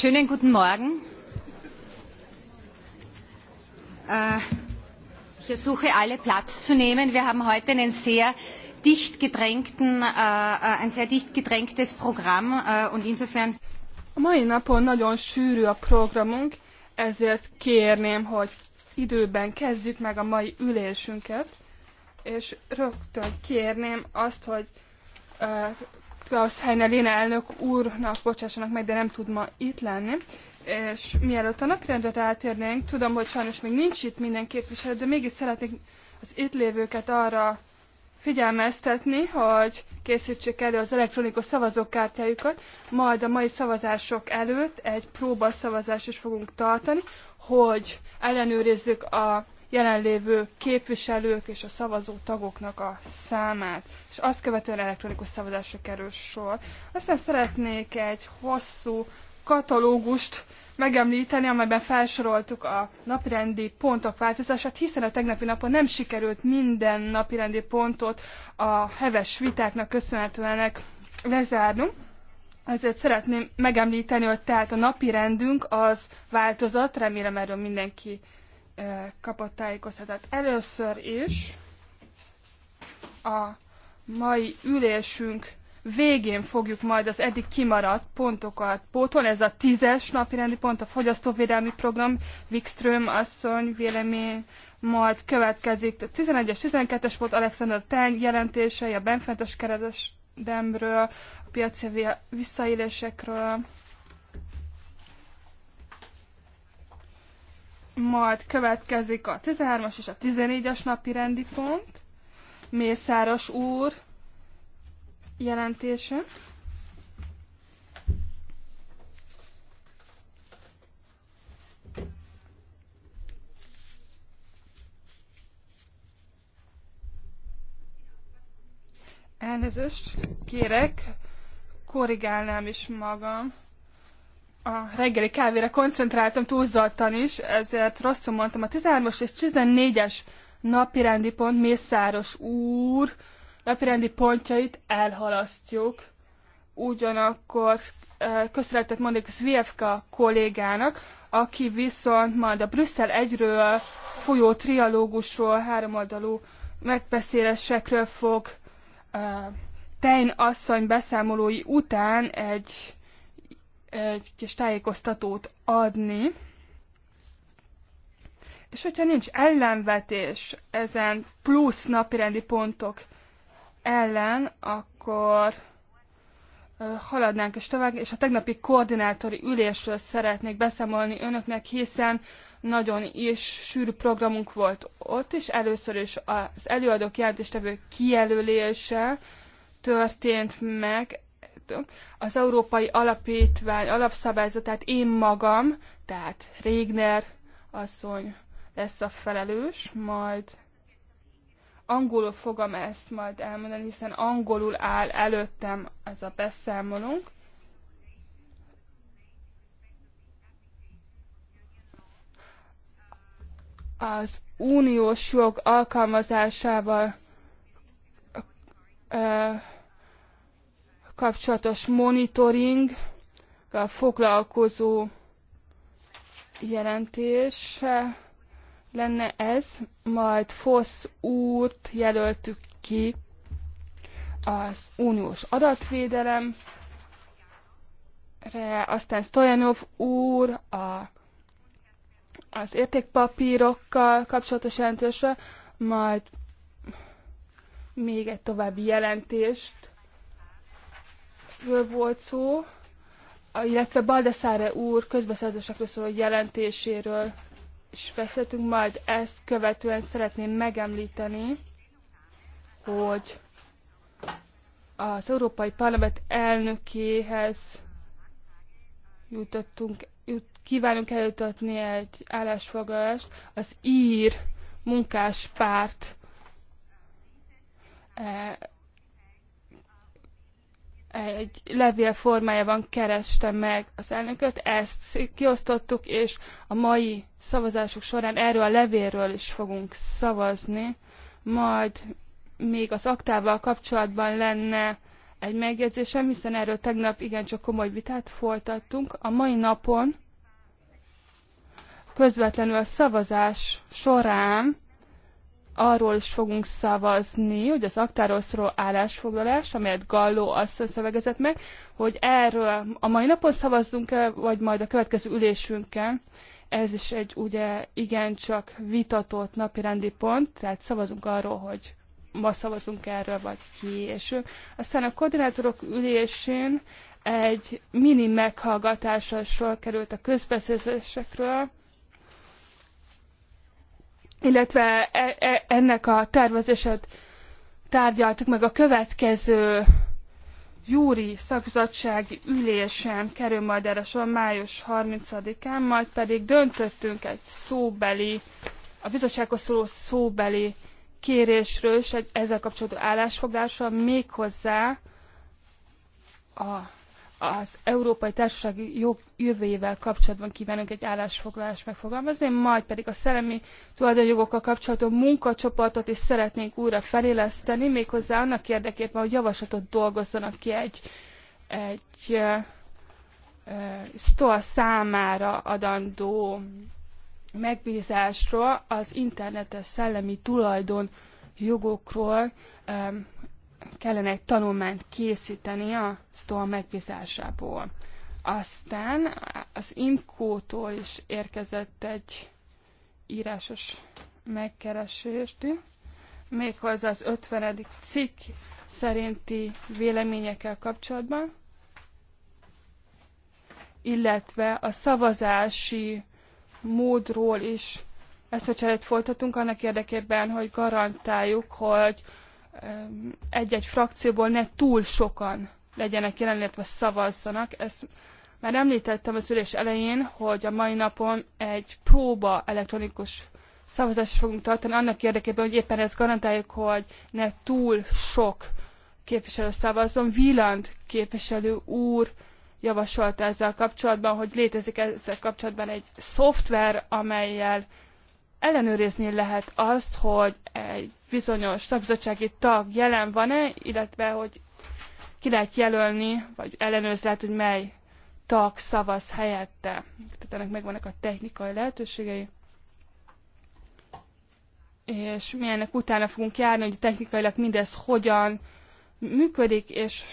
Schönen guten Morgen. Äh, ich ersuche alle Platz zu nehmen. Wir haben heute einen sehr dicht gedrängten, äh, äh, ein sehr dicht gedrängtes Programm und insofern. A mai napon nagyon sűrű a programunk, ezért kérném, hogy időben kezdjük meg a mai ülésünket, és rögtön kérném azt, hogy Klaus Heiner Léna elnök úrnak bocsássanak meg, de nem tud ma itt lenni. És mielőtt a napirendre rátérnénk, tudom, hogy sajnos még nincs itt minden képviselő, de mégis szeretnék az itt lévőket arra figyelmeztetni, hogy készítsék elő az elektronikus szavazókártyájukat, majd a mai szavazások előtt egy próbaszavazást is fogunk tartani, hogy ellenőrizzük a jelenlévő képviselők és a szavazó tagoknak a számát, és azt követően elektronikus szavazásra kerül sor. Aztán szeretnék egy hosszú katalógust megemlíteni, amelyben felsoroltuk a napirendi pontok változását, hiszen a tegnapi napon nem sikerült minden napirendi pontot a heves vitáknak köszönhetően lezárnunk. Ezért szeretném megemlíteni, hogy tehát a napi rendünk az változat, remélem erről mindenki kapott tájékoztatást. Először is a mai ülésünk végén fogjuk majd az eddig kimaradt pontokat pótolni. Ez a tízes napirendi pont, a fogyasztóvédelmi program, Wikström asszony vélemény, majd következik a 11-es, 12-es volt Alexander Teng jelentései a benfentes kereskedemről, a piaci visszaélésekről, majd következik a 13-as és a 14-es napi rendi pont, Mészáros úr jelentése. Elnézést kérek, korrigálnám is magam a reggeli kávéra koncentráltam túlzottan is, ezért rosszul mondtam. A 13-as és 14-es napirendi pont Mészáros úr napirendi pontjait elhalasztjuk. Ugyanakkor köszönetet mondok Zvievka kollégának, aki viszont majd a Brüsszel egyről folyó trialógusról, háromoldalú megbeszélésekről fog Tein asszony beszámolói után egy egy kis tájékoztatót adni. És hogyha nincs ellenvetés ezen plusz napirendi pontok ellen, akkor haladnánk is tovább, és a tegnapi koordinátori ülésről szeretnék beszámolni önöknek, hiszen nagyon is sűrű programunk volt ott, és először is az előadók jelentéstevő kijelölése történt meg, az Európai Alapítvány alapszabályzatát én magam, tehát Régner asszony lesz a felelős, majd angolul fogom ezt majd elmondani, hiszen angolul áll előttem ez a beszámolunk. Az uniós jog alkalmazásával kapcsolatos monitoring, a foglalkozó jelentés lenne ez, majd FOSZ úrt jelöltük ki az uniós adatvédelemre, aztán Stojanov úr a, az értékpapírokkal kapcsolatos jelentésre, majd még egy további jelentést ről volt szó, illetve Baldeszáre úr közbeszerzésekről szóló jelentéséről is beszéltünk, majd ezt követően szeretném megemlíteni, hogy az Európai Parlament elnökéhez jutottunk, jut, kívánunk eljutatni egy állásfoglalást az ír munkáspárt e, egy levél formájában kereste meg az elnököt, ezt kiosztottuk, és a mai szavazások során erről a levélről is fogunk szavazni, majd még az aktával kapcsolatban lenne egy megjegyzésem, hiszen erről tegnap igencsak komoly vitát folytattunk. A mai napon közvetlenül a szavazás során arról is fogunk szavazni, hogy az Aktároszról állásfoglalás, amelyet Galló asszony szövegezett meg, hogy erről a mai napon szavazzunk-e, vagy majd a következő ülésünkkel. Ez is egy ugye igencsak vitatott rendi pont, tehát szavazunk arról, hogy ma szavazunk erről, vagy később. Aztán a koordinátorok ülésén egy mini meghallgatásra sor került a közbeszélésekről, illetve e, e, ennek a tervezését tárgyaltuk meg a következő júri szakbizottsági ülésen kerül majd erre sor május 30-án, majd pedig döntöttünk egy szóbeli, a bizottsághoz szóló szóbeli kérésről és egy ezzel kapcsolatos állásfoglásról méghozzá a az európai társaság jövőjével kapcsolatban kívánunk egy állásfoglalást megfogalmazni, majd pedig a szellemi tulajdonjogokkal kapcsolatban munkacsoportot is szeretnénk újra feléleszteni, méghozzá annak érdekében, hogy javaslatot dolgozzanak ki egy, egy e, e, sztor számára adandó megbízásról az internetes szellemi tulajdon jogokról, kellene egy tanulmányt készíteni a STOA megbízásából. Aztán az Imkótól is érkezett egy írásos megkeresést, méghozzá az 50. cikk szerinti véleményekkel kapcsolatban, illetve a szavazási módról is ezt a cserét folytatunk annak érdekében, hogy garantáljuk, hogy egy-egy frakcióból ne túl sokan legyenek jelen, illetve szavazzanak. Ezt már említettem az ülés elején, hogy a mai napon egy próba elektronikus szavazást fogunk tartani, annak érdekében, hogy éppen ezt garantáljuk, hogy ne túl sok képviselő szavazzon. Wieland képviselő úr javasolta ezzel kapcsolatban, hogy létezik ezzel kapcsolatban egy szoftver, amelyel ellenőrizni lehet azt, hogy egy bizonyos szakbizottsági tag jelen van-e, illetve hogy ki lehet jelölni, vagy ellenőrizni lehet, hogy mely tag szavaz helyette. Tehát ennek megvannak a technikai lehetőségei. És mi ennek utána fogunk járni, hogy technikailag mindez hogyan működik, és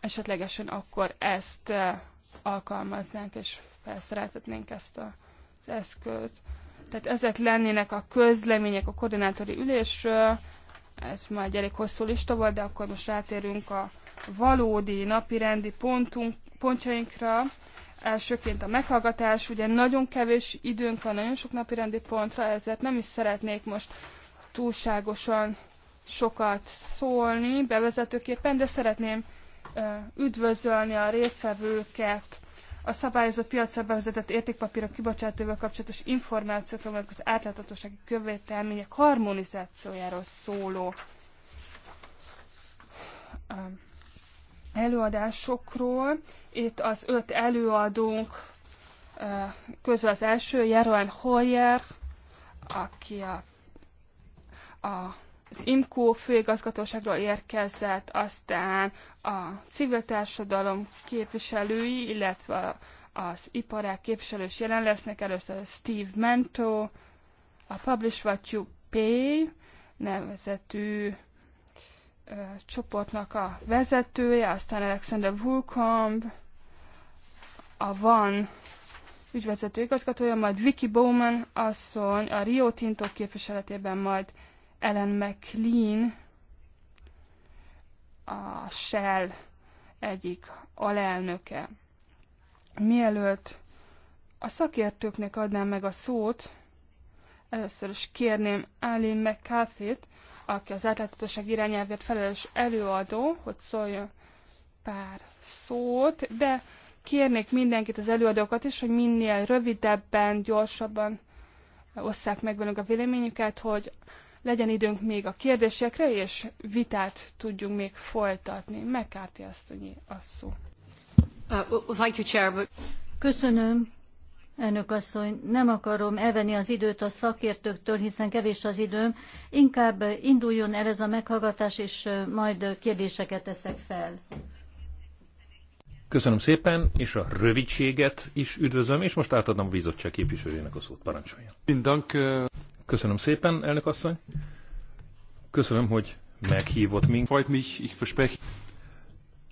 esetlegesen akkor ezt eh, alkalmaznánk, és felszereltetnénk ezt az eszközt. Tehát ezek lennének a közlemények a koordinátori ülésről. Ez már egy elég hosszú lista volt, de akkor most rátérünk a valódi napirendi pontunk, pontjainkra. Elsőként a meghallgatás, ugye nagyon kevés időnk van, nagyon sok napirendi pontra, ezért nem is szeretnék most túlságosan sokat szólni bevezetőképpen, de szeretném üdvözölni a résztvevőket a szabályozott piacra bevezetett értékpapírok kibocsátóval kapcsolatos információkra vonatkozó átláthatósági követelmények harmonizációjáról szóló um, előadásokról. Itt az öt előadónk uh, közül az első, Jeroen Hoyer, aki a, a az IMCO főigazgatóságról érkezett, aztán a civil társadalom képviselői, illetve az iparák képviselős jelen lesznek, először Steve Mento, a Publish What You Pay nevezetű ö, csoportnak a vezetője, aztán Alexander Vulcomb, a Van ügyvezető igazgatója, majd Vicky Bowman asszony a Rio Tinto képviseletében, majd ellen McLean, a Shell egyik alelnöke. Mielőtt a szakértőknek adnám meg a szót, először is kérném Aline mccarthy aki az átláthatóság irányelvért felelős előadó, hogy szóljon pár szót, de kérnék mindenkit, az előadókat is, hogy minél rövidebben, gyorsabban osszák meg velünk a véleményüket, hogy legyen időnk még a kérdésekre, és vitát tudjunk még folytatni. Megkárti asszonyi a szó. Uh, Köszönöm, elnök asszony. Nem akarom elvenni az időt a szakértőktől, hiszen kevés az időm. Inkább induljon el ez a meghallgatás, és uh, majd kérdéseket teszek fel. Köszönöm szépen, és a rövidséget is üdvözlöm, és most átadom a bizottság képviselőjének a szót. Parancsoljon. Köszönöm szépen, elnök asszony. Köszönöm, hogy meghívott minket.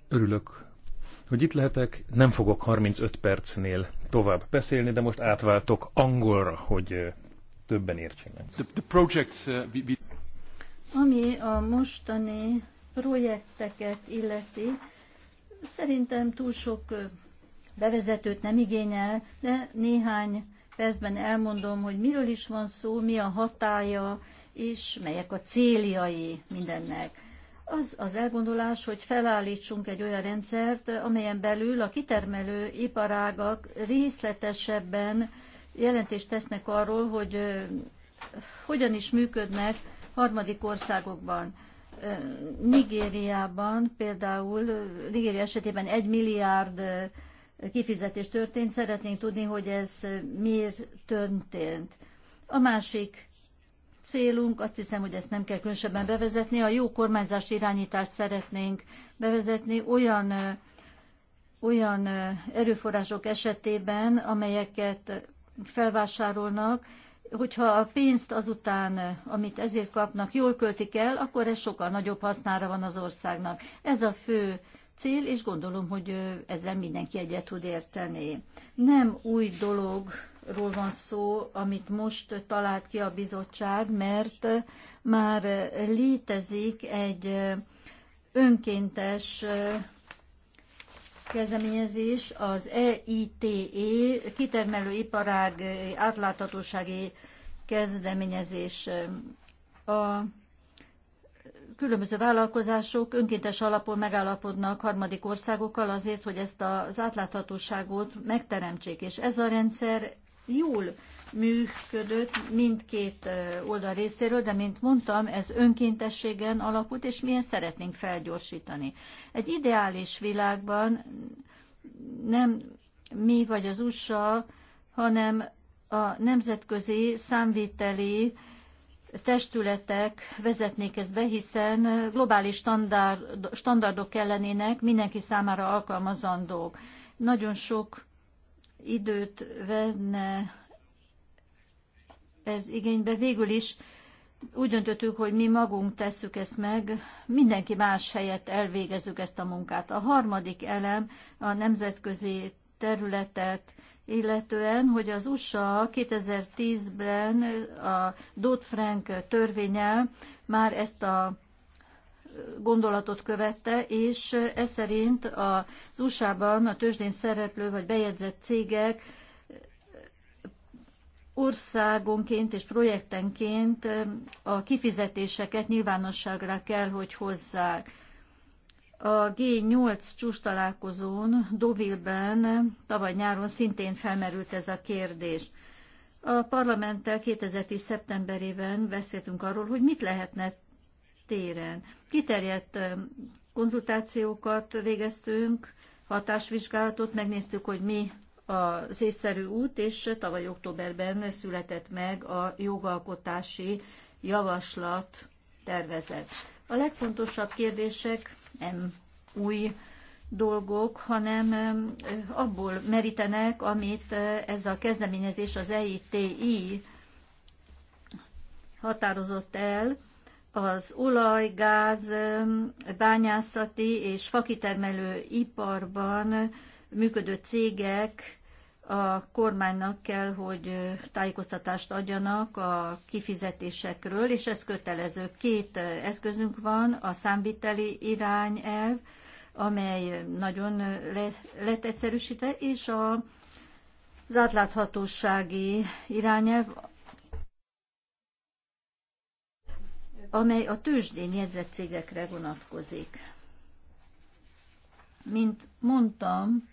Örülök, hogy itt lehetek. Nem fogok 35 percnél tovább beszélni, de most átváltok angolra, hogy többen értsenek. The, the project, uh, we, we... Ami a mostani projekteket illeti, szerintem túl sok bevezetőt nem igényel, de néhány percben elmondom, hogy miről is van szó, mi a hatája, és melyek a céljai mindennek. Az az elgondolás, hogy felállítsunk egy olyan rendszert, amelyen belül a kitermelő iparágak részletesebben jelentést tesznek arról, hogy hogyan is működnek harmadik országokban. Nigériában például, Nigéria esetében egy milliárd kifizetés történt, szeretnénk tudni, hogy ez miért történt. A másik célunk, azt hiszem, hogy ezt nem kell különösebben bevezetni, a jó kormányzás irányítást szeretnénk bevezetni olyan, olyan erőforrások esetében, amelyeket felvásárolnak, hogyha a pénzt azután, amit ezért kapnak, jól költik el, akkor ez sokkal nagyobb hasznára van az országnak. Ez a fő cél, és gondolom, hogy ezzel mindenki egyet tud érteni. Nem új dologról van szó, amit most talált ki a bizottság, mert már létezik egy önkéntes kezdeményezés az EITE e, kitermelő iparág átláthatósági kezdeményezés. A különböző vállalkozások önkéntes alapon megállapodnak harmadik országokkal azért, hogy ezt az átláthatóságot megteremtsék. És ez a rendszer jól működött mindkét oldal részéről, de mint mondtam, ez önkéntességen alapult, és milyen szeretnénk felgyorsítani. Egy ideális világban nem mi vagy az USA, hanem a nemzetközi számviteli testületek vezetnék ezt be, hiszen globális standard, standardok kellenének, mindenki számára alkalmazandók. Nagyon sok időt venne ez igénybe. Végül is úgy döntöttük, hogy mi magunk tesszük ezt meg, mindenki más helyett elvégezzük ezt a munkát. A harmadik elem a nemzetközi területet illetően, hogy az USA 2010-ben a Dodd-Frank törvényel már ezt a gondolatot követte, és ez szerint az USA-ban a tőzsdén szereplő vagy bejegyzett cégek országonként és projektenként a kifizetéseket nyilvánosságra kell, hogy hozzák a G8 csúcs találkozón Deauville-ben tavaly nyáron szintén felmerült ez a kérdés. A parlamenttel 2010. szeptemberében beszéltünk arról, hogy mit lehetne téren. Kiterjedt konzultációkat végeztünk, hatásvizsgálatot, megnéztük, hogy mi az észszerű út, és tavaly októberben született meg a jogalkotási javaslat tervezet. A legfontosabb kérdések nem új dolgok, hanem eh, abból merítenek, amit eh, ez a kezdeményezés az EITI határozott el, az olaj, gáz, eh, bányászati és fakitermelő iparban működő cégek a kormánynak kell, hogy tájékoztatást adjanak a kifizetésekről, és ez kötelező. Két eszközünk van, a számviteli irányelv, amely nagyon lett egyszerűsítve, és a, az átláthatósági irányelv, amely a tőzsdén jegyzett cégekre vonatkozik. Mint mondtam,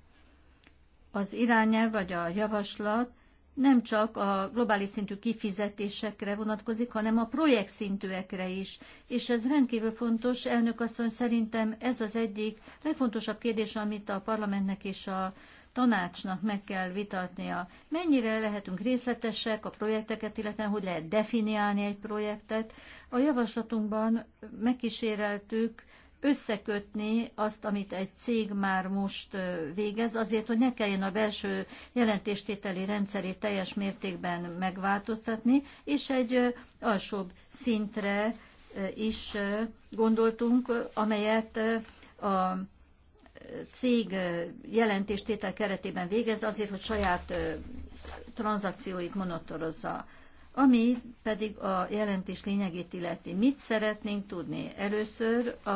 az irányelv vagy a javaslat nem csak a globális szintű kifizetésekre vonatkozik, hanem a projekt szintűekre is. És ez rendkívül fontos, elnök asszony, szerintem ez az egyik legfontosabb kérdés, amit a parlamentnek és a tanácsnak meg kell vitatnia. Mennyire lehetünk részletesek a projekteket, illetve hogy lehet definiálni egy projektet. A javaslatunkban megkíséreltük összekötni azt, amit egy cég már most végez, azért, hogy ne kelljen a belső jelentéstételi rendszerét teljes mértékben megváltoztatni, és egy alsóbb szintre is gondoltunk, amelyet a cég jelentéstétel keretében végez, azért, hogy saját tranzakcióit monitorozza. Ami pedig a jelentés lényegét illeti. Mit szeretnénk tudni? Először a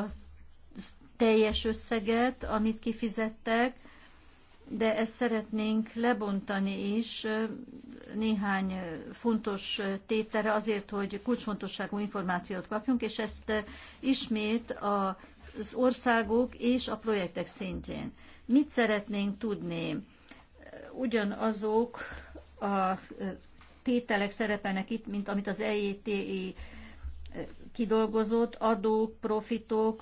teljes összeget, amit kifizettek, de ezt szeretnénk lebontani is néhány fontos tétele azért, hogy kulcsfontosságú információt kapjunk, és ezt ismét az országok és a projektek szintjén. Mit szeretnénk tudni? Ugyanazok a tételek szerepelnek itt, mint amit az EITI kidolgozott adók, profitok,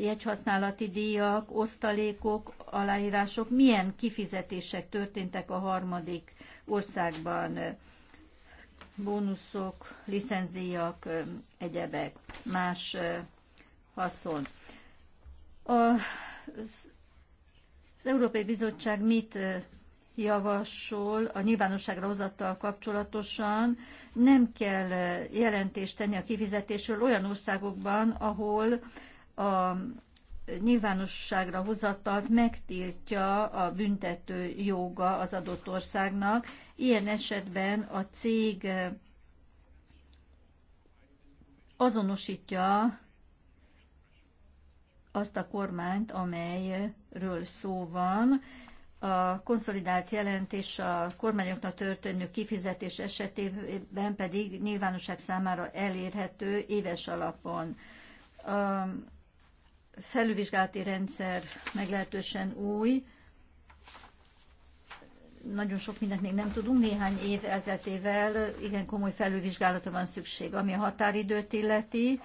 jegyhasználati díjak, osztalékok, aláírások, milyen kifizetések történtek a harmadik országban, bónuszok, licenzdíjak, egyebek, más haszon. A, az Európai Bizottság mit javasol a nyilvánosságra hozattal kapcsolatosan, nem kell eh, jelentést tenni a kifizetésről olyan országokban, ahol a nyilvánosságra hozatalt megtiltja a büntető joga az adott országnak. Ilyen esetben a cég eh, azonosítja azt a kormányt, amelyről szó van, a konszolidált jelentés a kormányoknak történő kifizetés esetében pedig nyilvánosság számára elérhető éves alapon. A felülvizsgálati rendszer meglehetősen új, nagyon sok mindent még nem tudunk, néhány év elteltével igen komoly felülvizsgálatra van szükség, ami a határidőt illeti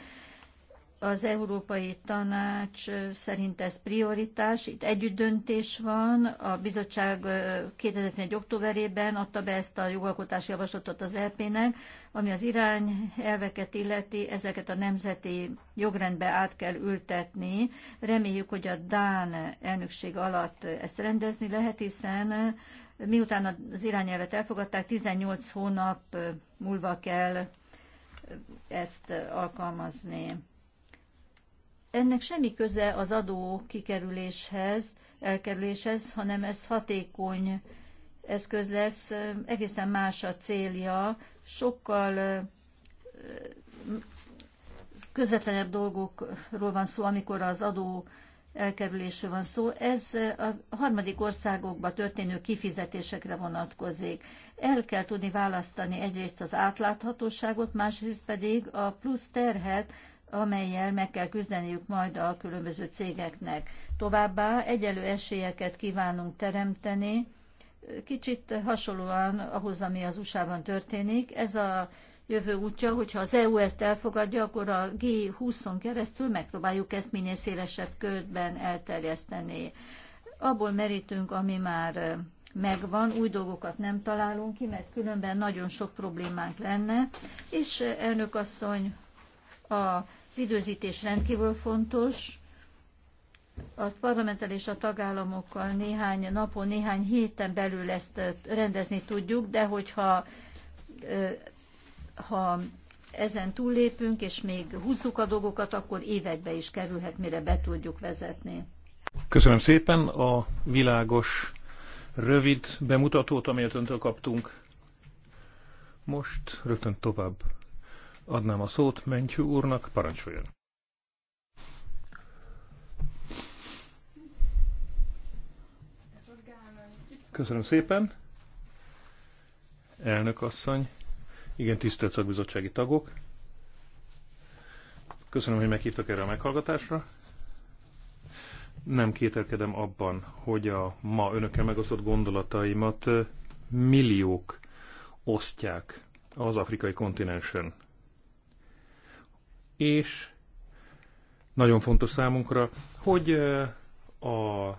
az Európai Tanács szerint ez prioritás. Itt együtt döntés van. A bizottság 2004. októberében adta be ezt a jogalkotási javaslatot az EP-nek, ami az irányelveket illeti, ezeket a nemzeti jogrendbe át kell ültetni. Reméljük, hogy a Dán elnökség alatt ezt rendezni lehet, hiszen miután az irányelvet elfogadták, 18 hónap múlva kell ezt alkalmazni ennek semmi köze az adó kikerüléshez, elkerüléshez, hanem ez hatékony eszköz lesz, egészen más a célja, sokkal közvetlenebb dolgokról van szó, amikor az adó elkerülésről van szó. Ez a harmadik országokba történő kifizetésekre vonatkozik. El kell tudni választani egyrészt az átláthatóságot, másrészt pedig a plusz terhet, amelyel meg kell küzdeniük majd a különböző cégeknek. Továbbá egyelő esélyeket kívánunk teremteni, kicsit hasonlóan ahhoz, ami az USA-ban történik. Ez a jövő útja, hogyha az EU ezt elfogadja, akkor a G20-on keresztül megpróbáljuk ezt minél szélesebb körben elterjeszteni. Abból merítünk, ami már megvan, új dolgokat nem találunk ki, mert különben nagyon sok problémánk lenne. És elnök asszony, a az időzítés rendkívül fontos. A parlamenttel és a tagállamokkal néhány napon, néhány héten belül ezt rendezni tudjuk, de hogyha ha ezen túllépünk, és még húzzuk a dolgokat, akkor évekbe is kerülhet, mire be tudjuk vezetni. Köszönöm szépen a világos, rövid bemutatót, amelyet öntől kaptunk. Most rögtön tovább adnám a szót Mentyű úrnak, parancsoljon. Köszönöm szépen. Elnök asszony, igen, tisztelt szakbizottsági tagok. Köszönöm, hogy meghívtak erre a meghallgatásra. Nem kételkedem abban, hogy a ma önökkel megosztott gondolataimat milliók osztják az afrikai kontinensen és nagyon fontos számunkra, hogy a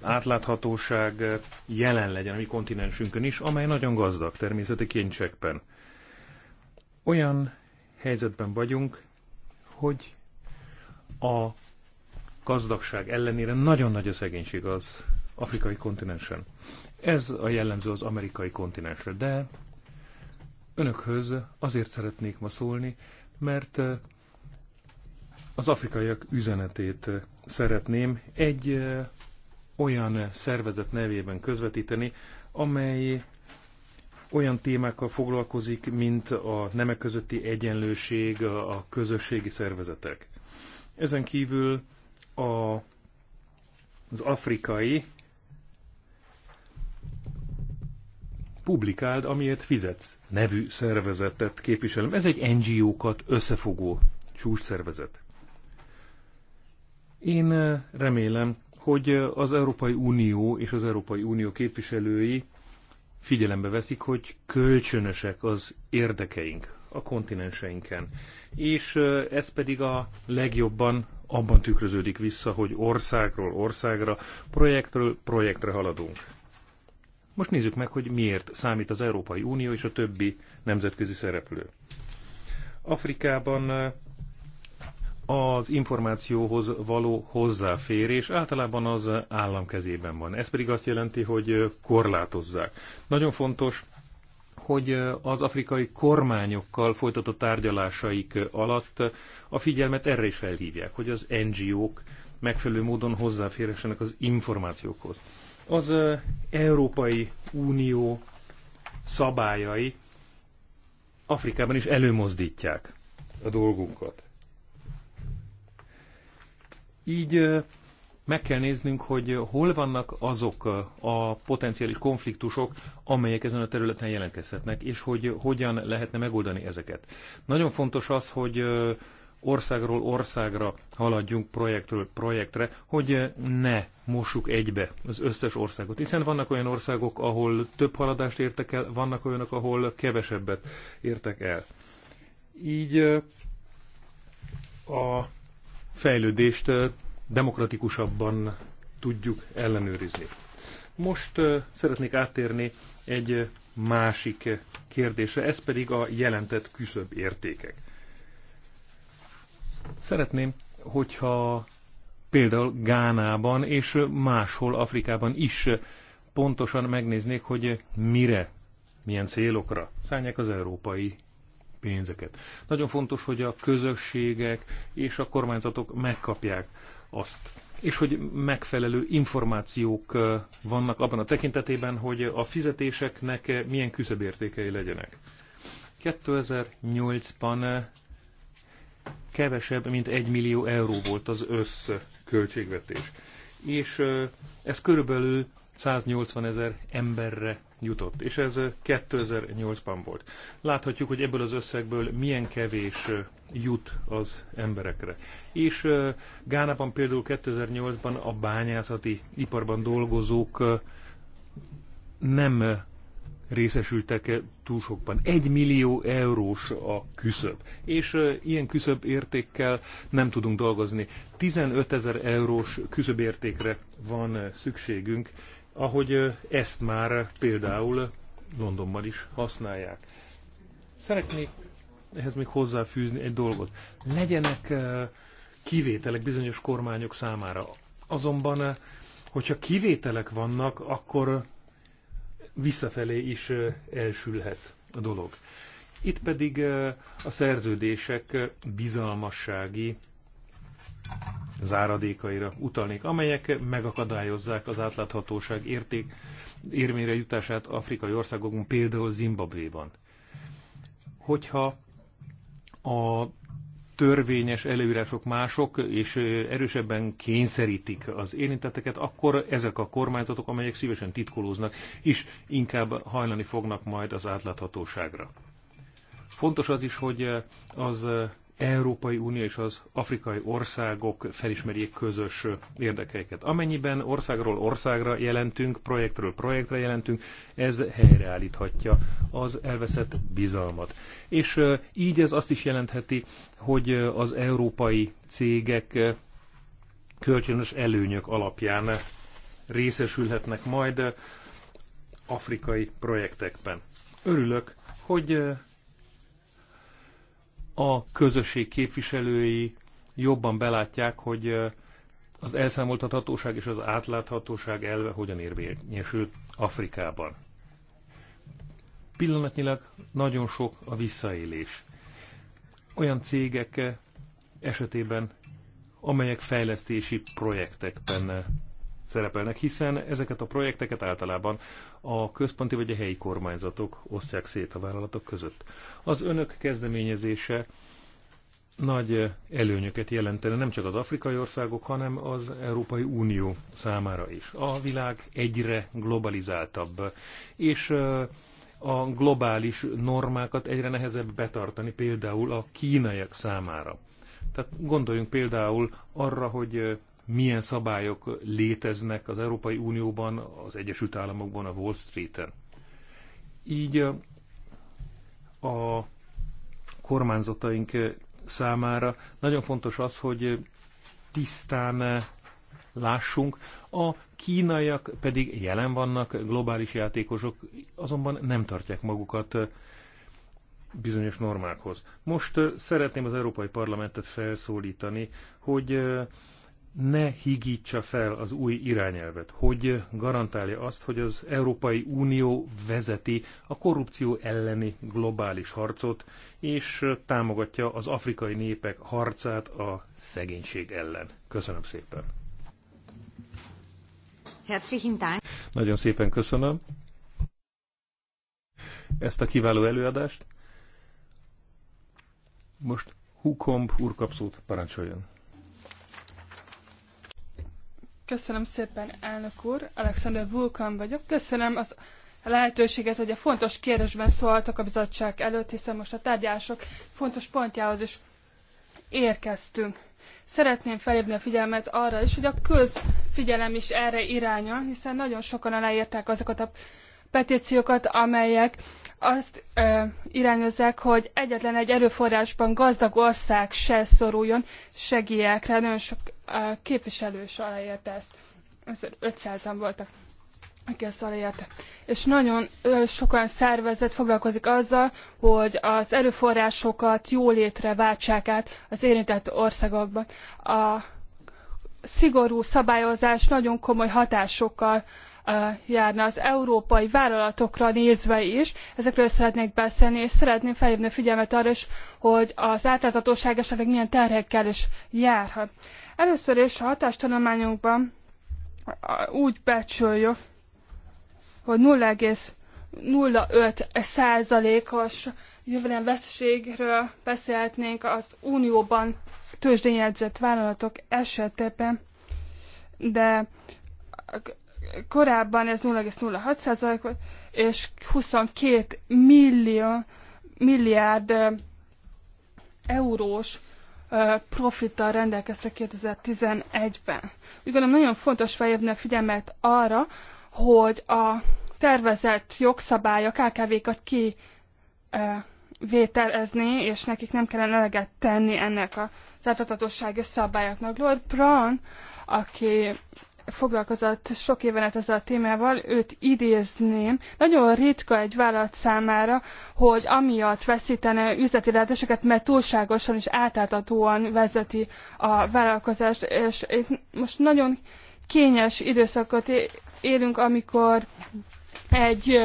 az átláthatóság jelen legyen a mi kontinensünkön is, amely nagyon gazdag természeti kénycsekben. Olyan helyzetben vagyunk, hogy a gazdagság ellenére nagyon nagy a szegénység az afrikai kontinensen. Ez a jellemző az amerikai kontinensre, de önökhöz azért szeretnék ma szólni, mert az afrikaiak üzenetét szeretném egy olyan szervezet nevében közvetíteni, amely olyan témákkal foglalkozik, mint a nemek közötti egyenlőség, a közösségi szervezetek. Ezen kívül a, az afrikai publikáld, amiért fizetsz nevű szervezetet képviselem. Ez egy NGO-kat összefogó csúcsszervezet. Én remélem, hogy az Európai Unió és az Európai Unió képviselői figyelembe veszik, hogy kölcsönösek az érdekeink a kontinenseinken. És ez pedig a legjobban abban tükröződik vissza, hogy országról országra, projektről projektre haladunk. Most nézzük meg, hogy miért számít az Európai Unió és a többi nemzetközi szereplő. Afrikában eh, az információhoz való hozzáférés általában az állam kezében van. Ez pedig azt jelenti, hogy eh, korlátozzák. Nagyon fontos, hogy eh, az afrikai kormányokkal folytatott tárgyalásaik alatt a figyelmet erre is felhívják, hogy az NGO-k megfelelő módon hozzáférhessenek az információkhoz. Az Európai Unió szabályai Afrikában is előmozdítják a dolgunkat. Így meg kell néznünk, hogy hol vannak azok a potenciális konfliktusok, amelyek ezen a területen jelentkezhetnek, és hogy hogyan lehetne megoldani ezeket. Nagyon fontos az, hogy országról országra haladjunk projektről projektre, hogy ne mossuk egybe az összes országot. Hiszen vannak olyan országok, ahol több haladást értek el, vannak olyanok, ahol kevesebbet értek el. Így a fejlődést demokratikusabban tudjuk ellenőrizni. Most szeretnék áttérni egy másik kérdésre, ez pedig a jelentett küszöbb értékek. Szeretném, hogyha például Gánában és máshol Afrikában is pontosan megnéznék, hogy mire, milyen célokra szállják az európai pénzeket. Nagyon fontos, hogy a közösségek és a kormányzatok megkapják azt, és hogy megfelelő információk vannak abban a tekintetében, hogy a fizetéseknek milyen küszöbértékei legyenek. 2008-ban kevesebb, mint 1 millió euró volt az összköltségvetés. És ez körülbelül 180 ezer emberre jutott, és ez 2008-ban volt. Láthatjuk, hogy ebből az összegből milyen kevés jut az emberekre. És Gánában például 2008-ban a bányászati iparban dolgozók nem részesültek túl sokban. Egy millió eurós a küszöb. És ilyen küszöb értékkel nem tudunk dolgozni. 15 ezer eurós küszöbértékre van szükségünk, ahogy ezt már például Londonban is használják. Szeretnék ehhez még hozzáfűzni egy dolgot. Legyenek kivételek bizonyos kormányok számára. Azonban, hogyha kivételek vannak, akkor visszafelé is elsülhet a dolog. Itt pedig a szerződések bizalmassági záradékaira utalnék, amelyek megakadályozzák az átláthatóság érték érmére jutását afrikai országokon, például Zimbabvéban. Hogyha a törvényes előírások mások, és erősebben kényszerítik az érintetteket, akkor ezek a kormányzatok, amelyek szívesen titkolóznak, is inkább hajlani fognak majd az átláthatóságra. Fontos az is, hogy az Európai Unió és az afrikai országok felismerjék közös érdekeiket. Amennyiben országról országra jelentünk, projektről projektre jelentünk, ez helyreállíthatja az elveszett bizalmat. És így ez azt is jelentheti, hogy az európai cégek kölcsönös előnyök alapján részesülhetnek majd afrikai projektekben. Örülök, hogy a közösség képviselői jobban belátják, hogy az elszámoltathatóság és az átláthatóság elve hogyan érvényesül Afrikában. Pillanatnyilag nagyon sok a visszaélés. Olyan cégek esetében, amelyek fejlesztési projektekben szerepelnek, hiszen ezeket a projekteket általában a központi vagy a helyi kormányzatok osztják szét a vállalatok között. Az önök kezdeményezése nagy előnyöket jelentene nem csak az afrikai országok, hanem az Európai Unió számára is. A világ egyre globalizáltabb, és a globális normákat egyre nehezebb betartani, például a kínaiak számára. Tehát gondoljunk például arra, hogy milyen szabályok léteznek az Európai Unióban, az Egyesült Államokban, a Wall Street-en. Így a kormányzataink számára nagyon fontos az, hogy tisztán lássunk, a kínaiak pedig jelen vannak, globális játékosok, azonban nem tartják magukat bizonyos normákhoz. Most szeretném az Európai Parlamentet felszólítani, hogy ne higítsa fel az új irányelvet, hogy garantálja azt, hogy az Európai Unió vezeti a korrupció elleni globális harcot, és támogatja az afrikai népek harcát a szegénység ellen. Köszönöm szépen! Herzlichen Dank! Nagyon szépen köszönöm ezt a kiváló előadást. Most Hukomb úr kap parancsoljon! Köszönöm szépen, elnök úr. Alexander Vulkan vagyok. Köszönöm az a lehetőséget, hogy a fontos kérdésben szóltak a bizottság előtt, hiszen most a tárgyások fontos pontjához is érkeztünk. Szeretném felhívni a figyelmet arra is, hogy a közfigyelem is erre irányul, hiszen nagyon sokan aláírták azokat a petíciókat, amelyek azt ö, irányozzák, hogy egyetlen egy erőforrásban gazdag ország se szoruljon segélyekre. Nagyon sok képviselő is aláírta ezt. 500-an voltak aki ezt aláírta. És nagyon sokan szervezet foglalkozik azzal, hogy az erőforrásokat jólétre váltsák át az érintett országokban. A szigorú szabályozás nagyon komoly hatásokkal járna az európai vállalatokra nézve is. Ezekről szeretnék beszélni, és szeretném felhívni a figyelmet arra is, hogy az átláthatóság esetleg milyen terhekkel is járhat. Először is a hatástanulmányunkban úgy becsüljük, hogy 0,05 százalékos jövedelem veszteségről beszélhetnénk az unióban tőzsdényedzett vállalatok esetében, de korábban ez 0,06 százalék volt, és 22 millió, milliárd eurós profittal rendelkeztek 2011-ben. Úgy gondolom nagyon fontos felhívni a figyelmet arra, hogy a tervezett jogszabályok akv kat ki vételezni, és nekik nem kellene eleget tenni ennek a szártathatósági szabályoknak. Lord Brown, aki foglalkozott sok éven át ezzel a témával, őt idézném. Nagyon ritka egy vállalat számára, hogy amiatt veszítene üzleti lehetőséget, mert túlságosan és átáltatóan vezeti a vállalkozást, és most nagyon kényes időszakot élünk, amikor egy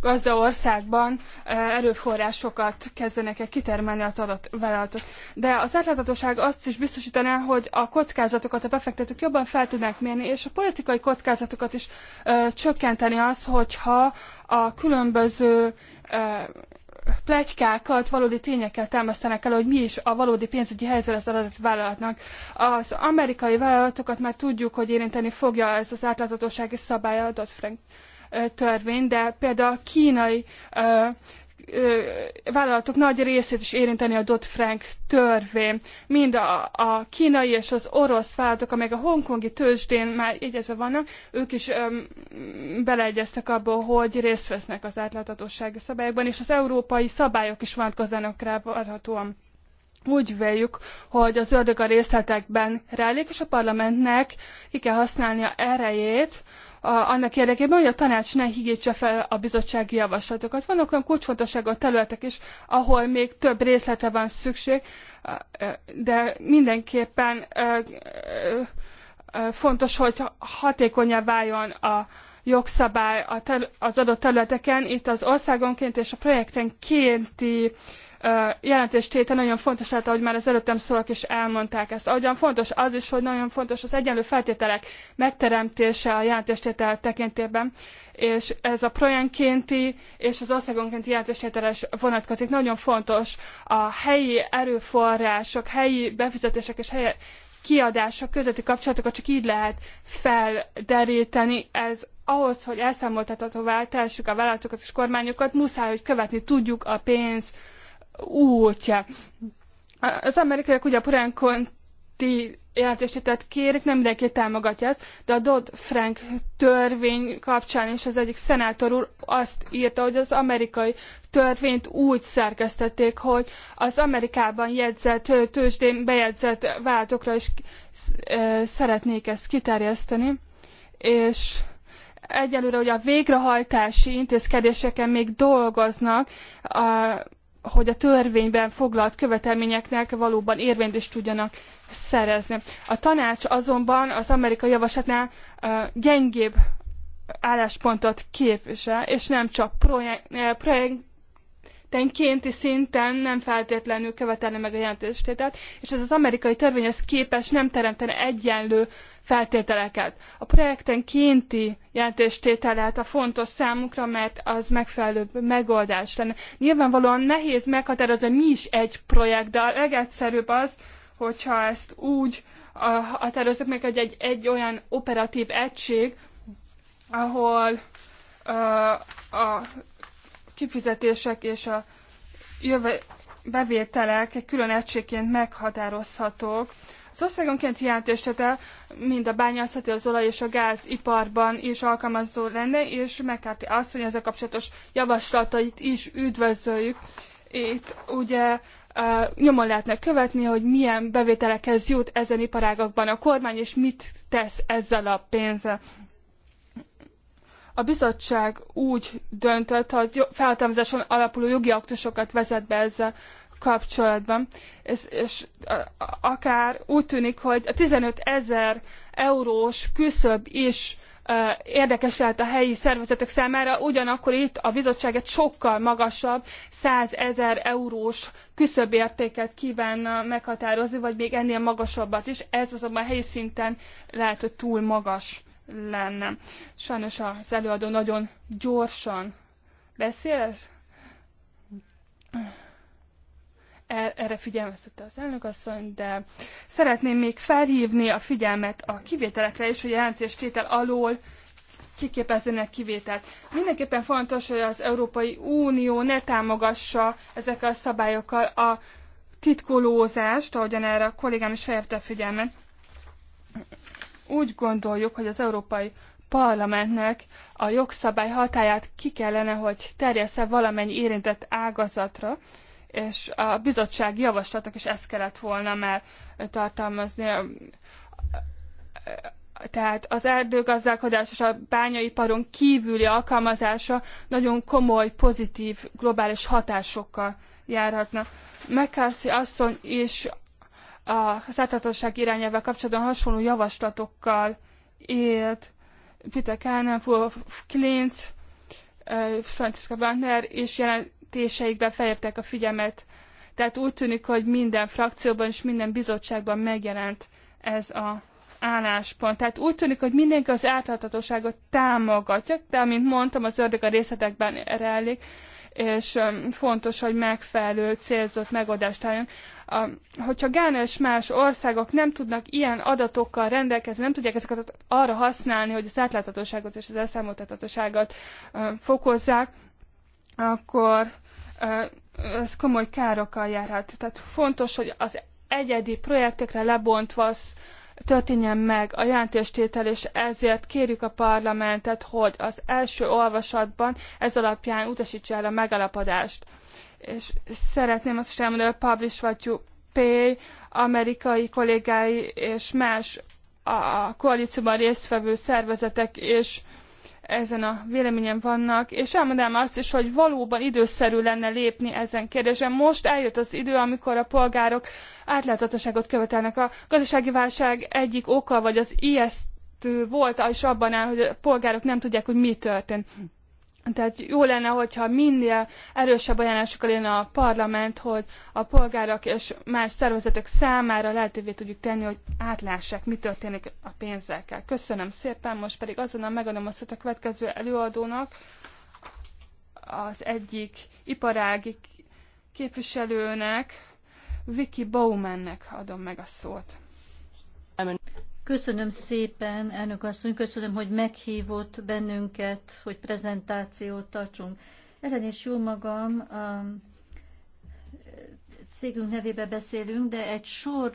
gazda országban erőforrásokat kezdenek el kitermelni az adott De az átláthatóság azt is biztosítaná, hogy a kockázatokat a befektetők jobban fel tudnak mérni, és a politikai kockázatokat is csökkenteni az, hogyha a különböző plegykákat, valódi tényekkel támasztanak el, hogy mi is a valódi pénzügyi helyzet az adott vállalatnak. Az amerikai vállalatokat már tudjuk, hogy érinteni fogja ez az átláthatósági szabály adott Frank törvény, de például a kínai vállalatok nagy részét is érinteni a Dodd-Frank törvény. Mind a, a, kínai és az orosz vállalatok, amelyek a hongkongi tőzsdén már jegyezve vannak, ők is öm, beleegyeztek abba, hogy részt vesznek az átláthatósági szabályokban, és az európai szabályok is vonatkoznának rá várhatóan úgy véljük, hogy az ördög a részletekben rejlik, és a parlamentnek ki kell használnia erejét, a, annak érdekében, hogy a tanács ne higítse fel a bizottsági javaslatokat. Vannak olyan kulcsfontosságú területek is, ahol még több részletre van szükség, de mindenképpen fontos, hogy hatékonyá váljon a jogszabály az adott területeken. Itt az országonként és a projektenkénti jelentéstétel nagyon fontos, lehet, ahogy már az előttem szólok is elmondták ezt. Ahogyan fontos az is, hogy nagyon fontos az egyenlő feltételek megteremtése a jelentéstétel tekintében, és ez a projektkénti és az országonkénti jelentéstételes vonatkozik. Nagyon fontos a helyi erőforrások, helyi befizetések és helyi kiadások közötti kapcsolatokat csak így lehet felderíteni. Ez ahhoz, hogy elszámoltathatóvá tehessük a vállalatokat és kormányokat, muszáj, hogy követni tudjuk a pénz útja. Az amerikaiak ugye a Poránkon-ti kérik, nem mindenki támogatja ezt, de a Dodd-Frank törvény kapcsán is az egyik szenátor úr azt írta, hogy az amerikai törvényt úgy szerkesztették, hogy az Amerikában jegyzett, tőzsdén bejegyzett váltokra is szeretnék ezt kiterjeszteni, és egyelőre hogy a végrehajtási intézkedéseken még dolgoznak, a, hogy a törvényben foglalt követelményeknek valóban érvényt is tudjanak szerezni. A tanács azonban az amerikai javaslatnál gyengébb álláspontot képvisel, és nem csak projekt, projekt területenkénti szinten nem feltétlenül követelni meg a jelentéstételt, és ez az amerikai törvényhez képes nem teremteni egyenlő feltételeket. A projektenkénti jelentéstételát a fontos számukra, mert az megfelelő megoldás lenne. Nyilvánvalóan nehéz meghatározni, mi is egy projekt, de a legegyszerűbb az, hogyha ezt úgy határozzuk meg, hogy egy, egy olyan operatív egység, ahol a, a kifizetések és a jövő bevételek egy külön egységként meghatározhatók. Az országonként hiánytéstetel mind a bányászati, az olaj és a gáz iparban is alkalmazó lenne, és megkárti azt, hogy ezzel kapcsolatos javaslatait is üdvözöljük. Itt ugye nyomon lehetne követni, hogy milyen bevételekhez jut ezen iparágakban a kormány, és mit tesz ezzel a pénzzel a bizottság úgy döntött, hogy felhatalmazáson alapuló jogi aktusokat vezet be ezzel kapcsolatban, és, és akár úgy tűnik, hogy a 15 ezer eurós küszöb is érdekes lehet a helyi szervezetek számára, ugyanakkor itt a bizottság egy sokkal magasabb 100 ezer eurós értéket kíván meghatározni, vagy még ennél magasabbat is. Ez azonban helyi szinten lehet, hogy túl magas lenne. Sajnos az előadó nagyon gyorsan beszél, e- erre figyelmeztette az elnökasszony, de szeretném még felhívni a figyelmet a kivételekre is, hogy a jelentéstétel alól kiképezzenek kivételt. Mindenképpen fontos, hogy az Európai Unió ne támogassa ezekkel a szabályokkal a titkolózást, ahogyan erre a kollégám is felhívta a figyelmet úgy gondoljuk, hogy az Európai Parlamentnek a jogszabály hatáját ki kellene, hogy terjessze valamennyi érintett ágazatra, és a bizottság javaslatnak is ezt kellett volna már tartalmazni. Tehát az erdőgazdálkodás és a bányaiparon kívüli alkalmazása nagyon komoly, pozitív, globális hatásokkal járhatna. McCarthy asszony is az átláthatóság irányelvvel kapcsolatban hasonló javaslatokkal élt Peter Kahneman, Wolf Klintz, Franciska Wagner, és jelentéseikben felértek a figyelmet. Tehát úgy tűnik, hogy minden frakcióban és minden bizottságban megjelent ez a álláspont. Tehát úgy tűnik, hogy mindenki az átláthatóságot támogatja, de amint mondtam, az ördög a részletekben rejlik, és fontos, hogy megfelelő célzott megoldást álljon a, hogyha Gána és más országok nem tudnak ilyen adatokkal rendelkezni, nem tudják ezeket arra használni, hogy az átláthatóságot és az elszámoltathatóságot fokozzák, akkor ez komoly károkkal járhat. Tehát fontos, hogy az egyedi projektekre lebontva történjen meg a jelentéstétel, és ezért kérjük a parlamentet, hogy az első olvasatban ez alapján utasítsa el a megalapodást és szeretném azt is elmondani, hogy a Publish What You Pay amerikai kollégái és más a koalícióban résztvevő szervezetek és ezen a véleményen vannak, és elmondám azt is, hogy valóban időszerű lenne lépni ezen kérdésen. Most eljött az idő, amikor a polgárok átláthatóságot követelnek. A gazdasági válság egyik oka, vagy az ijesztő volt, és abban áll, hogy a polgárok nem tudják, hogy mi történt. Tehát jó lenne, hogyha minél erősebb ajánlásokkal élne a parlament, hogy a polgárok és más szervezetek számára lehetővé tudjuk tenni, hogy átlássák, mi történik a pénzekkel. Köszönöm szépen, most pedig azonnal megadom a szót a következő előadónak, az egyik iparági képviselőnek, Vicky Bowmannek adom meg a szót. Köszönöm szépen, elnök asszony, köszönöm, hogy meghívott bennünket, hogy prezentációt tartsunk. Ellen és jó magam, a cégünk nevébe beszélünk, de egy sor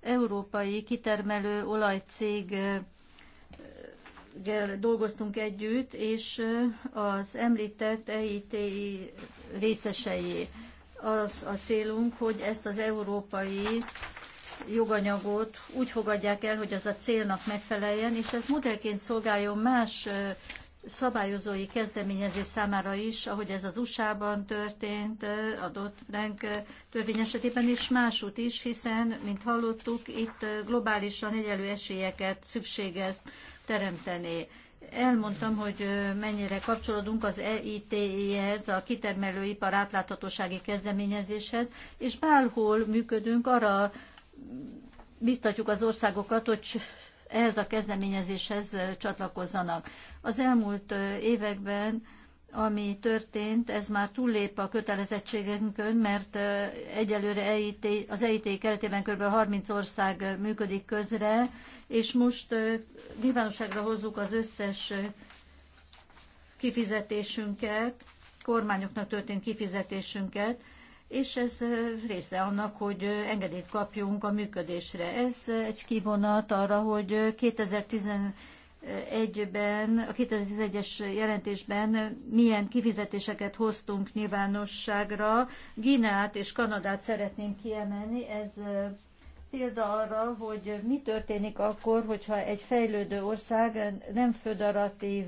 európai kitermelő olajcég dolgoztunk együtt, és az említett EIT részesei. Az a célunk, hogy ezt az európai joganyagot úgy fogadják el, hogy az a célnak megfeleljen, és ez modellként szolgáljon más szabályozói kezdeményezés számára is, ahogy ez az USA-ban történt, Adott Dodd-Frank törvény esetében, is másút is, hiszen, mint hallottuk, itt globálisan egyelő esélyeket szükséges teremteni. Elmondtam, hogy mennyire kapcsolódunk az eiti hez a kitermelőipar átláthatósági kezdeményezéshez, és bárhol működünk, arra biztatjuk az országokat, hogy ehhez a kezdeményezéshez csatlakozzanak. Az elmúlt években ami történt, ez már túllép a kötelezettségünkön, mert egyelőre EIT, az EIT keretében kb. 30 ország működik közre, és most nyilvánosságra hozzuk az összes kifizetésünket, kormányoknak történt kifizetésünket, és ez része annak, hogy engedélyt kapjunk a működésre. Ez egy kivonat arra, hogy 2011-ben, a 2011-es jelentésben milyen kifizetéseket hoztunk nyilvánosságra. Gineát és Kanadát szeretném kiemelni, ez példa arra, hogy mi történik akkor, hogyha egy fejlődő ország nem föderatív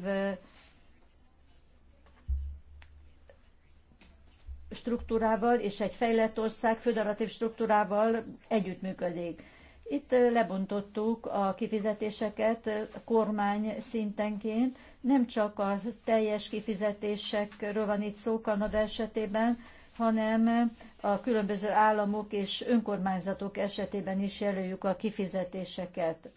struktúrával és egy fejlett ország föderatív struktúrával együttműködik. Itt lebontottuk a kifizetéseket kormány szintenként, nem csak a teljes kifizetésekről van itt szó Kanada esetében, hanem a különböző államok és önkormányzatok esetében is jelöljük a kifizetéseket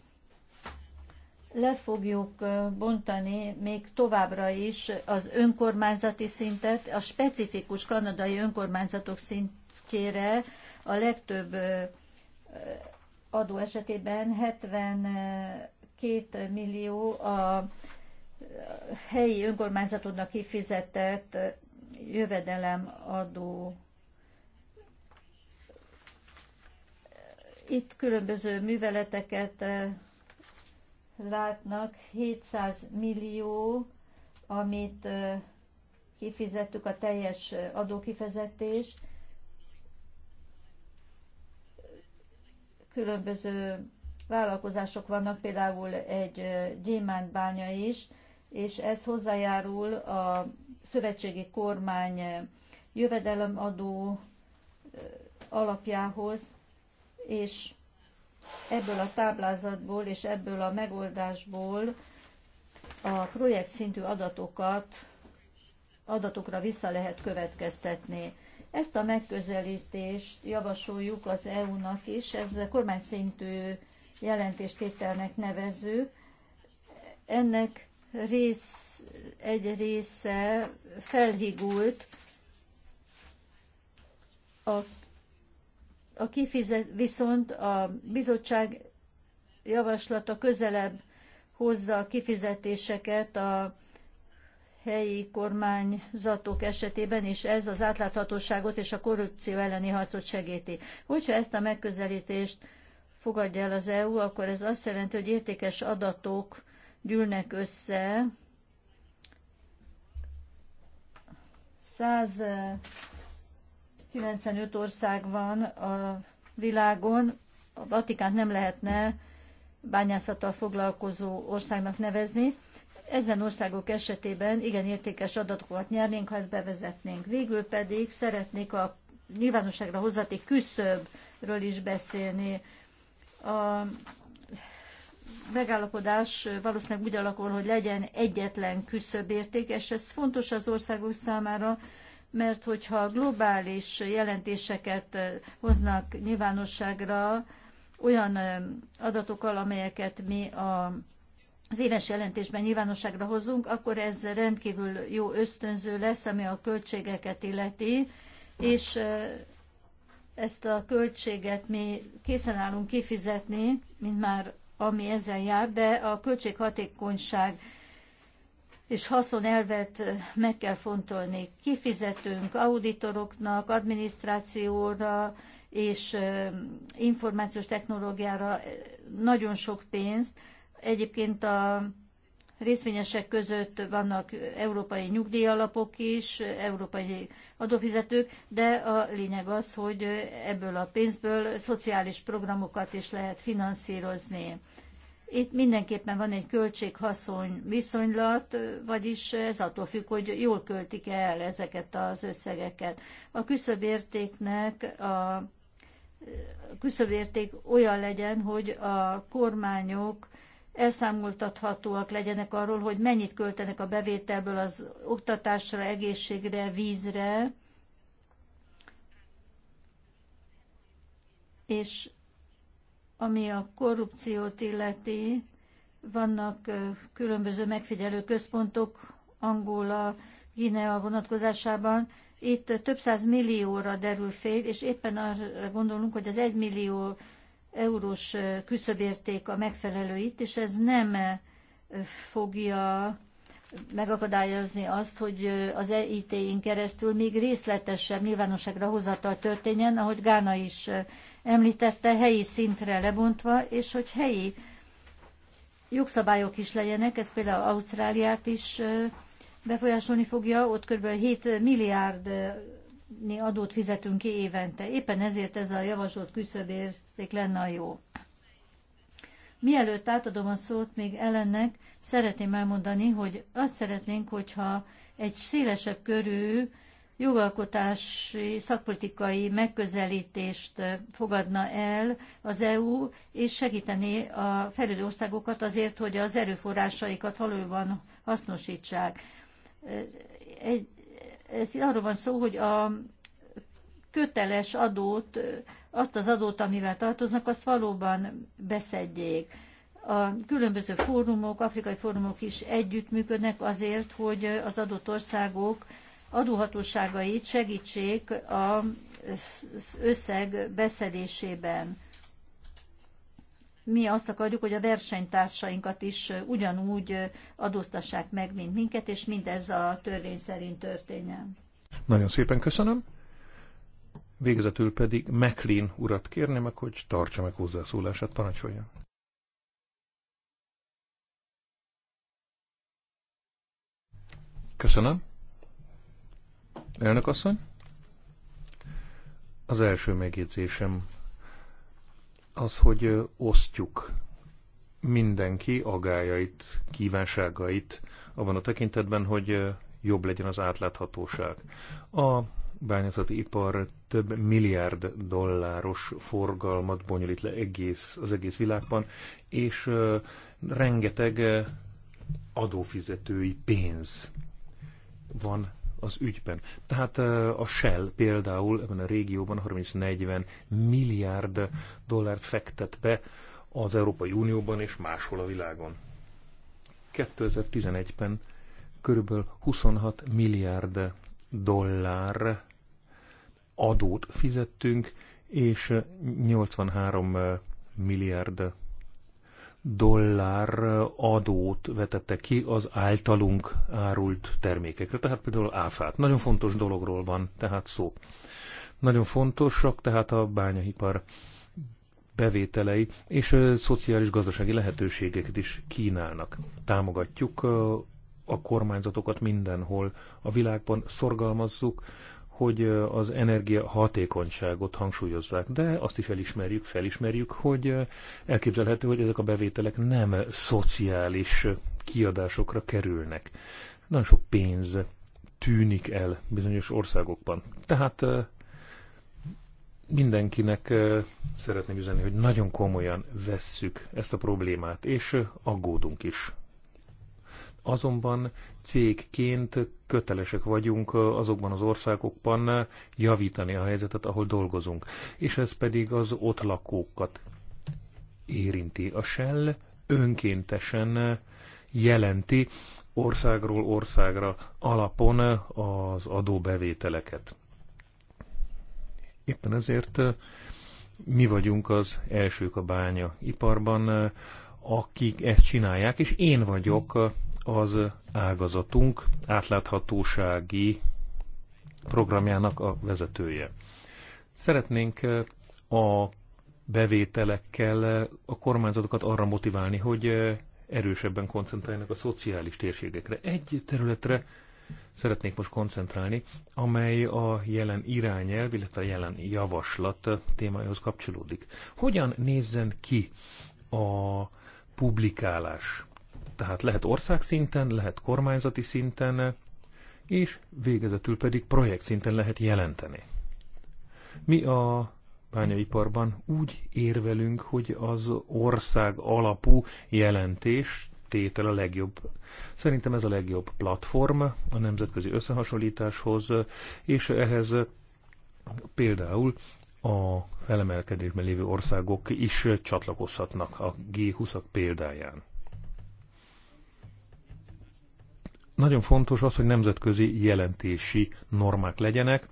le fogjuk bontani még továbbra is az önkormányzati szintet, a specifikus kanadai önkormányzatok szintjére a legtöbb adó esetében 72 millió a helyi önkormányzatodnak kifizetett adó itt különböző műveleteket látnak, 700 millió, amit kifizettük, a teljes adókifizetés, különböző vállalkozások vannak, például egy gyémántbánya is, és ez hozzájárul a szövetségi kormány jövedelemadó alapjához, és ebből a táblázatból és ebből a megoldásból a projekt szintű adatokat, adatokra vissza lehet következtetni. Ezt a megközelítést javasoljuk az EU-nak is, ez kormány szintű jelentéstételnek nevező Ennek rész, egy része felhigult a a kifizet, viszont a bizottság javaslata közelebb hozza a kifizetéseket a helyi kormányzatok esetében, és ez az átláthatóságot és a korrupció elleni harcot segíti. Hogyha ezt a megközelítést fogadja el az EU, akkor ez azt jelenti, hogy értékes adatok gyűlnek össze. 100 95 ország van a világon, a Vatikánt nem lehetne bányászattal foglalkozó országnak nevezni. Ezen országok esetében igen értékes adatokat nyernénk, ha ezt bevezetnénk. Végül pedig szeretnék a nyilvánosságra hozati küszöbről is beszélni. A megállapodás valószínűleg úgy alakul, hogy legyen egyetlen küszöbérték, és ez fontos az országok számára, mert hogyha globális jelentéseket eh, hoznak nyilvánosságra olyan eh, adatokkal, amelyeket mi a az éves jelentésben nyilvánosságra hozunk, akkor ez rendkívül jó ösztönző lesz, ami a költségeket illeti, és eh, ezt a költséget mi készen állunk kifizetni, mint már ami ezzel jár, de a költséghatékonyság és haszonelvet meg kell fontolni. Kifizetünk auditoroknak, adminisztrációra és információs technológiára nagyon sok pénzt. Egyébként a részvényesek között vannak európai nyugdíjalapok is, európai adófizetők, de a lényeg az, hogy ebből a pénzből szociális programokat is lehet finanszírozni. Itt mindenképpen van egy költség-haszony viszonylat, vagyis ez attól függ, hogy jól költik el ezeket az összegeket. A küszöbértéknek a küszöbérték olyan legyen, hogy a kormányok elszámoltathatóak legyenek arról, hogy mennyit költenek a bevételből az oktatásra, egészségre, vízre, és ami a korrupciót illeti, vannak különböző megfigyelő központok Angola, Guinea vonatkozásában. Itt több száz millióra derül fél, és éppen arra gondolunk, hogy az egy millió eurós küszöbérték a megfelelő itt, és ez nem fogja megakadályozni azt, hogy az EIT-n keresztül még részletesebb nyilvánosságra hozatal történjen, ahogy Gána is említette, helyi szintre lebontva, és hogy helyi jogszabályok is legyenek, ez például Ausztráliát is befolyásolni fogja, ott kb. 7 milliárd adót fizetünk ki évente. Éppen ezért ez a javasolt küszöbérték lenne a jó. Mielőtt átadom a szót még ellennek, szeretném elmondani, hogy azt szeretnénk, hogyha egy szélesebb körű jogalkotási, szakpolitikai megközelítést fogadna el az EU, és segíteni a fejlődő országokat azért, hogy az erőforrásaikat valóban hasznosítsák. Egy, ez arról van szó, hogy a köteles adót, azt az adót, amivel tartoznak, azt valóban beszedjék. A különböző fórumok, afrikai fórumok is együttműködnek azért, hogy az adott országok adóhatóságait segítsék az összeg beszedésében. Mi azt akarjuk, hogy a versenytársainkat is ugyanúgy adóztassák meg, mint minket, és mindez a törvény szerint történjen. Nagyon szépen köszönöm. Végezetül pedig McLean urat kérném, hogy tartsa meg hozzászólását, parancsolja. Köszönöm. Elnök asszony? Az első megjegyzésem az, hogy osztjuk mindenki agájait, kívánságait abban a tekintetben, hogy jobb legyen az átláthatóság. A bányászati ipar több milliárd dolláros forgalmat bonyolít le egész, az egész világban, és rengeteg adófizetői pénz van az ügyben. Tehát a Shell például ebben a régióban 30-40 milliárd dollárt fektet be az Európai Unióban és máshol a világon. 2011-ben körülbelül 26 milliárd dollár adót fizettünk, és 83 milliárd dollár adót vetette ki az általunk árult termékekre, tehát például áfát. Nagyon fontos dologról van tehát szó. Nagyon fontosak tehát a bányaipar bevételei és szociális gazdasági lehetőségeket is kínálnak. Támogatjuk a kormányzatokat mindenhol a világban, szorgalmazzuk, hogy az energia hatékonyságot hangsúlyozzák, de azt is elismerjük, felismerjük, hogy elképzelhető, hogy ezek a bevételek nem szociális kiadásokra kerülnek. Nagyon sok pénz tűnik el bizonyos országokban. Tehát mindenkinek szeretném üzenni, hogy nagyon komolyan vesszük ezt a problémát, és aggódunk is Azonban cégként kötelesek vagyunk azokban az országokban javítani a helyzetet, ahol dolgozunk. És ez pedig az ott lakókat érinti. A Shell önkéntesen jelenti országról országra alapon az adóbevételeket. Éppen ezért mi vagyunk az elsők a bánya iparban, akik ezt csinálják, és én vagyok az ágazatunk átláthatósági programjának a vezetője. Szeretnénk eh, a bevételekkel eh, a kormányzatokat arra motiválni, hogy eh, erősebben koncentráljanak a szociális térségekre. Egy területre szeretnék most koncentrálni, amely a jelen irányelv, illetve a jelen javaslat témájához kapcsolódik. Hogyan nézzen ki a publikálás? Tehát lehet országszinten, lehet kormányzati szinten, és végezetül pedig projektszinten lehet jelenteni. Mi a bányaiparban úgy érvelünk, hogy az ország alapú jelentés tétel a legjobb. Szerintem ez a legjobb platform a nemzetközi összehasonlításhoz, és ehhez például a felemelkedésben lévő országok is csatlakozhatnak a G20-ak példáján. Nagyon fontos az, hogy nemzetközi jelentési normák legyenek,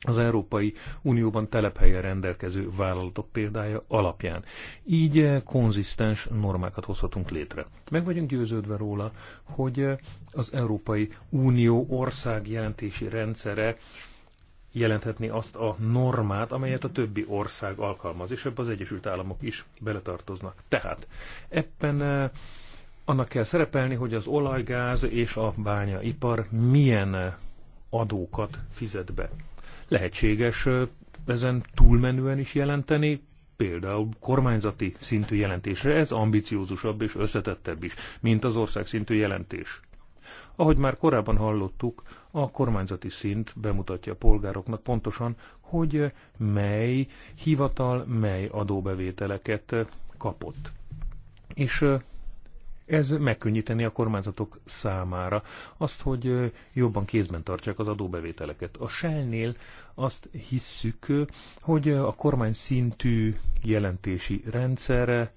az Európai Unióban telephelyen rendelkező vállalatok példája alapján. Így eh, konzisztens normákat hozhatunk létre. Meg vagyunk győződve róla, hogy eh, az Európai Unió ország jelentési rendszere jelenthetni azt a normát, amelyet a többi ország alkalmaz, és ebbe az Egyesült Államok is beletartoznak. Tehát ebben eh, annak kell szerepelni, hogy az olajgáz és a bányaipar milyen adókat fizet be. Lehetséges ezen túlmenően is jelenteni, például kormányzati szintű jelentésre. Ez ambiciózusabb és összetettebb is, mint az ország szintű jelentés. Ahogy már korábban hallottuk, a kormányzati szint bemutatja a polgároknak pontosan, hogy mely hivatal mely adóbevételeket kapott. És ez megkönnyíteni a kormányzatok számára azt, hogy jobban kézben tartsák az adóbevételeket. A Shell-nél azt hisszük, hogy a kormány szintű jelentési rendszerre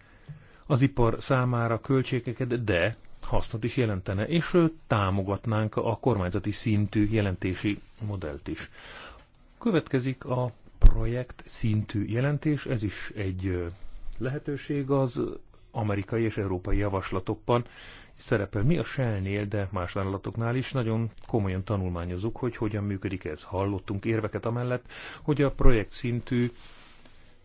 az ipar számára költségeket, de hasznot is jelentene, és támogatnánk a kormányzati szintű jelentési modellt is. Következik a projekt szintű jelentés, ez is egy lehetőség az amerikai és európai javaslatokban szerepel. Mi a shell de más vállalatoknál is nagyon komolyan tanulmányozunk, hogy hogyan működik ez. Hallottunk érveket amellett, hogy a projekt szintű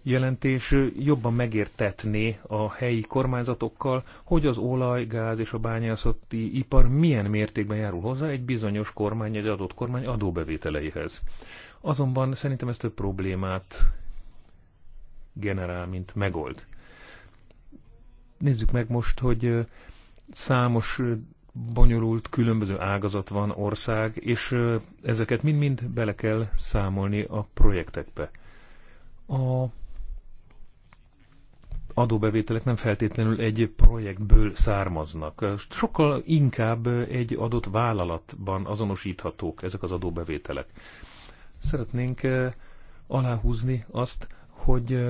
jelentés jobban megértetné a helyi kormányzatokkal, hogy az olaj, gáz és a bányászati ipar milyen mértékben járul hozzá egy bizonyos kormány, egy adott kormány adóbevételeihez. Azonban szerintem ez több problémát generál, mint megold. Nézzük meg most, hogy számos bonyolult, különböző ágazat van, ország, és ezeket mind-mind bele kell számolni a projektekbe. A adóbevételek nem feltétlenül egy projektből származnak. Sokkal inkább egy adott vállalatban azonosíthatók ezek az adóbevételek. Szeretnénk aláhúzni azt, hogy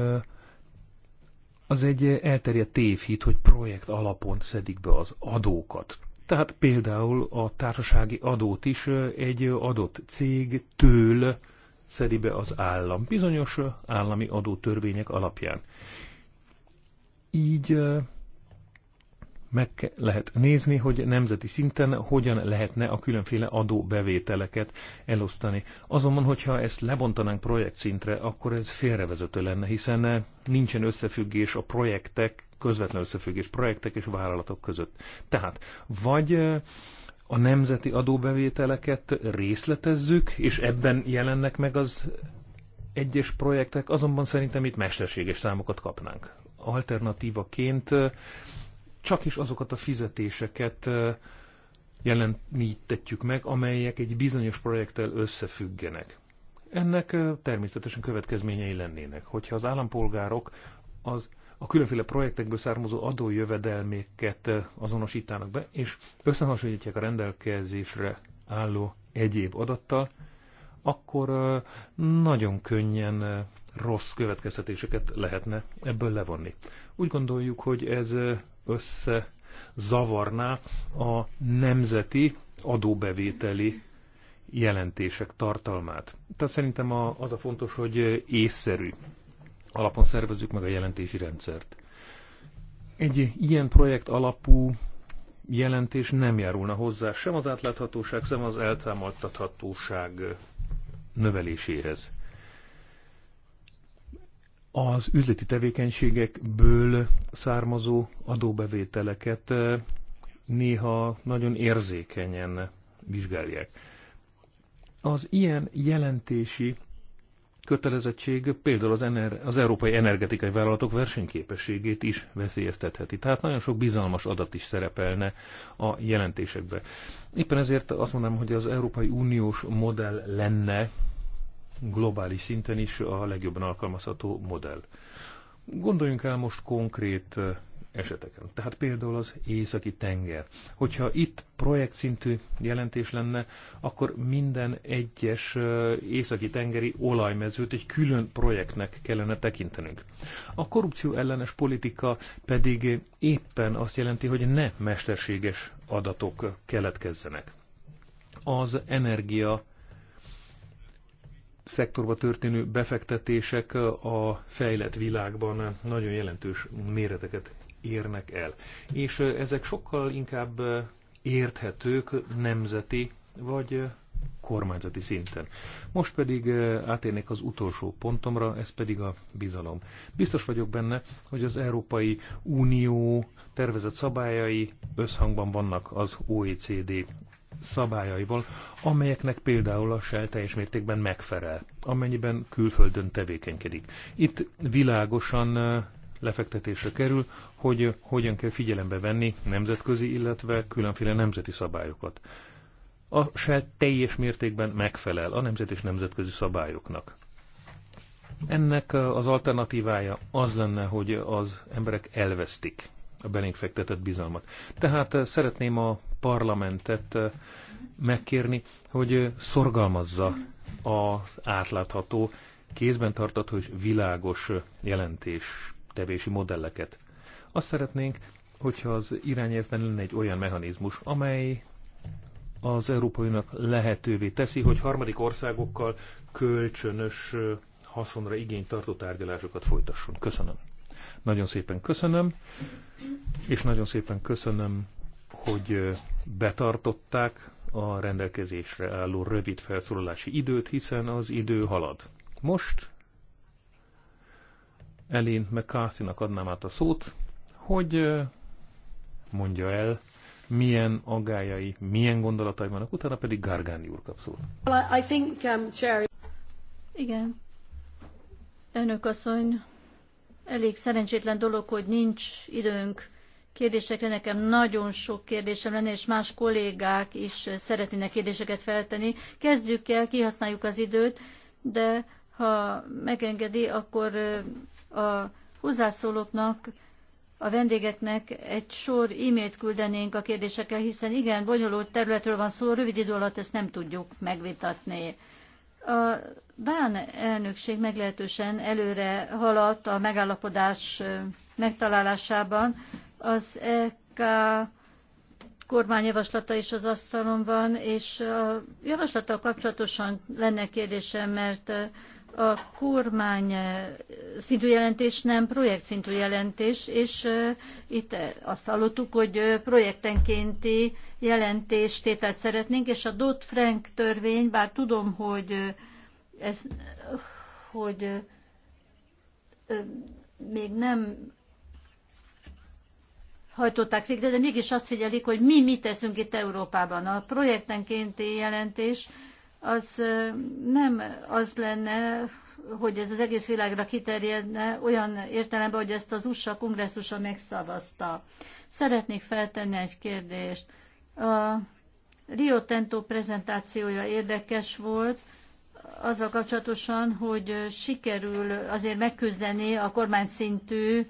az egy elterjedt tévhit, hogy projekt alapon szedik be az adókat. Tehát például a társasági adót is egy adott cég től szedi be az állam, bizonyos állami adótörvények alapján. Így meg lehet nézni, hogy nemzeti szinten hogyan lehetne a különféle adóbevételeket elosztani. Azonban, hogyha ezt lebontanánk projekt szintre, akkor ez félrevezető lenne, hiszen eh, nincsen összefüggés a projektek, közvetlen összefüggés projektek és vállalatok között. Tehát, vagy eh, a nemzeti adóbevételeket részletezzük, és ebben jelennek meg az egyes projektek, azonban szerintem itt mesterséges számokat kapnánk. Alternatívaként eh, csak is azokat a fizetéseket jelenítetjük meg, amelyek egy bizonyos projekttel összefüggenek. Ennek természetesen következményei lennének, hogyha az állampolgárok az a különféle projektekből származó adójövedelméket azonosítanak be, és összehasonlítják a rendelkezésre álló egyéb adattal, akkor nagyon könnyen rossz következtetéseket lehetne ebből levonni. Úgy gondoljuk, hogy ez összezavarná a nemzeti adóbevételi jelentések tartalmát. Tehát szerintem a, az a fontos, hogy észszerű alapon szervezzük meg a jelentési rendszert. Egy ilyen projekt alapú jelentés nem járulna hozzá sem az átláthatóság, sem az elszámoltathatóság növeléséhez az üzleti tevékenységekből származó adóbevételeket eh, néha nagyon érzékenyen vizsgálják. Az ilyen jelentési kötelezettség például az, ener- az európai energetikai vállalatok versenyképességét is veszélyeztetheti. Tehát nagyon sok bizalmas adat is szerepelne a jelentésekbe. Éppen ezért azt mondom, hogy az Európai Uniós modell lenne globális szinten is a legjobban alkalmazható modell. Gondoljunk el most konkrét eseteken. Tehát például az északi tenger. Hogyha itt projekt szintű jelentés lenne, akkor minden egyes északi tengeri olajmezőt egy külön projektnek kellene tekintenünk. A korrupció ellenes politika pedig éppen azt jelenti, hogy ne mesterséges adatok keletkezzenek. Az energia szektorba történő befektetések a fejlett világban nagyon jelentős méreteket érnek el. És ezek sokkal inkább érthetők nemzeti vagy kormányzati szinten. Most pedig átérnék az utolsó pontomra, ez pedig a bizalom. Biztos vagyok benne, hogy az Európai Unió tervezett szabályai összhangban vannak az OECD szabályaival, amelyeknek például a Shell teljes mértékben megfelel, amennyiben külföldön tevékenykedik. Itt világosan lefektetésre kerül, hogy hogyan kell figyelembe venni nemzetközi, illetve különféle nemzeti szabályokat. A Shell teljes mértékben megfelel a nemzet és nemzetközi szabályoknak. Ennek az alternatívája az lenne, hogy az emberek elvesztik a belénk fektetett bizalmat. Tehát szeretném a parlamentet megkérni, hogy szorgalmazza az átlátható, kézben tartható és világos jelentés tevési modelleket. Azt szeretnénk, hogyha az irányelvben lenne egy olyan mechanizmus, amely az Uniónak lehetővé teszi, hogy harmadik országokkal kölcsönös haszonra igényt tartó tárgyalásokat folytasson. Köszönöm. Nagyon szépen köszönöm, és nagyon szépen köszönöm hogy betartották a rendelkezésre álló rövid felszólalási időt, hiszen az idő halad. Most Elin McCarthy-nak adnám át a szót, hogy mondja el, milyen agályai, milyen gondolatai vannak, utána pedig Gargáni úr kap szót. I think, um, Igen. Önök asszony, elég szerencsétlen dolog, hogy nincs időnk kérdésekre. Nekem nagyon sok kérdésem lenne, és más kollégák is szeretnének kérdéseket feltenni. Kezdjük el, kihasználjuk az időt, de ha megengedi, akkor a hozzászólóknak, a vendégeknek egy sor e-mailt küldenénk a kérdésekkel, hiszen igen, bonyolult területről van szó, rövid idő alatt ezt nem tudjuk megvitatni. A Dán elnökség meglehetősen előre haladt a megállapodás megtalálásában, az EK kormányjavaslata is az asztalon van, és a javaslattal kapcsolatosan lenne kérdésem, mert a kormány szintű jelentés nem projekt szintű jelentés, és itt azt hallottuk, hogy projektenkénti jelentéstételt szeretnénk, és a Dodd-Frank törvény, bár tudom, hogy ez, hogy még nem hajtották végre, de mégis azt figyelik, hogy mi mit teszünk itt Európában. A projektenkénti jelentés az nem az lenne, hogy ez az egész világra kiterjedne olyan értelemben, hogy ezt az USA kongresszusa megszavazta. Szeretnék feltenni egy kérdést. A Rio Tento prezentációja érdekes volt, azzal kapcsolatosan, hogy sikerül azért megküzdeni a kormány szintű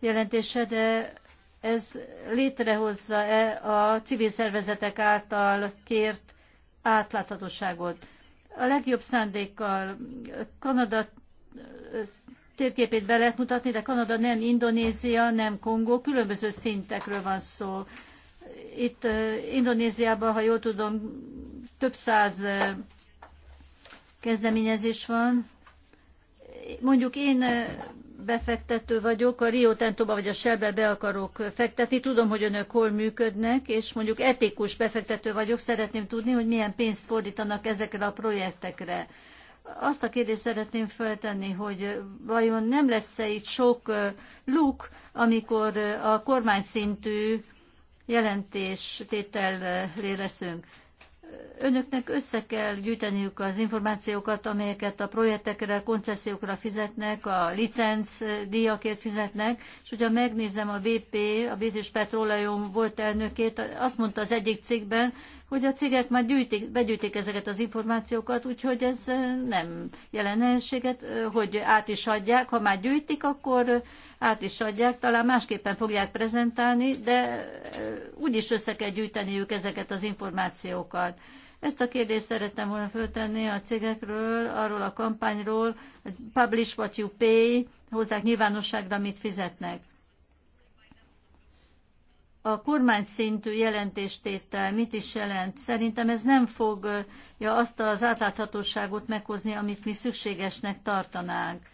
jelentése, de ez létrehozza-e a civil szervezetek által kért átláthatóságot. A legjobb szándékkal Kanada térképét be lehet mutatni, de Kanada nem Indonézia, nem Kongó, különböző szintekről van szó. Itt Indonéziában, ha jól tudom, több száz kezdeményezés van. Mondjuk én befektető vagyok, a Rio Tentóba vagy a Shellbe be akarok fektetni, tudom, hogy önök hol működnek, és mondjuk etikus befektető vagyok, szeretném tudni, hogy milyen pénzt fordítanak ezekre a projektekre. Azt a kérdést szeretném feltenni, hogy vajon nem lesz-e itt sok luk, amikor a kormányszintű jelentéstételre leszünk önöknek össze kell gyűjteniük az információkat, amelyeket a projektekre, koncesziókra fizetnek, a licenc díjakért fizetnek, és hogyha megnézem a BP, a British Petroleum volt elnökét, azt mondta az egyik cikkben, hogy a cégek már gyűjtik, begyűjtik ezeket az információkat, úgyhogy ez nem jelenséget, hogy át is adják. Ha már gyűjtik, akkor át is adják, talán másképpen fogják prezentálni, de úgyis össze kell gyűjteniük ezeket az információkat. Ezt a kérdést szerettem volna föltenni a cégekről, arról a kampányról, publish what you pay, hozzák nyilvánosságra, mit fizetnek a kormány szintű jelentéstétel mit is jelent? Szerintem ez nem fogja azt az átláthatóságot meghozni, amit mi szükségesnek tartanánk.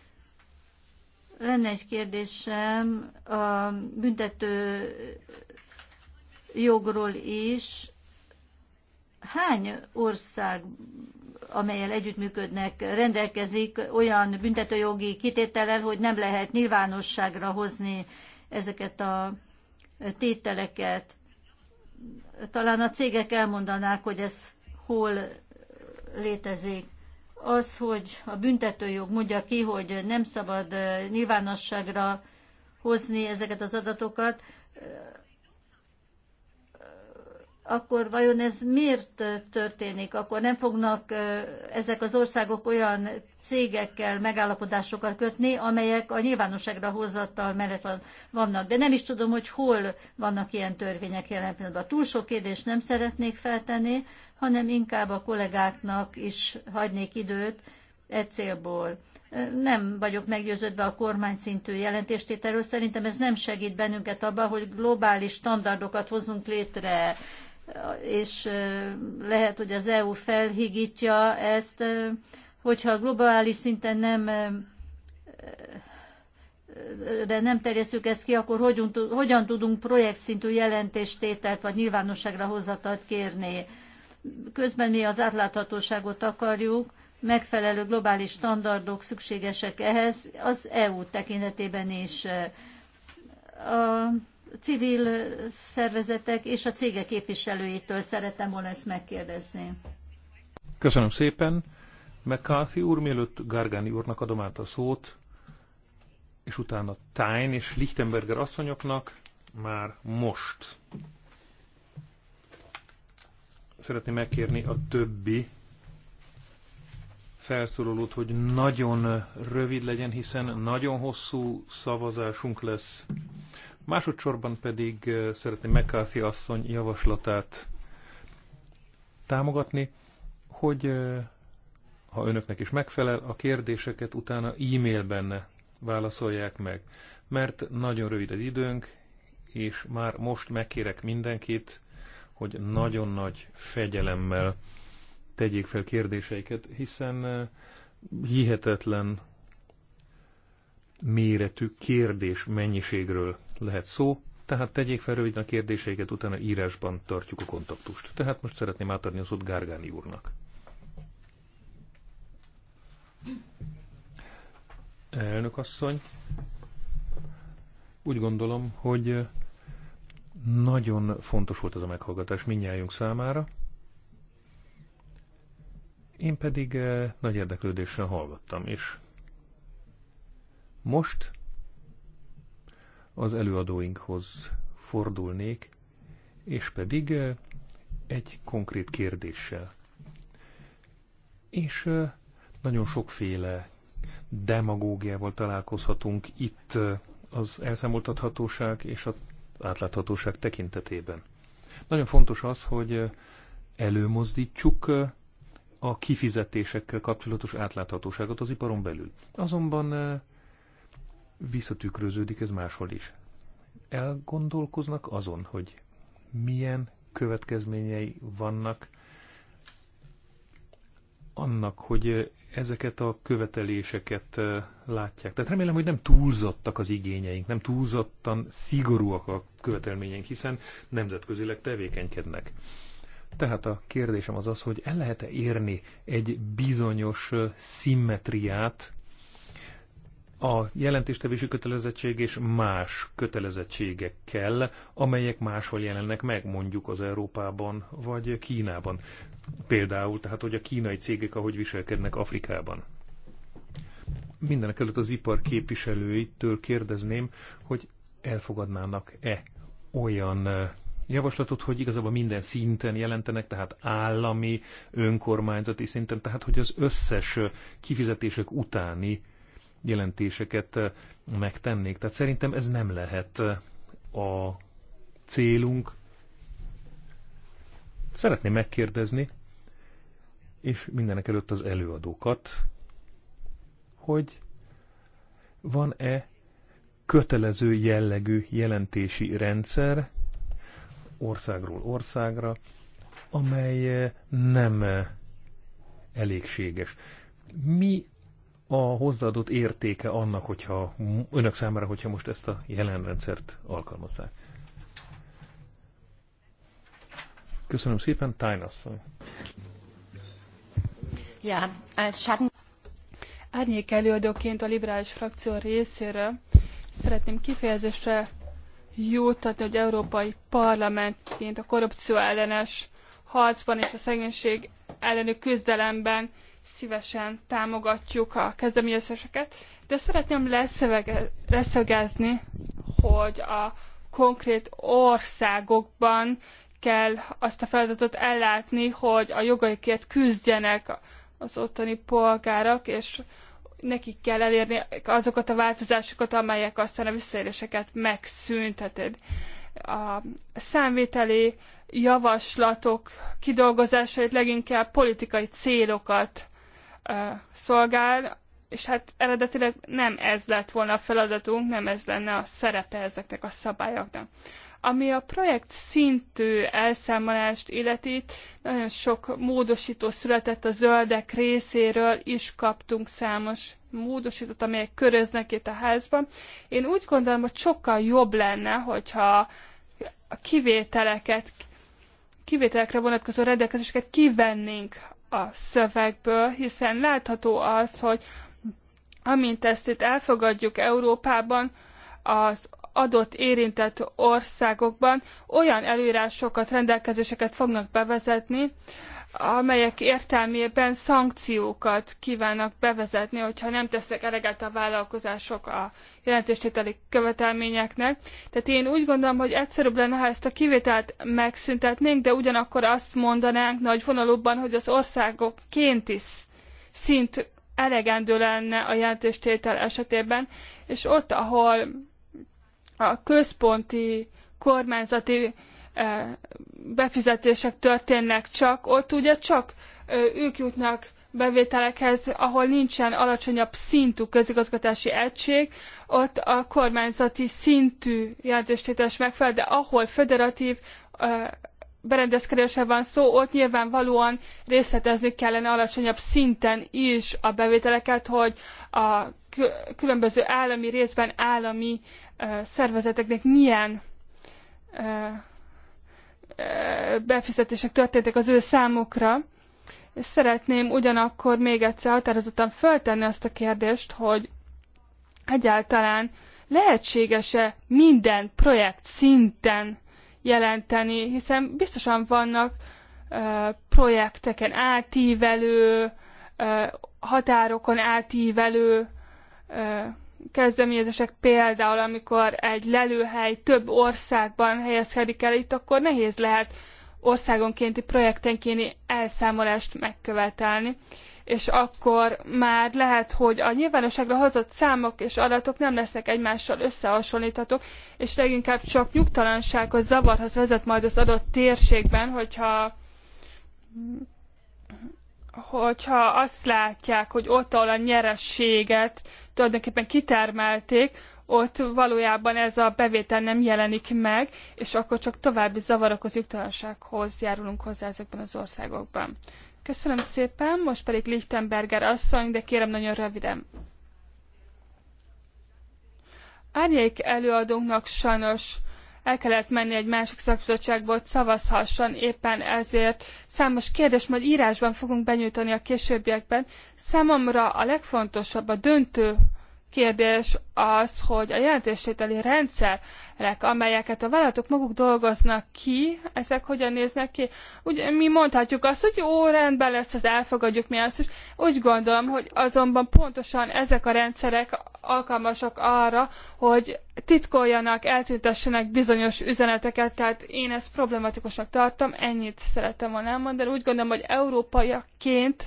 Lenne egy kérdésem a büntető jogról is. Hány ország, amelyel együttműködnek, rendelkezik olyan büntetőjogi kitétellel, hogy nem lehet nyilvánosságra hozni ezeket a tételeket. Talán a cégek elmondanák, hogy ez hol létezik. Az, hogy a büntetőjog mondja ki, hogy nem szabad eh, nyilvánosságra hozni ezeket az adatokat, akkor vajon ez miért történik? Akkor nem fognak ezek az országok olyan cégekkel megállapodásokat kötni, amelyek a nyilvánosságra hozattal mellett vannak. De nem is tudom, hogy hol vannak ilyen törvények jelen pillanatban. Túl sok kérdést nem szeretnék feltenni, hanem inkább a kollégáknak is hagynék időt e célból. Nem vagyok meggyőződve a kormány szintű jelentéstételről. Szerintem ez nem segít bennünket abban, hogy globális standardokat hozunk létre, és lehet, hogy az EU felhigítja ezt, hogyha globális szinten nem de nem terjesztjük ezt ki, akkor hogyan, hogyan tudunk projektszintű jelentéstételt vagy nyilvánosságra hozatat kérni. Közben mi az átláthatóságot akarjuk, megfelelő globális standardok szükségesek ehhez, az EU tekintetében is. A civil szervezetek és a cégek képviselőitől szerettem volna ezt megkérdezni. Köszönöm szépen. McCarthy úr, mielőtt Gargani úrnak adom át a szót, és utána Tyne és Lichtenberger asszonyoknak már most. Szeretném megkérni a többi felszólalót, hogy nagyon rövid legyen, hiszen nagyon hosszú szavazásunk lesz. Másodszorban pedig szeretném McCarthy asszony javaslatát támogatni, hogy ha önöknek is megfelel, a kérdéseket utána e-mailben válaszolják meg. Mert nagyon rövid az időnk, és már most megkérek mindenkit, hogy nagyon nagy fegyelemmel tegyék fel kérdéseiket, hiszen hihetetlen méretű kérdés mennyiségről lehet szó, tehát tegyék fel röviden a kérdéseiket, utána írásban tartjuk a kontaktust. Tehát most szeretném átadni a szót Gárgáni úrnak. Elnök asszony, úgy gondolom, hogy nagyon fontos volt ez a meghallgatás minnyájunk számára. Én pedig eh, nagy érdeklődéssel hallgattam, és most az előadóinkhoz fordulnék, és pedig egy konkrét kérdéssel. És nagyon sokféle demagógiával találkozhatunk itt az elszámoltathatóság és az átláthatóság tekintetében. Nagyon fontos az, hogy előmozdítsuk a kifizetésekkel kapcsolatos átláthatóságot az iparon belül. Azonban visszatükröződik ez máshol is. Elgondolkoznak azon, hogy milyen következményei vannak annak, hogy ezeket a követeléseket látják. Tehát remélem, hogy nem túlzottak az igényeink, nem túlzottan szigorúak a követelményeink, hiszen nemzetközileg tevékenykednek. Tehát a kérdésem az az, hogy el lehet-e érni egy bizonyos szimmetriát a jelentéstevési kötelezettség és más kötelezettségekkel, amelyek máshol jelennek meg, mondjuk az Európában vagy Kínában. Például, tehát hogy a kínai cégek ahogy viselkednek Afrikában. Mindenek előtt az ipar képviselőitől kérdezném, hogy elfogadnának-e olyan javaslatot, hogy igazából minden szinten jelentenek, tehát állami, önkormányzati szinten, tehát hogy az összes kifizetések utáni jelentéseket megtennék. Tehát szerintem ez nem lehet a célunk. Szeretném megkérdezni, és mindenek előtt az előadókat, hogy van-e kötelező jellegű jelentési rendszer országról országra, amely nem elégséges. Mi a hozzáadott értéke annak, hogyha önök számára, hogyha most ezt a jelen rendszert alkalmazzák? Köszönöm szépen, Tájnasszony. Ja, eh, Schatten... Árnyék előadóként a liberális frakció részéről szeretném kifejezésre jutatni, hogy Európai Parlamentként a korrupció ellenes harcban és a szegénység elleni küzdelemben szívesen támogatjuk a kezdeményezéseket, de szeretném leszögezni, hogy a konkrét országokban kell azt a feladatot ellátni, hogy a jogaikért küzdjenek az ottani polgárok, és nekik kell elérni azokat a változásokat, amelyek aztán a visszaéléseket megszünteted. A számvételi javaslatok kidolgozásait leginkább politikai célokat szolgál, és hát eredetileg nem ez lett volna a feladatunk, nem ez lenne a szerepe ezeknek a szabályoknak. Ami a projekt szintű elszámolást illeti, nagyon sok módosító született a zöldek részéről, is kaptunk számos módosítót, amelyek köröznek itt a házban. Én úgy gondolom, hogy sokkal jobb lenne, hogyha a kivételeket, kivételekre vonatkozó rendelkezéseket kivennénk a szövegből, hiszen látható az, hogy amint ezt itt elfogadjuk Európában, az adott érintett országokban olyan előírásokat, rendelkezéseket fognak bevezetni, amelyek értelmében szankciókat kívánnak bevezetni, hogyha nem tesznek eleget a vállalkozások a jelentéstételi követelményeknek. Tehát én úgy gondolom, hogy egyszerűbb lenne, ha ezt a kivételt megszüntetnénk, de ugyanakkor azt mondanánk nagy vonalúban, hogy az országokként is szint elegendő lenne a jelentéstétel esetében, és ott, ahol a központi kormányzati befizetések történnek csak, ott ugye csak ők jutnak bevételekhez, ahol nincsen alacsonyabb szintű közigazgatási egység, ott a kormányzati szintű jelentéstétes megfelel, de ahol federatív berendezkedésre van szó, ott nyilvánvalóan részletezni kellene alacsonyabb szinten is a bevételeket, hogy a különböző állami részben állami szervezeteknek milyen befizetések történtek az ő számukra. És szeretném ugyanakkor még egyszer határozottan föltenni azt a kérdést, hogy egyáltalán lehetséges-e minden projekt szinten jelenteni, hiszen biztosan vannak ö, projekteken átívelő, ö, határokon átívelő ö, kezdeményezések például, amikor egy lelőhely több országban helyezkedik el, itt akkor nehéz lehet országonkénti, projektenkénti elszámolást megkövetelni és akkor már lehet, hogy a nyilvánosságra hozott számok és adatok nem lesznek egymással összehasonlíthatók, és leginkább csak nyugtalansághoz, zavarhoz vezet majd az adott térségben, hogyha hogyha azt látják, hogy ott, ahol a nyerességet tulajdonképpen kitermelték, ott valójában ez a bevétel nem jelenik meg, és akkor csak további zavarokhoz, jogtalansághoz járulunk hozzá ezekben az országokban. Köszönöm szépen, most pedig Lichtenberger asszony, de kérem nagyon röviden. Árnyék előadónknak sajnos el kellett menni egy másik szakbizottságba, hogy szavazhasson, éppen ezért számos kérdést majd írásban fogunk benyújtani a későbbiekben. Számomra a legfontosabb, a döntő kérdés az, hogy a jelentéstételi rendszerek, amelyeket a vállalatok maguk dolgoznak ki, ezek hogyan néznek ki? Úgy, mi mondhatjuk azt, hogy jó, rendben lesz, az elfogadjuk mi azt is. Úgy gondolom, hogy azonban pontosan ezek a rendszerek alkalmasak arra, hogy titkoljanak, eltüntessenek bizonyos üzeneteket, tehát én ezt problematikusnak tartom, ennyit szerettem volna elmondani. Úgy gondolom, hogy európaiaként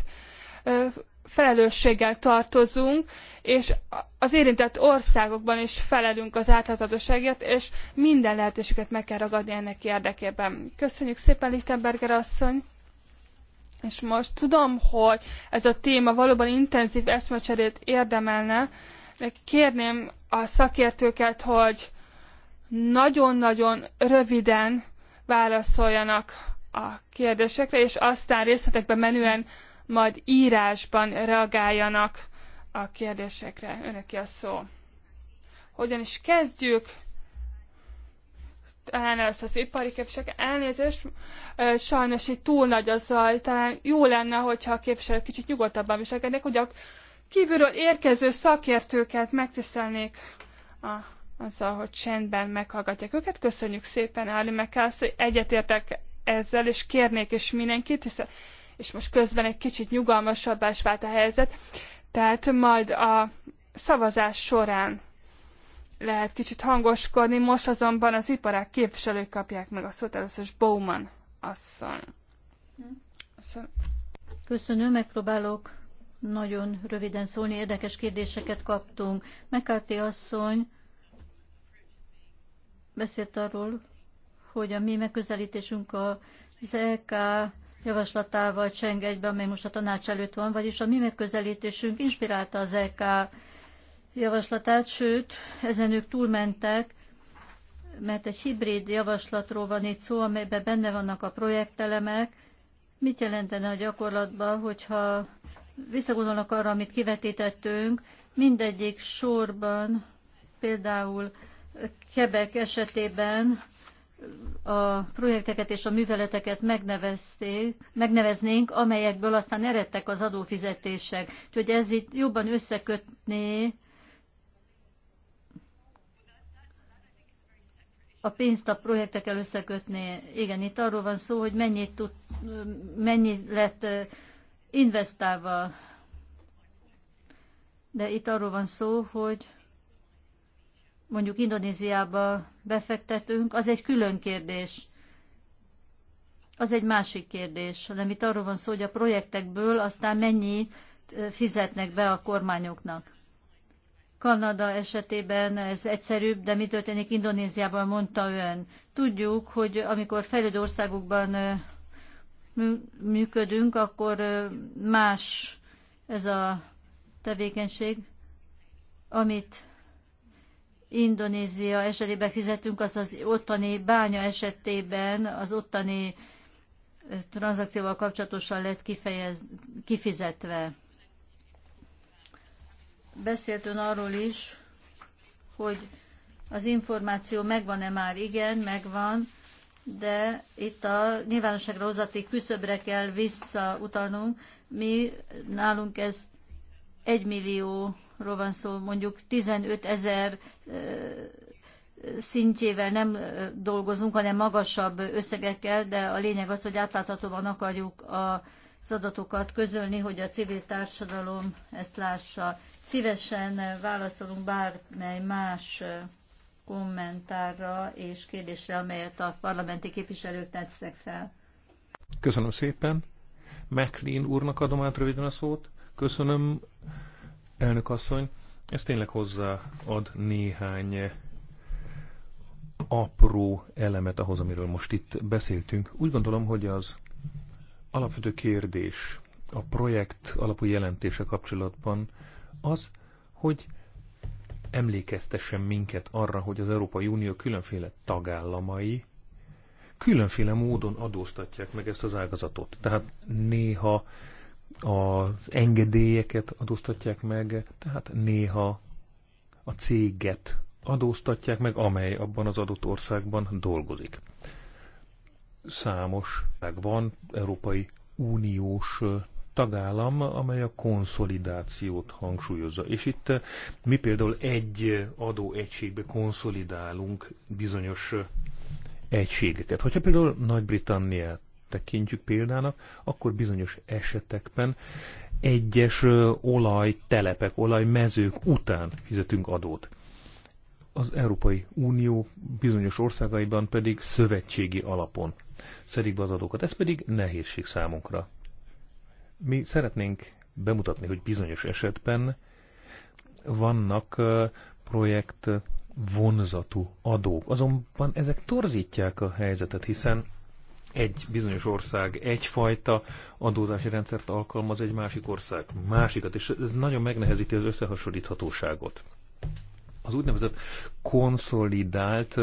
felelősséggel tartozunk, és az érintett országokban is felelünk az átláthatóságért, és minden lehetőséget meg kell ragadni ennek érdekében. Köszönjük szépen, Lichtenberger asszony! És most tudom, hogy ez a téma valóban intenzív eszmecserét érdemelne, de kérném a szakértőket, hogy nagyon-nagyon röviden válaszoljanak a kérdésekre, és aztán részletekben menően majd írásban reagáljanak a kérdésekre. Önöki a szó. Hogyan is kezdjük? talán ezt az ipari képviselők elnézést, sajnos itt túl nagy a zaj, talán jó lenne, hogyha a képviselők kicsit nyugodtabban viselkednek, hogy a kívülről érkező szakértőket megtisztelnék a, azzal, hogy csendben meghallgatják őket. Köszönjük szépen, Áli Mekász, hogy egyetértek ezzel, és kérnék is mindenkit, hiszen és most közben egy kicsit nyugalmasabbá is vált a helyzet, tehát majd a szavazás során lehet kicsit hangoskodni, most azonban az iparák képviselők kapják meg a szót, először és Bowman asszony. Köszönöm. megpróbálok nagyon röviden szólni, érdekes kérdéseket kaptunk. McCarthy asszony beszélt arról, hogy a mi megközelítésünk a ZK javaslatával cseng egybe, amely most a tanács előtt van, vagyis a mi megközelítésünk inspirálta az EK javaslatát, sőt, ezen ők túlmentek, mert egy hibrid javaslatról van itt szó, amelyben benne vannak a projektelemek. Mit jelentene a gyakorlatban, hogyha visszagondolnak arra, amit kivetítettünk, mindegyik sorban, például Kebek esetében a projekteket és a műveleteket megnevezték, megneveznénk, amelyekből aztán eredtek az adófizetések. Úgyhogy ez itt jobban összekötné a pénzt a projektekkel összekötné. Igen, itt arról van szó, hogy mennyit, tud, mennyi lett investálva. De itt arról van szó, hogy mondjuk Indonéziába befektetünk, az egy külön kérdés. Az egy másik kérdés, hanem itt arról van szó, hogy a projektekből aztán mennyi fizetnek be a kormányoknak. Kanada esetében ez egyszerűbb, de mi történik Indonéziában, mondta ön. Tudjuk, hogy amikor fejlődő országokban működünk, akkor más ez a tevékenység, amit Indonézia esetében fizetünk, az az ottani bánya esetében az ottani eh, tranzakcióval kapcsolatosan lett kifejez, kifizetve. Beszélt ön arról is, hogy az információ megvan-e már? Igen, megvan, de itt a nyilvánosságra hozati küszöbre kell visszautalnunk. Mi nálunk ez 1 millió ról van szó, mondjuk 15 ezer szintjével nem dolgozunk, hanem magasabb összegekkel, de a lényeg az, hogy átláthatóban akarjuk az adatokat közölni, hogy a civil társadalom ezt lássa. Szívesen válaszolunk bármely más kommentárra és kérdésre, amelyet a parlamenti képviselők tetszek fel. Köszönöm szépen. McLean úrnak adom át röviden a szót. Köszönöm Elnök asszony, ez tényleg hozzáad néhány apró elemet ahhoz, amiről most itt beszéltünk. Úgy gondolom, hogy az alapvető kérdés a projekt alapú jelentése kapcsolatban az, hogy emlékeztessen minket arra, hogy az Európai Unió különféle tagállamai különféle módon adóztatják meg ezt az ágazatot. Tehát néha az engedélyeket adóztatják meg, tehát néha a céget adóztatják meg, amely abban az adott országban dolgozik. Számos meg van Európai Uniós tagállam, amely a konszolidációt hangsúlyozza. És itt eh, mi például egy adóegységbe konszolidálunk bizonyos eh, egységeket. Hogyha például Nagy-Britanniát tekintjük példának, akkor bizonyos esetekben egyes olajtelepek, olajmezők után fizetünk adót. Az Európai Unió bizonyos országaiban pedig szövetségi alapon szedik be az adókat. Ez pedig nehézség számunkra. Mi szeretnénk bemutatni, hogy bizonyos esetben vannak projekt vonzatú adók. Azonban ezek torzítják a helyzetet, hiszen egy bizonyos ország egyfajta adózási rendszert alkalmaz, egy másik ország másikat, és ez nagyon megnehezíti az összehasonlíthatóságot. Az úgynevezett konszolidált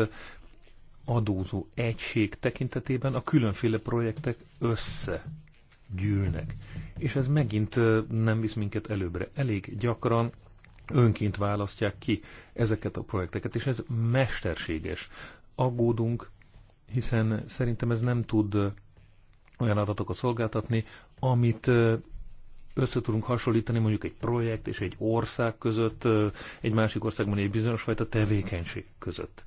adózó egység tekintetében a különféle projektek összegyűlnek. És ez megint nem visz minket előbbre. Elég gyakran önként választják ki ezeket a projekteket, és ez mesterséges. Aggódunk hiszen szerintem ez nem tud olyan adatokat szolgáltatni, amit össze tudunk hasonlítani mondjuk egy projekt és egy ország között, egy másik országban egy bizonyos fajta tevékenység között.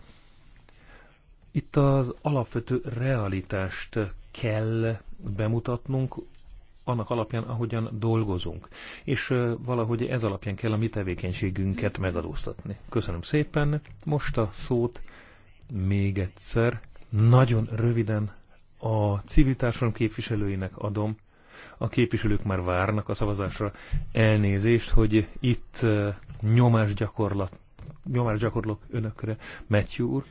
Itt az alapvető realitást kell bemutatnunk annak alapján, ahogyan dolgozunk. És valahogy ez alapján kell a mi tevékenységünket megadóztatni. Köszönöm szépen. Most a szót még egyszer nagyon röviden a civil társadalom képviselőinek adom. A képviselők már várnak a szavazásra elnézést, hogy itt eh, nyomásgyakorlat, nyomásgyakorlok önökre. Matthew úr.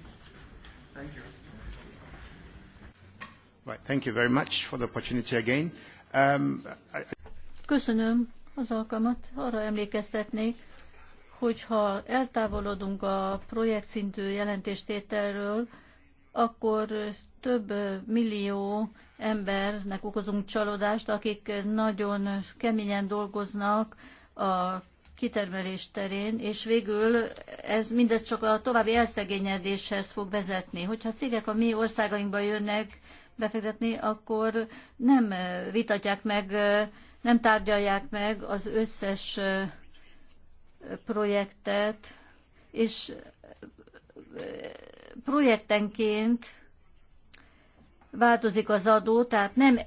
Thank you. Right, thank you very much for the opportunity again. Um, I... Köszönöm az alkalmat. Arra emlékeztetnék, hogyha eltávolodunk a projektszintű jelentéstételről, akkor több millió embernek okozunk csalódást, akik nagyon keményen dolgoznak a kitermelés terén, és végül ez mindez csak a további elszegényedéshez fog vezetni. Hogyha cégek a mi országainkba jönnek befektetni, akkor nem vitatják meg, nem tárgyalják meg az összes projektet, és projektenként változik az adó, tehát nem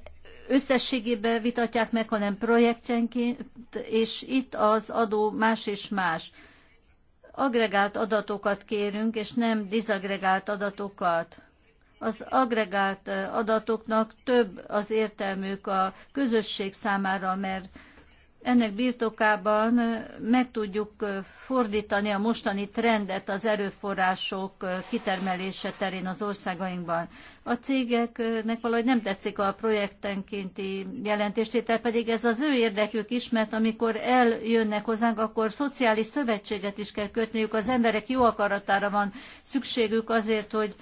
összességében vitatják meg, hanem projektenként, és itt az adó más és más. Agregált adatokat kérünk, és nem dizagregált adatokat. Az agregált adatoknak több az értelmük a közösség számára, mert ennek birtokában meg tudjuk fordítani a mostani trendet az erőforrások kitermelése terén az országainkban. A cégeknek valahogy nem tetszik a projektenkénti jelentéstétel, pedig ez az ő érdekük is, mert amikor eljönnek hozzánk, akkor szociális szövetséget is kell kötniük, az emberek jó akaratára van szükségük azért, hogy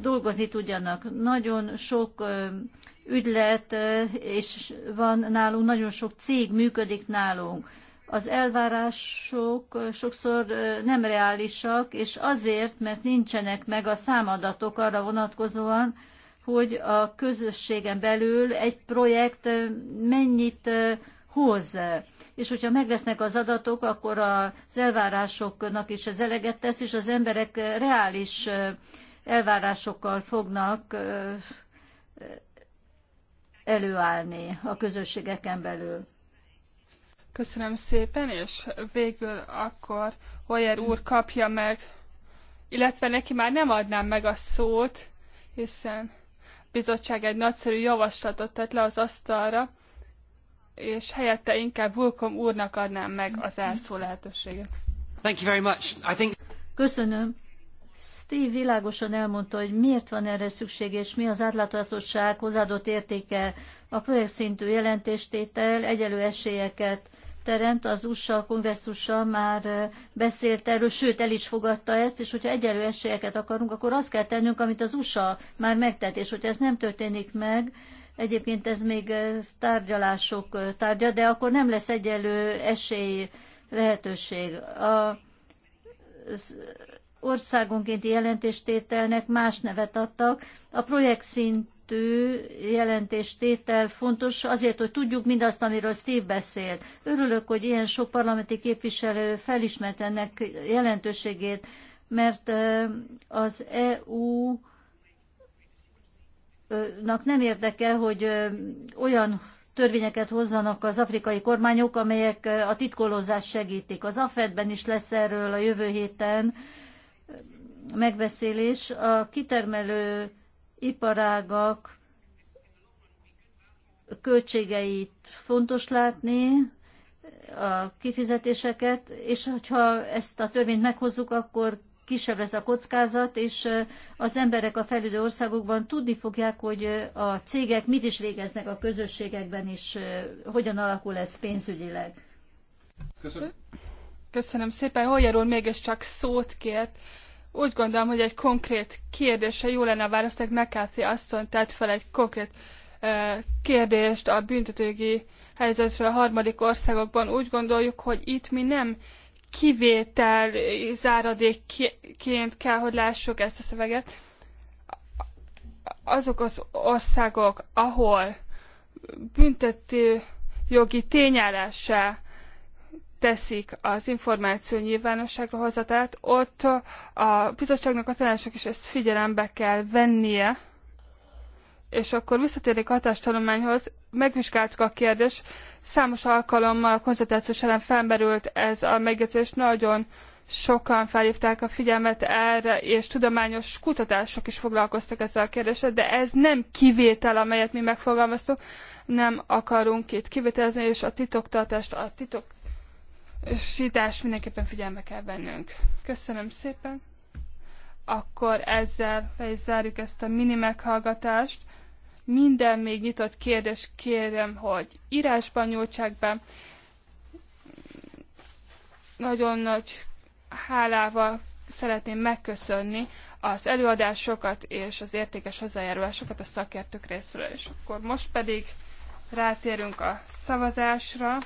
dolgozni tudjanak. Nagyon sok ügylet, és van nálunk, nagyon sok cég működik nálunk. Az elvárások sokszor nem reálisak, és azért, mert nincsenek meg a számadatok arra vonatkozóan, hogy a közösségen belül egy projekt mennyit hoz. És hogyha meglesznek az adatok, akkor az elvárásoknak is ez eleget tesz, és az emberek reális elvárásokkal fognak előállni a közösségeken belül. Köszönöm szépen, és végül akkor Hoyer úr kapja meg, illetve neki már nem adnám meg a szót, hiszen a bizottság egy nagyszerű javaslatot tett le az asztalra, és helyette inkább Vulkom úrnak adnám meg az elszó lehetőséget. Thank you very much. I think... Köszönöm. Steve világosan elmondta, hogy miért van erre szükség, és mi az átláthatóság hozzáadott értéke. A projekt szintű jelentéstétel egyelő esélyeket teremt, az USA kongresszusa már beszélt erről, sőt el is fogadta ezt, és hogyha egyelő esélyeket akarunk, akkor azt kell tennünk, amit az USA már megtett, és hogyha ez nem történik meg, egyébként ez még tárgyalások tárgya, de akkor nem lesz egyelő esély lehetőség. A, országonkénti jelentéstételnek más nevet adtak. A projekt szintű jelentéstétel fontos azért, hogy tudjuk mindazt, amiről Steve beszélt. Örülök, hogy ilyen sok parlamenti képviselő felismert ennek jelentőségét, mert az EU nak nem érdeke, hogy olyan törvényeket hozzanak az afrikai kormányok, amelyek a titkolózást segítik. Az AFED-ben is lesz erről a jövő héten megbeszélés a kitermelő iparágak költségeit fontos látni, a kifizetéseket, és hogyha ezt a törvényt meghozzuk, akkor kisebb lesz a kockázat, és az emberek a fejlődő országokban tudni fogják, hogy a cégek mit is végeznek a közösségekben, és hogyan alakul ez pénzügyileg. Köszönöm. Köszönöm szépen. még ez csak szót kért, úgy gondolom, hogy egy konkrét kérdése jó lenne a választ, hogy McCarthy asszony tett fel egy konkrét kérdést a büntetőgi helyzetről a harmadik országokban. Úgy gondoljuk, hogy itt mi nem kivétel záradékként kell, hogy lássuk ezt a szöveget. Azok az országok, ahol büntető jogi tényállása teszik az információ nyilvánosságra hozatát, ott a bizottságnak, a tanácsok is ezt figyelembe kell vennie, és akkor visszatérnék a hatástanulmányhoz, megvizsgáltuk a kérdést, számos alkalommal a konzultáció során felmerült ez a megjegyzés, nagyon sokan felhívták a figyelmet erre, és tudományos kutatások is foglalkoztak ezzel a kérdéssel, de ez nem kivétel, amelyet mi megfogalmaztuk. nem akarunk itt kivételezni, és a titoktartást, a titok sítás mindenképpen figyelme kell vennünk. Köszönöm szépen. Akkor ezzel le is zárjuk ezt a mini meghallgatást. Minden még nyitott kérdés kérem, hogy írásban nyújtsák be. Nagyon nagy hálával szeretném megköszönni az előadásokat és az értékes hozzájárulásokat a szakértők részről. És akkor most pedig rátérünk a szavazásra.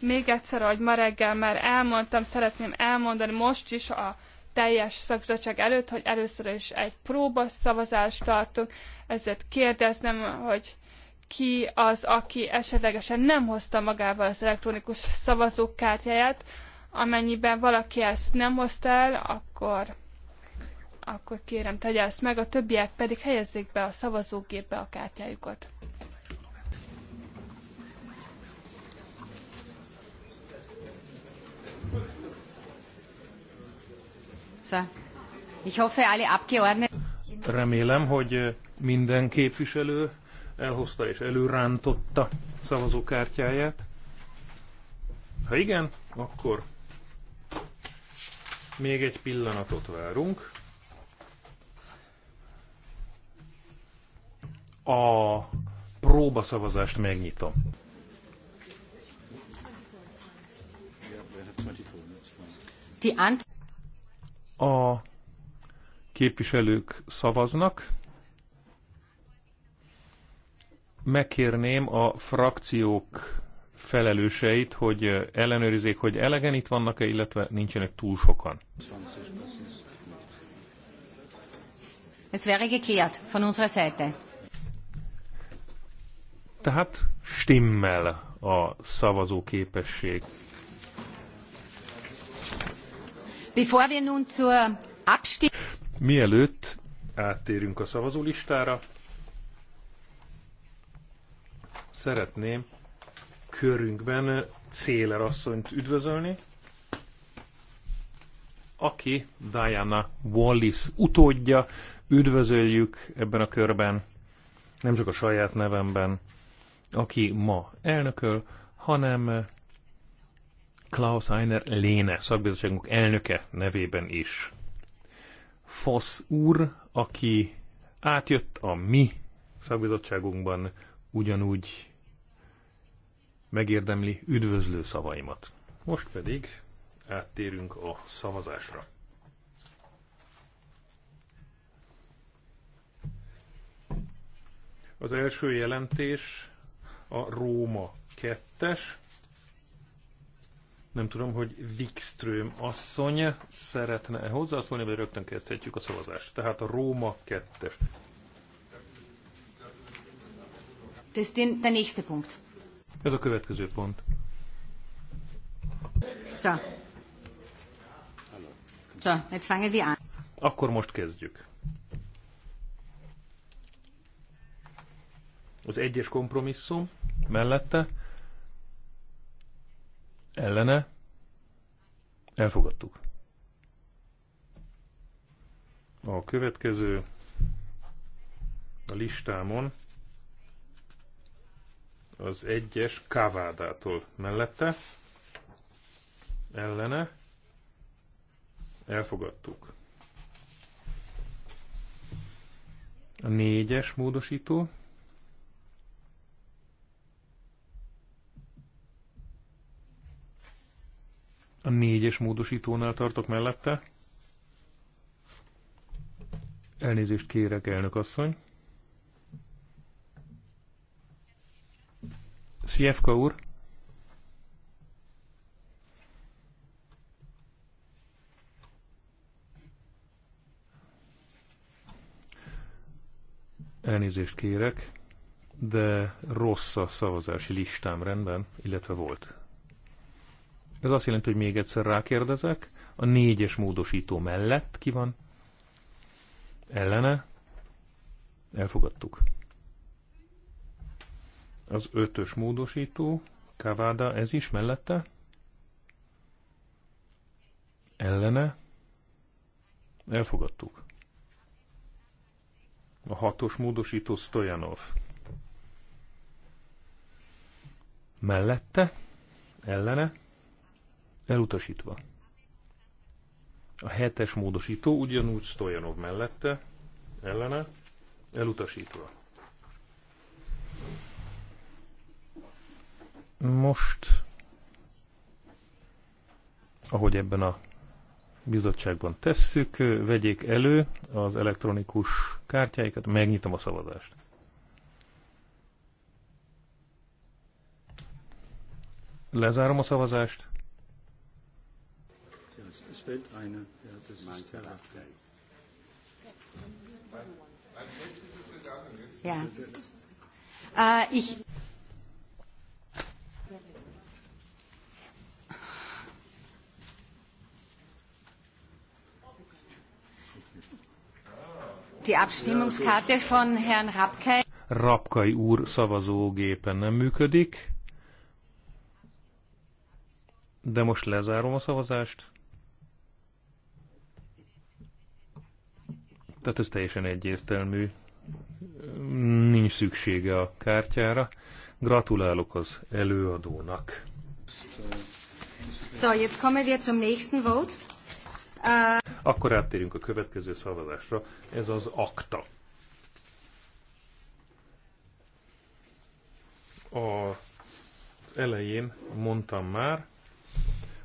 Még egyszer, ahogy ma reggel már elmondtam, szeretném elmondani most is a teljes szakbizottság előtt, hogy először is egy próbaszavazást tartunk, ezért kérdeznem, hogy ki az, aki esetlegesen nem hozta magával az elektronikus szavazókártyáját. Amennyiben valaki ezt nem hozta el, akkor, akkor kérem, tegye ezt meg, a többiek pedig helyezzék be a szavazógépbe a kártyájukat. Remélem, hogy minden képviselő elhozta és előrántotta szavazókártyáját. Ha igen, akkor még egy pillanatot várunk. A próbaszavazást megnyitom. Die Antwort. A képviselők szavaznak. Megkérném a frakciók felelőseit, hogy ellenőrizzék, hogy elegen itt vannak-e, illetve nincsenek túl sokan. Ez wäre geklärt von unserer Seite. Tehát stimmel a szavazóképesség. Mielőtt áttérünk a szavazólistára, szeretném körünkben Céler asszonyt üdvözölni, aki Diana Wallis utódja. Üdvözöljük ebben a körben, nem csak a saját nevemben, aki ma elnököl, hanem Klaus Heiner Léne, szakbizottságunk elnöke nevében is. Fosz úr, aki átjött a mi szakbizottságunkban, ugyanúgy megérdemli üdvözlő szavaimat. Most pedig áttérünk a szavazásra. Az első jelentés a Róma 2-es, nem tudom, hogy Wikström asszony szeretne -e hozzászólni, vagy rögtön kezdhetjük a szavazást. Tehát a Róma 2 Ez a következő pont. So. So, jetzt fangen wir an. Akkor most kezdjük. Az egyes kompromisszum mellette ellene elfogadtuk. A következő a listámon az egyes kávádától mellette ellene elfogadtuk. A négyes módosító A négyes módosítónál tartok mellette. Elnézést kérek, elnök asszony. Szijevka úr. Elnézést kérek, de rossz a szavazási listám rendben, illetve volt. Ez azt jelenti, hogy még egyszer rákérdezek, a négyes módosító mellett ki van, ellene, elfogadtuk. Az ötös módosító, kavada, ez is mellette, ellene, elfogadtuk. A hatos módosító Stojanov. Mellette, ellene, Elutasítva. A hetes módosító ugyanúgy Stojanov mellette, ellene, elutasítva. Most, ahogy ebben a bizottságban tesszük, vegyék elő az elektronikus kártyáikat, megnyitom a szavazást. Lezárom a szavazást fällt eine. Ja, das ist verraten. Ja. Äh, ich Die Abstimmungskarte von Herrn Rapkay. Rapkai úr szavazógépen nem működik, de most lezárom a szavazást. Tehát ez teljesen egyértelmű. Nincs szüksége a kártyára. Gratulálok az előadónak. So, jetzt kommen wir zum nächsten Vote. Uh... Akkor áttérünk a következő szavazásra. Ez az akta. A elején mondtam már,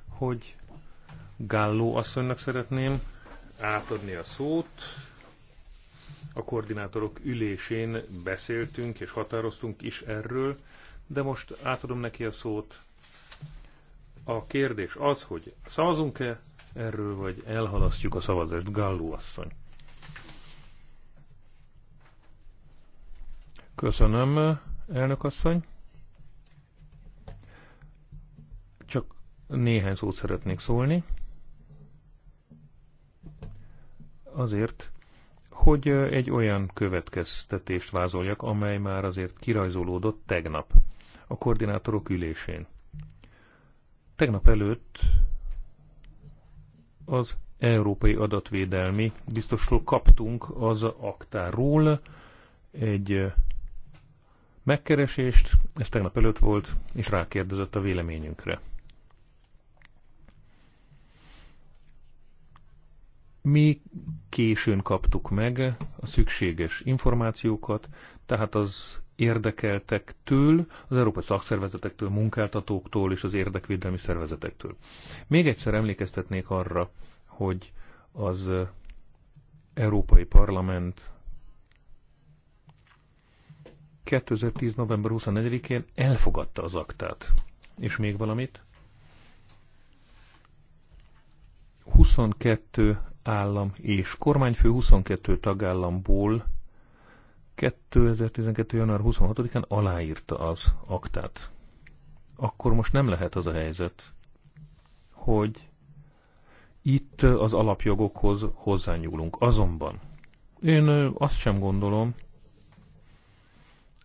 hogy Gálló asszonynak szeretném átadni a szót, a koordinátorok ülésén beszéltünk és határoztunk is erről, de most átadom neki a szót. A kérdés az, hogy szavazunk-e erről, vagy elhalasztjuk a szavazást. Galló asszony. Köszönöm, elnök asszony. Csak néhány szót szeretnék szólni. Azért, hogy egy olyan következtetést vázoljak, amely már azért kirajzolódott tegnap a koordinátorok ülésén. Tegnap előtt az Európai Adatvédelmi Biztosról kaptunk az aktáról egy megkeresést, ez tegnap előtt volt, és rákérdezett a véleményünkre. Mi későn kaptuk meg a szükséges információkat, tehát az érdekeltektől, az európai szakszervezetektől, munkáltatóktól és az érdekvédelmi szervezetektől. Még egyszer emlékeztetnék arra, hogy az Európai Parlament 2010. november 24-én elfogadta az aktát. És még valamit? 22 állam és kormányfő 22 tagállamból 2012. január 26-án aláírta az aktát. Akkor most nem lehet az a helyzet, hogy itt az alapjogokhoz hozzányúlunk. Azonban én azt sem gondolom,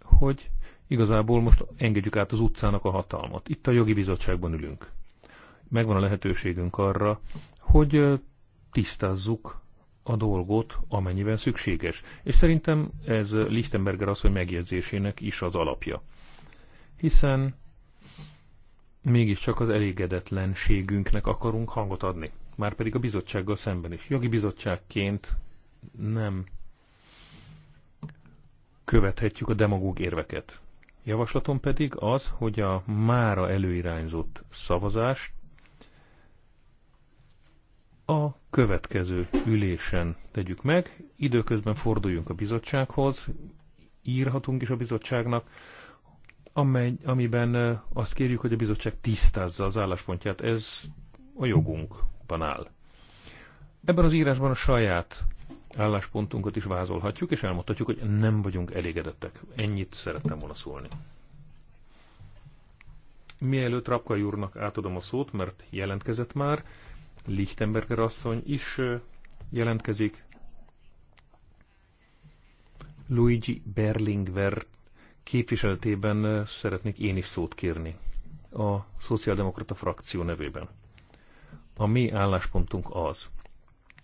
hogy igazából most engedjük át az utcának a hatalmat. Itt a jogi bizottságban ülünk. Megvan a lehetőségünk arra, hogy tisztázzuk a dolgot, amennyiben szükséges. És szerintem ez Lichtenberger asszony megjegyzésének is az alapja. Hiszen mégiscsak az elégedetlenségünknek akarunk hangot adni. Márpedig a bizottsággal szemben is. Jogi bizottságként nem követhetjük a demagóg érveket. Javaslatom pedig az, hogy a mára előirányzott szavazást a következő ülésen tegyük meg. Időközben forduljunk a bizottsághoz, írhatunk is a bizottságnak, amely, amiben azt kérjük, hogy a bizottság tisztázza az álláspontját. Ez a jogunkban áll. Ebben az írásban a saját álláspontunkat is vázolhatjuk, és elmondhatjuk, hogy nem vagyunk elégedettek. Ennyit szerettem volna szólni. Mielőtt Rapkai úrnak átadom a szót, mert jelentkezett már, Lichtenberger asszony is jelentkezik. Luigi Berlingver képviseletében szeretnék én is szót kérni a Szociáldemokrata frakció nevében. A mi álláspontunk az,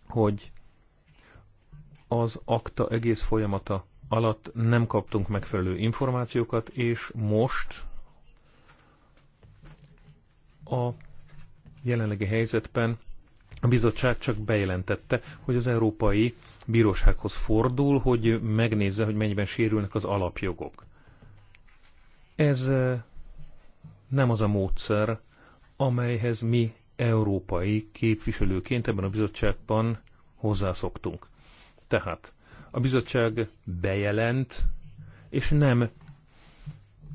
hogy az akta egész folyamata alatt nem kaptunk megfelelő információkat, és most a jelenlegi helyzetben a bizottság csak bejelentette, hogy az Európai Bírósághoz fordul, hogy megnézze, hogy mennyiben sérülnek az alapjogok. Ez nem az a módszer, amelyhez mi európai képviselőként ebben a bizottságban hozzászoktunk. Tehát a bizottság bejelent, és nem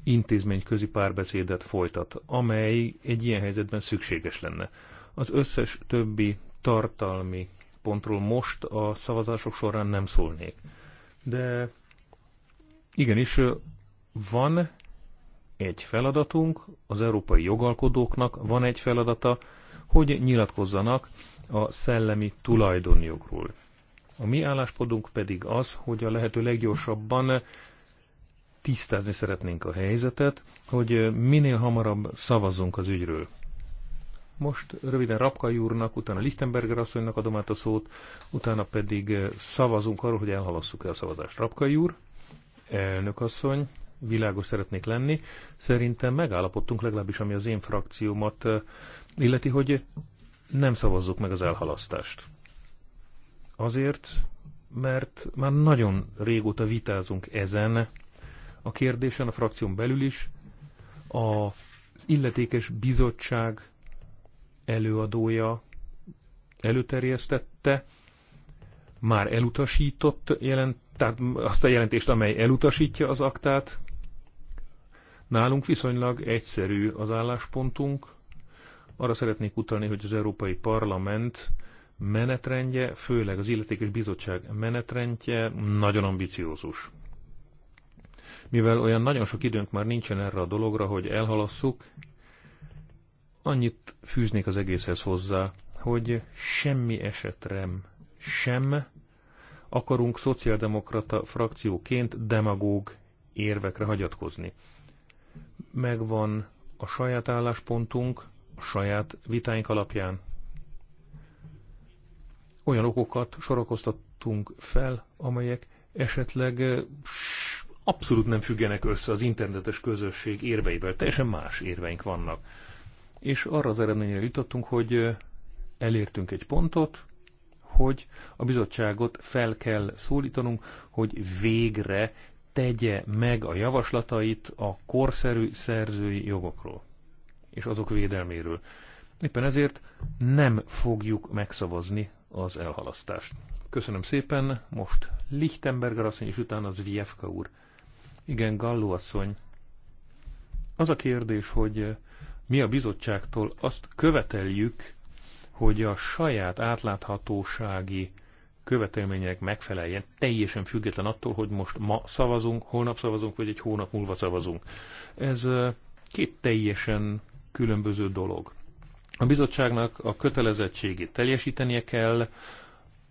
intézményközi párbeszédet folytat, amely egy ilyen helyzetben szükséges lenne. Az összes többi tartalmi pontról most a szavazások során nem szólnék. De igenis van egy feladatunk, az európai jogalkodóknak van egy feladata, hogy nyilatkozzanak a szellemi tulajdonjogról. A mi álláspontunk pedig az, hogy a lehető leggyorsabban tisztázni szeretnénk a helyzetet, hogy minél hamarabb szavazzunk az ügyről. Most röviden Rapkai úrnak, utána Lichtenberger asszonynak adom át a szót, utána pedig eh, szavazunk arról, hogy elhalasszuk el a szavazást. Rapkai úr, elnök asszony, világos szeretnék lenni. Szerintem megállapodtunk, legalábbis ami az én frakciómat eh, illeti, hogy nem szavazzuk meg az elhalasztást. Azért, mert már nagyon régóta vitázunk ezen a kérdésen, a frakción belül is. Az illetékes bizottság előadója előterjesztette, már elutasított jelent, tehát azt a jelentést, amely elutasítja az aktát. Nálunk viszonylag egyszerű az álláspontunk. Arra szeretnék utalni, hogy az Európai Parlament menetrendje, főleg az illetékes bizottság menetrendje nagyon ambiciózus. Mivel olyan nagyon sok időnk már nincsen erre a dologra, hogy elhalasszuk, Annyit fűznék az egészhez hozzá, hogy semmi esetre sem akarunk szociáldemokrata frakcióként demagóg érvekre hagyatkozni. Megvan a saját álláspontunk, a saját vitáink alapján. Olyan okokat sorakoztattunk fel, amelyek esetleg eh, abszolút nem függenek össze az internetes közösség érveivel. Teljesen más érveink vannak és arra az eredményre jutottunk, hogy elértünk egy pontot, hogy a bizottságot fel kell szólítanunk, hogy végre tegye meg a javaslatait a korszerű szerzői jogokról és azok védelméről. Éppen ezért nem fogjuk megszavazni az elhalasztást. Köszönöm szépen, most Lichtenberger asszony, és utána az Vievka úr. Igen, Galló asszony. Az a kérdés, hogy mi a bizottságtól azt követeljük, hogy a saját átláthatósági követelmények megfeleljen, teljesen független attól, hogy most ma szavazunk, holnap szavazunk, vagy egy hónap múlva szavazunk. Ez két teljesen különböző dolog. A bizottságnak a kötelezettségét teljesítenie kell,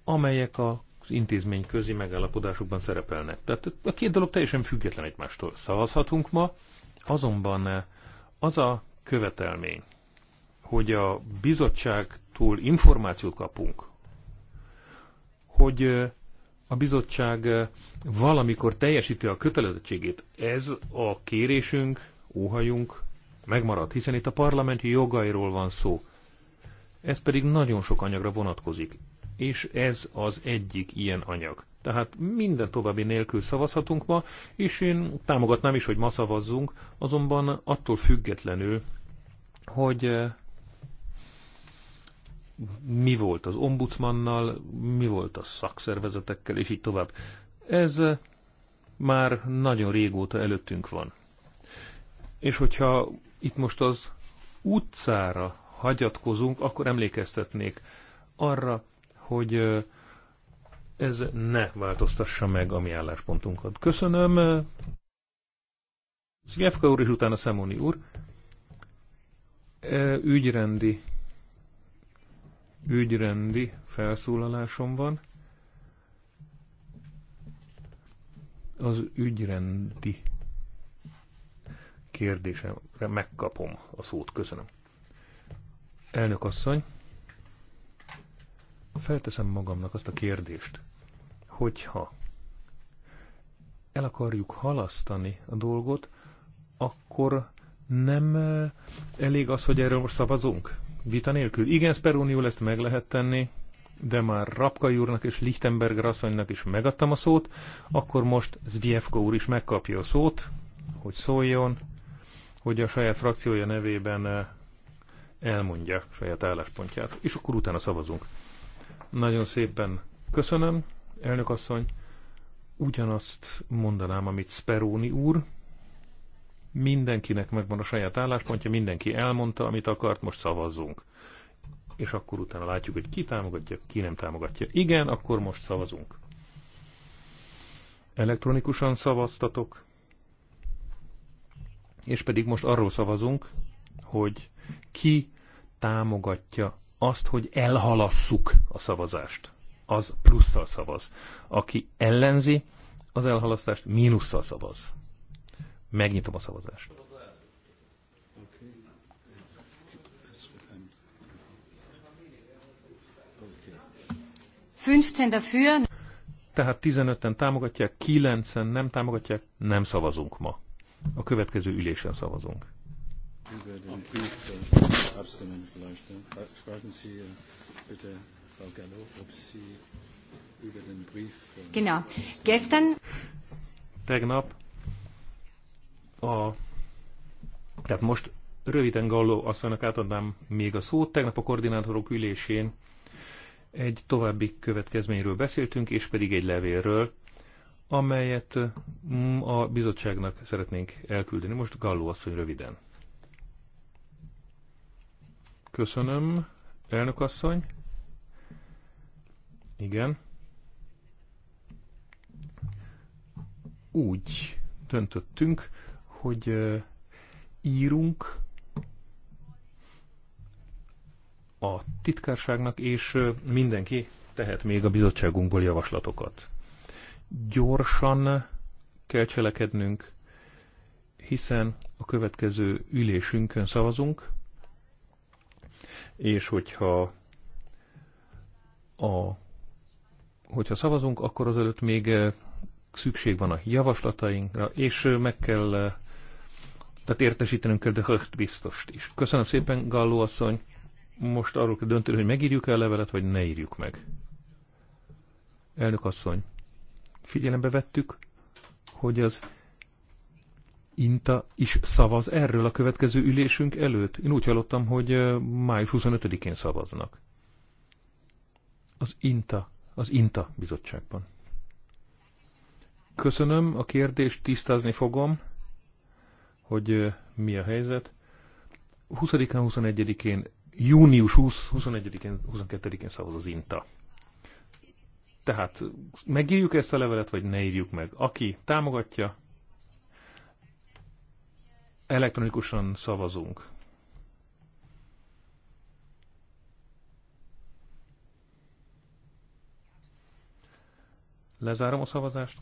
amelyek a az intézmény közi megállapodásokban szerepelnek. Tehát a két dolog teljesen független egymástól. Szavazhatunk ma, azonban az a követelmény, hogy a bizottságtól információt kapunk, hogy a bizottság valamikor teljesíti a kötelezettségét. Ez a kérésünk, óhajunk megmarad, hiszen itt a parlamenti jogairól van szó. Ez pedig nagyon sok anyagra vonatkozik és ez az egyik ilyen anyag. Tehát minden további nélkül szavazhatunk ma, és én támogatnám is, hogy ma szavazzunk, azonban attól függetlenül, hogy eh, mi volt az ombudsmannal, mi volt a szakszervezetekkel, és így tovább. Ez eh, már nagyon régóta előttünk van. És hogyha itt most az utcára hagyatkozunk, akkor emlékeztetnék arra, hogy ez ne változtassa meg a mi álláspontunkat. Köszönöm. Szigefka úr és utána Szemoni úr. E, ügyrendi ügyrendi felszólalásom van. Az ügyrendi kérdésemre megkapom a szót. Köszönöm. Elnök asszony felteszem magamnak azt a kérdést, hogyha el akarjuk halasztani a dolgot, akkor nem elég az, hogy erről most szavazunk? Vita nélkül? Igen, Speroniul ezt meg lehet tenni, de már Rapka úrnak és Lichtenberger asszonynak is megadtam a szót, akkor most Zdjevko úr is megkapja a szót, hogy szóljon, hogy a saját frakciója nevében elmondja saját álláspontját, és akkor utána szavazunk. Nagyon szépen köszönöm, elnök asszony. Ugyanazt mondanám, amit Speróni úr. Mindenkinek megvan a saját álláspontja, mindenki elmondta, amit akart, most szavazzunk. És akkor utána látjuk, hogy ki támogatja, ki nem támogatja. Igen, akkor most szavazunk. Elektronikusan szavaztatok. És pedig most arról szavazunk, hogy ki támogatja azt, hogy elhalasszuk a szavazást, az plusszal szavaz. Aki ellenzi az elhalasztást, mínusszal szavaz. Megnyitom a szavazást. Tehát 15-en támogatják, 9-en nem támogatják, nem szavazunk ma. A következő ülésen szavazunk über den Brief äh, abstimmen vielleicht. Ja. Fragen Sie äh, bitte Frau Gallo, ob Sie über den Brief... Äh, genau. Gestern... Tegnap Oh. Tehát most röviden Galló asszonynak átadnám még a szót. Tegnap a koordinátorok ülésén egy további következményről beszéltünk, és pedig egy levélről, amelyet a bizottságnak szeretnénk elküldeni. Most Galló asszony röviden. Köszönöm, elnök asszony. Igen. Úgy döntöttünk, hogy írunk a titkárságnak, és mindenki tehet még a bizottságunkból javaslatokat. Gyorsan kell cselekednünk, hiszen a következő ülésünkön szavazunk, és hogyha a, hogyha szavazunk, akkor azelőtt még eh, szükség van a javaslatainkra, és eh, meg kell, eh, tehát értesítenünk kell de Höcht biztost is. Köszönöm szépen, Galló asszony. Most arról kell döntődni, hogy megírjuk-e a levelet, vagy ne írjuk meg. Elnök asszony, figyelembe vettük, hogy az INTA is szavaz erről a következő ülésünk előtt? Én úgy hallottam, hogy május 25-én szavaznak. Az INTA, az INTA bizottságban. Köszönöm a kérdést, tisztázni fogom, hogy mi a helyzet. 20-án, 21-én, június 21-én, 22-én szavaz az INTA. Tehát megírjuk ezt a levelet, vagy ne írjuk meg? Aki támogatja, Elektronikusan szavazunk. Lezárom a szavazást.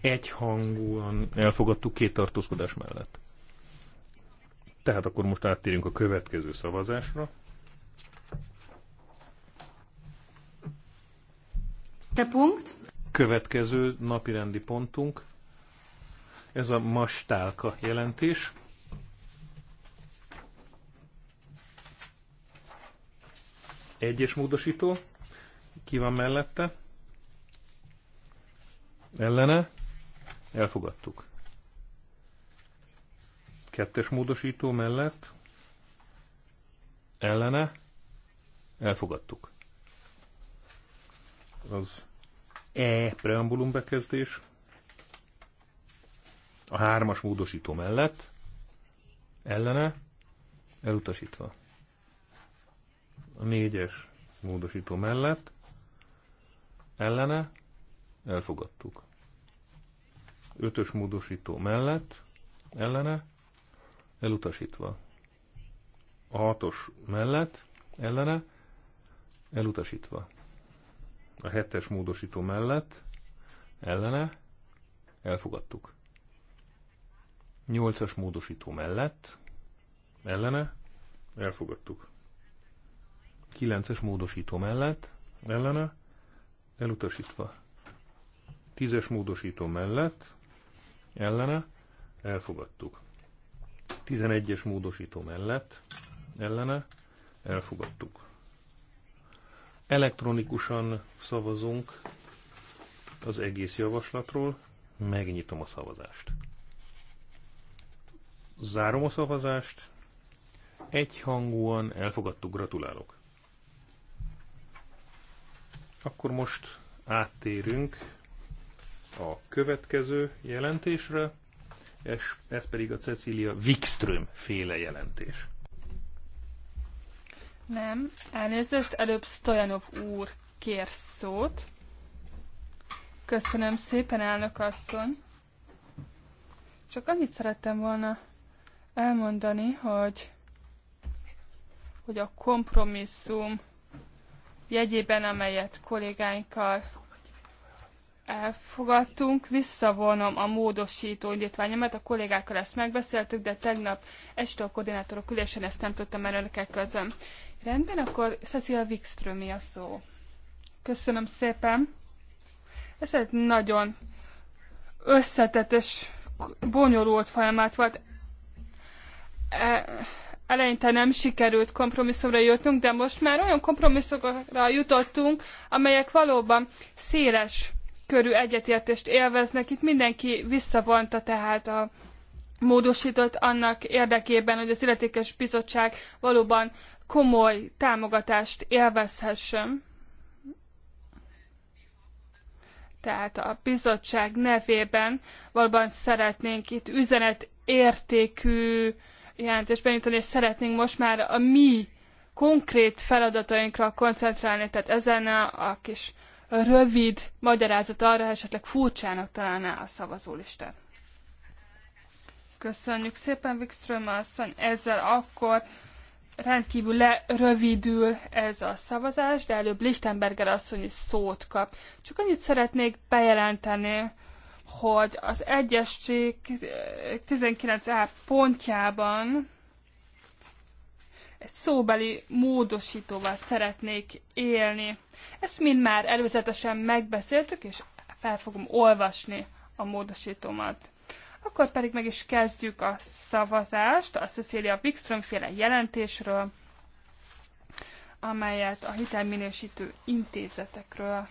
Egyhangúan elfogadtuk két tartózkodás mellett. Tehát akkor most áttérünk a következő szavazásra. Te punkt? Következő napirendi pontunk. Ez a mastálka jelentés. Egyes módosító. Ki van mellette? Ellene? Elfogadtuk. Kettes módosító mellett? Ellene? Elfogadtuk. Az E preambulum bekezdés a hármas módosító mellett, ellene, elutasítva. A négyes módosító mellett, ellene, elfogadtuk. Ötös módosító mellett, ellene, elutasítva. A hatos mellett, ellene, elutasítva. A hetes módosító mellett, ellene, elfogadtuk. 8-as módosító mellett, ellene, elfogadtuk. 9-es módosító mellett, ellene, elutasítva. Tízes módosító mellett, ellene, elfogadtuk. Tizenegyes módosító mellett, ellene, elfogadtuk. Elektronikusan szavazunk az egész javaslatról, megnyitom a szavazást. Zárom a szavazást. Egyhangúan elfogadtuk, gratulálok. Akkor most áttérünk a következő jelentésre, és ez pedig a Cecília Wikström féle jelentés. Nem, elnézést, előbb Stojanov úr kér szót. Köszönöm szépen, elnök asszony. Csak annyit szerettem volna elmondani, hogy, hogy a kompromisszum jegyében, amelyet kollégáinkkal elfogadtunk, visszavonom a módosító indítványomat, a kollégákkal ezt megbeszéltük, de tegnap este a koordinátorok ülésen ezt nem tudtam már önökkel közöm. Rendben, akkor Cecil Wikström a szó. Köszönöm szépen. Ez egy nagyon összetett és bonyolult folyamat volt. E, eleinte nem sikerült kompromisszumra jutnunk, de most már olyan kompromisszumokra jutottunk, amelyek valóban széles körű egyetértést élveznek. Itt mindenki visszavonta tehát a módosított annak érdekében, hogy az illetékes bizottság valóban komoly támogatást élvezhessen. Tehát a bizottság nevében valóban szeretnénk itt üzenet értékű jelentést benyújtani, és szeretnénk most már a mi konkrét feladatainkra koncentrálni, tehát ezen a, a kis rövid magyarázat arra esetleg furcsának találná a szavazólistát. Köszönjük szépen, Wikström asszony. Ezzel akkor rendkívül lerövidül ez a szavazás, de előbb Lichtenberger asszony is szót kap. Csak annyit szeretnék bejelenteni, hogy az egyesség 19A pontjában egy szóbeli módosítóval szeretnék élni. Ezt mind már előzetesen megbeszéltük, és fel fogom olvasni a módosítómat. Akkor pedig meg is kezdjük a szavazást a Cecilia Wikström féle jelentésről, amelyet a hitelminősítő intézetekről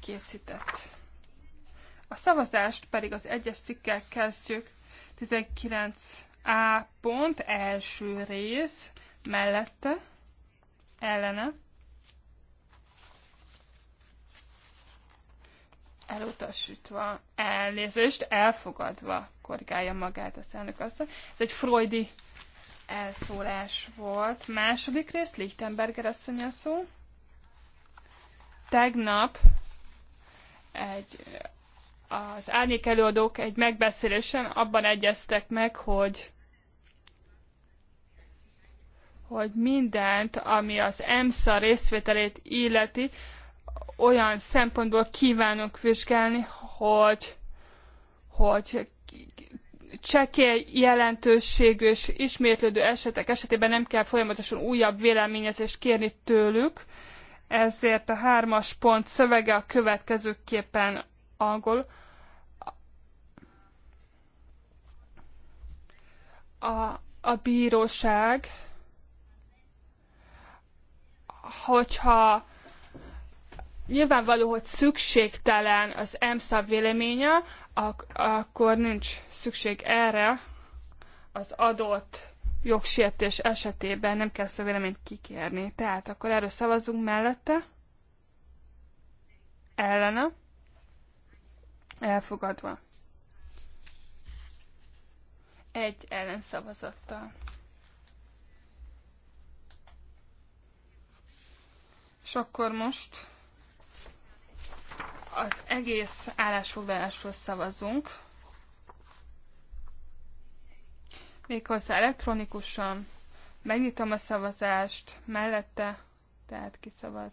készített. A szavazást pedig az egyes cikkel kezdjük. 19a pont, első rész, mellette, ellene. Elutasítva, elnézést, elfogadva korrigálja magát a szelnök asszony. Ez egy freudi elszólás volt. Második rész, Lichtenberger asszony a szó. Tegnap egy az árnyék előadók egy megbeszélésen abban egyeztek meg, hogy hogy mindent, ami az EMSZA részvételét illeti, olyan szempontból kívánunk vizsgálni, hogy, hogy csekély jelentőségű és ismétlődő esetek esetében nem kell folyamatosan újabb véleményezést kérni tőlük, ezért a hármas pont szövege a következőképpen angol. A, a bíróság, hogyha nyilvánvaló, hogy szükségtelen az EMSZA véleménye, ak- akkor nincs szükség erre az adott jogsértés esetében nem kell ezt a véleményt kikérni. Tehát akkor erről szavazunk mellette, ellene. Elfogadva. Egy ellenszavazattal. És akkor most az egész állásfoglalásról szavazunk. Méghozzá elektronikusan. Megnyitom a szavazást mellette, tehát kiszavaz.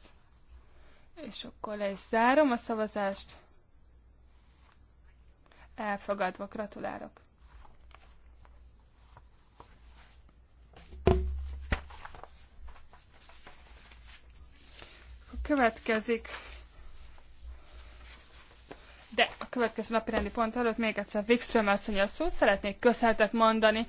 És akkor le is zárom a szavazást. Elfogadva, gratulálok. Következik de a következő napi rendi pont előtt még egyszer Wikström asszony a szót szeretnék köszönetet mondani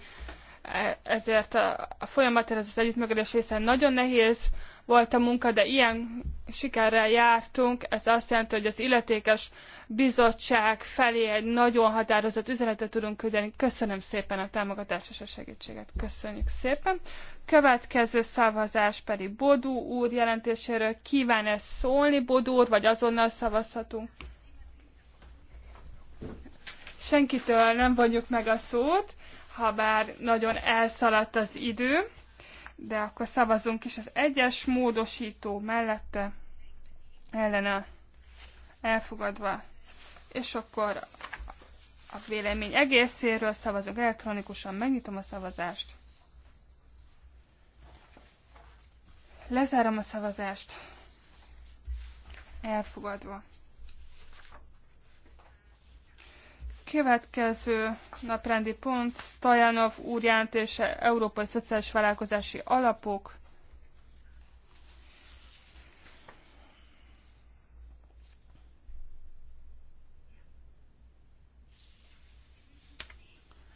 ezért a, a folyamat, ez az együttműködés részen nagyon nehéz volt a munka, de ilyen sikerrel jártunk. Ez azt jelenti, hogy az illetékes bizottság felé egy nagyon határozott üzenetet tudunk küldeni. Köszönöm szépen a támogatást és a segítséget. Köszönjük szépen. Következő szavazás pedig Bodú úr jelentéséről. Kíván ez szólni, Bodú úr, vagy azonnal szavazhatunk? Senkitől nem vagyok meg a szót ha bár nagyon elszaladt az idő, de akkor szavazunk is az egyes módosító mellette ellene elfogadva. És akkor a vélemény egészéről szavazunk elektronikusan, megnyitom a szavazást. Lezárom a szavazást. Elfogadva. következő naprendi pont Stojanov úr jelentése Európai Szociális Vállalkozási Alapok.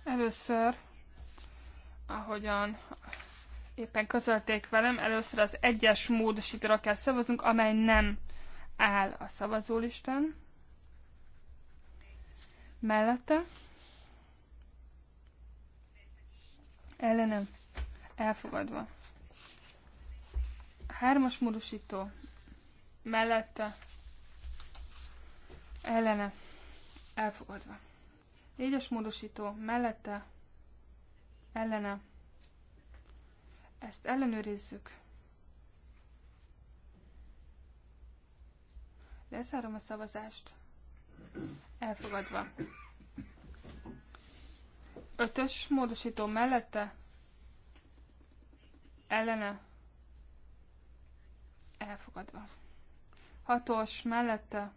Először, ahogyan éppen közölték velem, először az egyes módosítóra kell szavaznunk, amely nem áll a szavazólistán mellette, ellenem, elfogadva. Hármas módosító, mellette, ellene, elfogadva. Négyes módosító, mellette, ellene, ezt ellenőrizzük. Leszárom a szavazást elfogadva. Ötös módosító mellette ellene elfogadva. Hatos mellette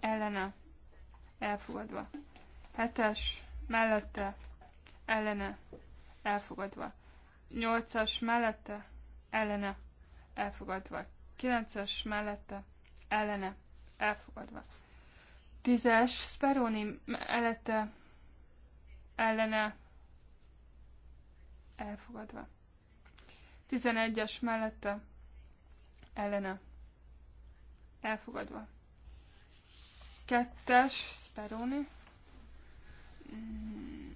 ellene elfogadva. Hetes mellette ellene elfogadva. Nyolcas mellette ellene elfogadva. Kilences mellette ellene elfogadva. Tízes, Speroni mellette ellene elfogadva. 11-es mellette ellene elfogadva. Kettes, Speroni. Mm,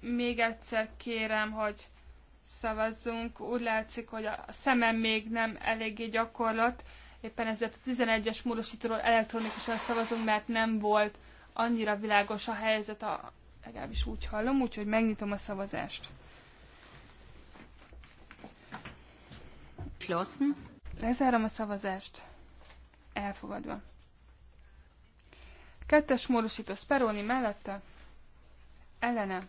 még egyszer kérem, hogy szavazzunk. Úgy látszik, hogy a szemem még nem eléggé gyakorlat. Éppen ezért a 11-es módosítóról elektronikusan szavazunk, mert nem volt annyira világos a helyzet, a, legalábbis úgy hallom, úgyhogy megnyitom a szavazást. Schlossen. Lezárom a szavazást. Elfogadva. Kettes módosító Speroni mellette. Ellene.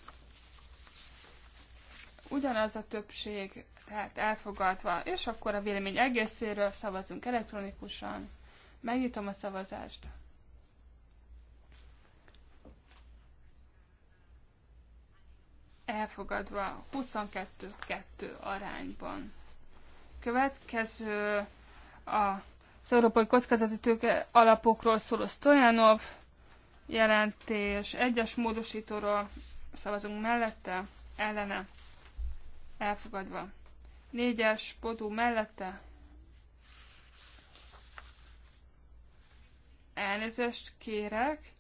Ugyanaz a többség tehát elfogadva, és akkor a vélemény egészéről szavazunk elektronikusan. Megnyitom a szavazást. Elfogadva 22-2 arányban. Következő a az Európai Kockázati Tőke Alapokról szóló Stojanov jelentés egyes módosítóról szavazunk mellette, ellene elfogadva. Négyes bodú mellette. Elnézést kérek.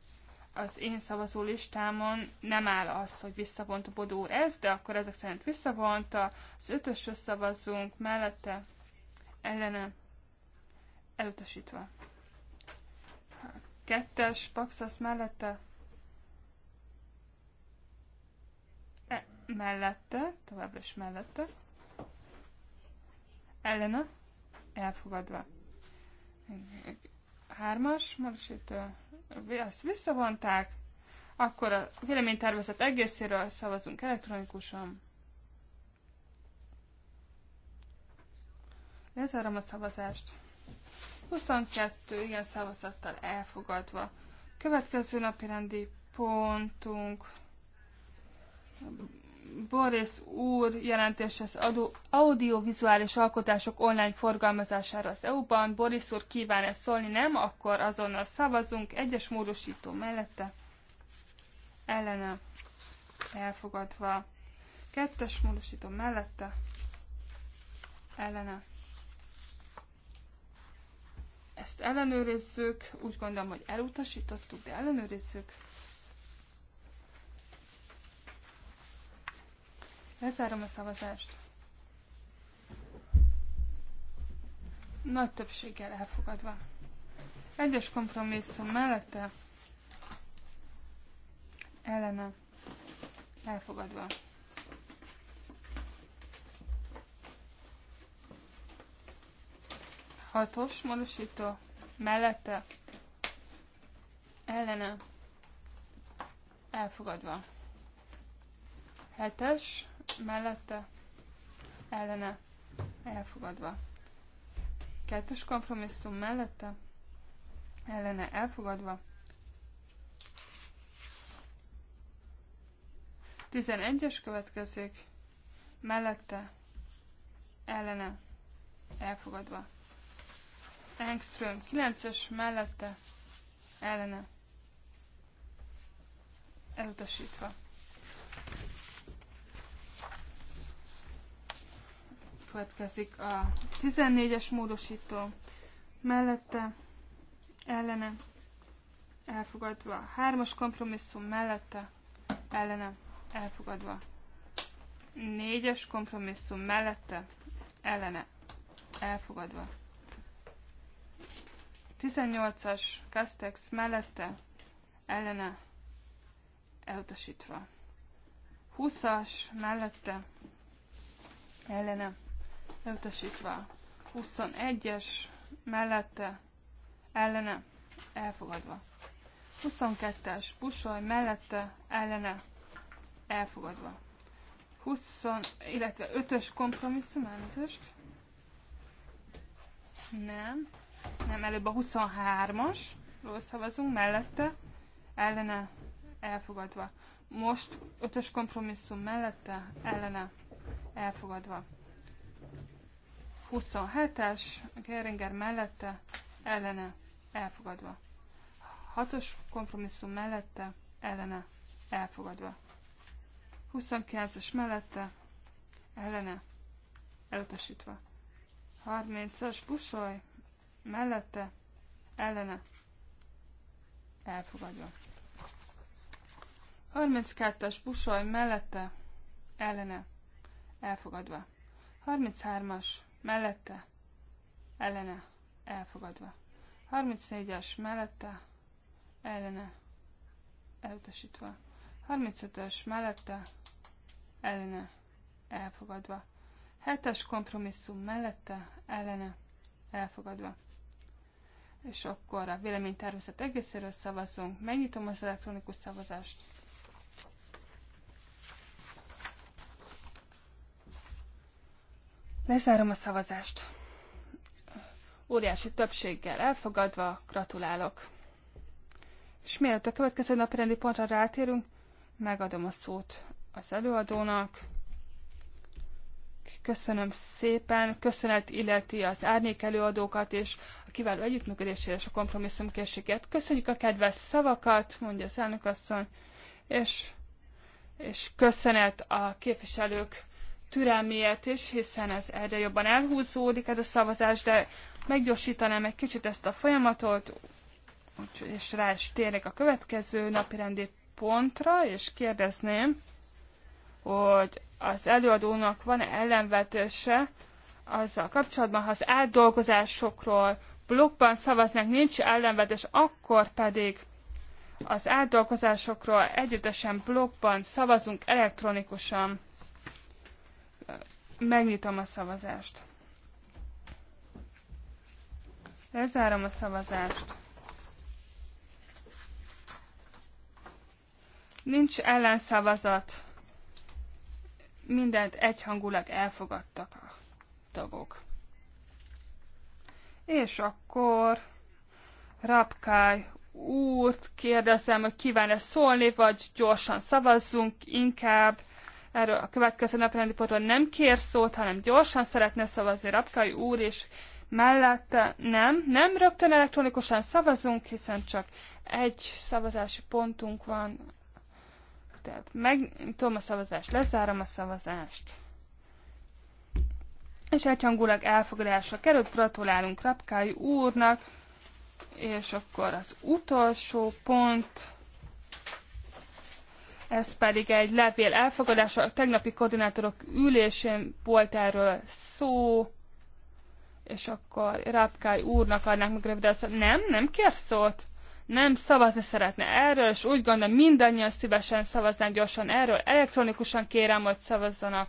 Az én szavazó listámon nem áll az, hogy visszavont a bodó ez, de akkor ezek szerint visszavonta. Az ötösre szavazunk mellette. Ellene. Elutasítva. Kettes, Paxas mellette. E, mellette, továbbra is mellette ellene elfogadva. Hármas módosító, azt visszavonták, akkor a véleménytervezet egészéről szavazunk elektronikusan. Lezárom a szavazást. 22 igen szavazattal elfogadva. Következő napi rendi pontunk Boris úr jelentés az audiovizuális alkotások online forgalmazására az EU-ban. Boris úr kíván ezt szólni, nem? Akkor azonnal szavazunk. Egyes módosító mellette. Ellene. Elfogadva. Kettes módosító mellette. Ellene. Ezt ellenőrizzük. Úgy gondolom, hogy elutasítottuk, de ellenőrizzük. Lezárom a szavazást. Nagy többséggel elfogadva. Egyes kompromisszum mellette ellene elfogadva. Hatos módosító mellette ellene elfogadva. Hetes mellette ellene elfogadva. Kettes kompromisszum mellette ellene elfogadva. 11-es következik, mellette ellene elfogadva. Engström 9-es mellette ellene elutasítva. következik a 14-es módosító mellette, ellene, elfogadva. A 3-as kompromisszum mellette, ellene, elfogadva. 4-es kompromisszum mellette, ellene, elfogadva. 18-as Castex mellette, ellene, elutasítva. 20-as mellette, ellene, elutasítva. 21-es mellette ellene elfogadva. 22-es pusoly mellette ellene elfogadva. 20, illetve 5-ös kompromisszum, elnézést. Nem, nem, előbb a 23-asról szavazunk, mellette ellene elfogadva. Most 5-ös kompromisszum mellette ellene elfogadva. 27-es Geringer mellette ellene elfogadva. 6-os kompromisszum mellette ellene elfogadva. 29-es mellette ellene elutasítva. 30-as busoly mellette ellene elfogadva. 32-es busoly mellette ellene elfogadva. 33-as mellette, ellene, elfogadva. 34-es mellette, ellene, elutasítva. 35-ös mellette, ellene, elfogadva. 7-es kompromisszum mellette, ellene, elfogadva. És akkor a véleménytervezet egészéről szavazunk. Megnyitom az elektronikus szavazást. Lezárom a szavazást. Óriási többséggel elfogadva, gratulálok. És mielőtt a következő napi rendi pontra rátérünk, megadom a szót az előadónak. Köszönöm szépen, köszönet illeti az árnyék előadókat és a kiváló együttműködésére és a kompromisszumkészséget. Köszönjük a kedves szavakat, mondja az elnökasszony, és, és köszönet a képviselők türelméért is, hiszen ez egyre jobban elhúzódik ez a szavazás, de meggyorsítanám egy kicsit ezt a folyamatot, és rá is térnék a következő napirendi pontra, és kérdezném, hogy az előadónak van-e ellenvetése azzal kapcsolatban, ha az átdolgozásokról blokkban szavaznak, nincs ellenvetés, akkor pedig az átdolgozásokról együttesen blokkban szavazunk elektronikusan. Megnyitom a szavazást. Lezárom a szavazást. Nincs ellenszavazat. Mindent egyhangulag elfogadtak a tagok. És akkor Rapkály úrt kérdezem, hogy kíván-e szólni, vagy gyorsan szavazzunk inkább erről a következő napi ponton nem kér szót, hanem gyorsan szeretne szavazni Rapkai úr, és mellette nem, nem rögtön elektronikusan szavazunk, hiszen csak egy szavazási pontunk van. Tehát megnyitom a szavazást, lezárom a szavazást. És egyhangulag elfogadásra került, gratulálunk Rapkai úrnak, és akkor az utolsó pont, ez pedig egy levél elfogadása. A tegnapi koordinátorok ülésén volt erről szó, és akkor Rápkály úrnak adnák meg röviden szót. Nem, nem kér szót. Nem szavazni szeretne erről, és úgy gondolom mindannyian szívesen szavaznánk gyorsan erről. Elektronikusan kérem, hogy szavazzanak.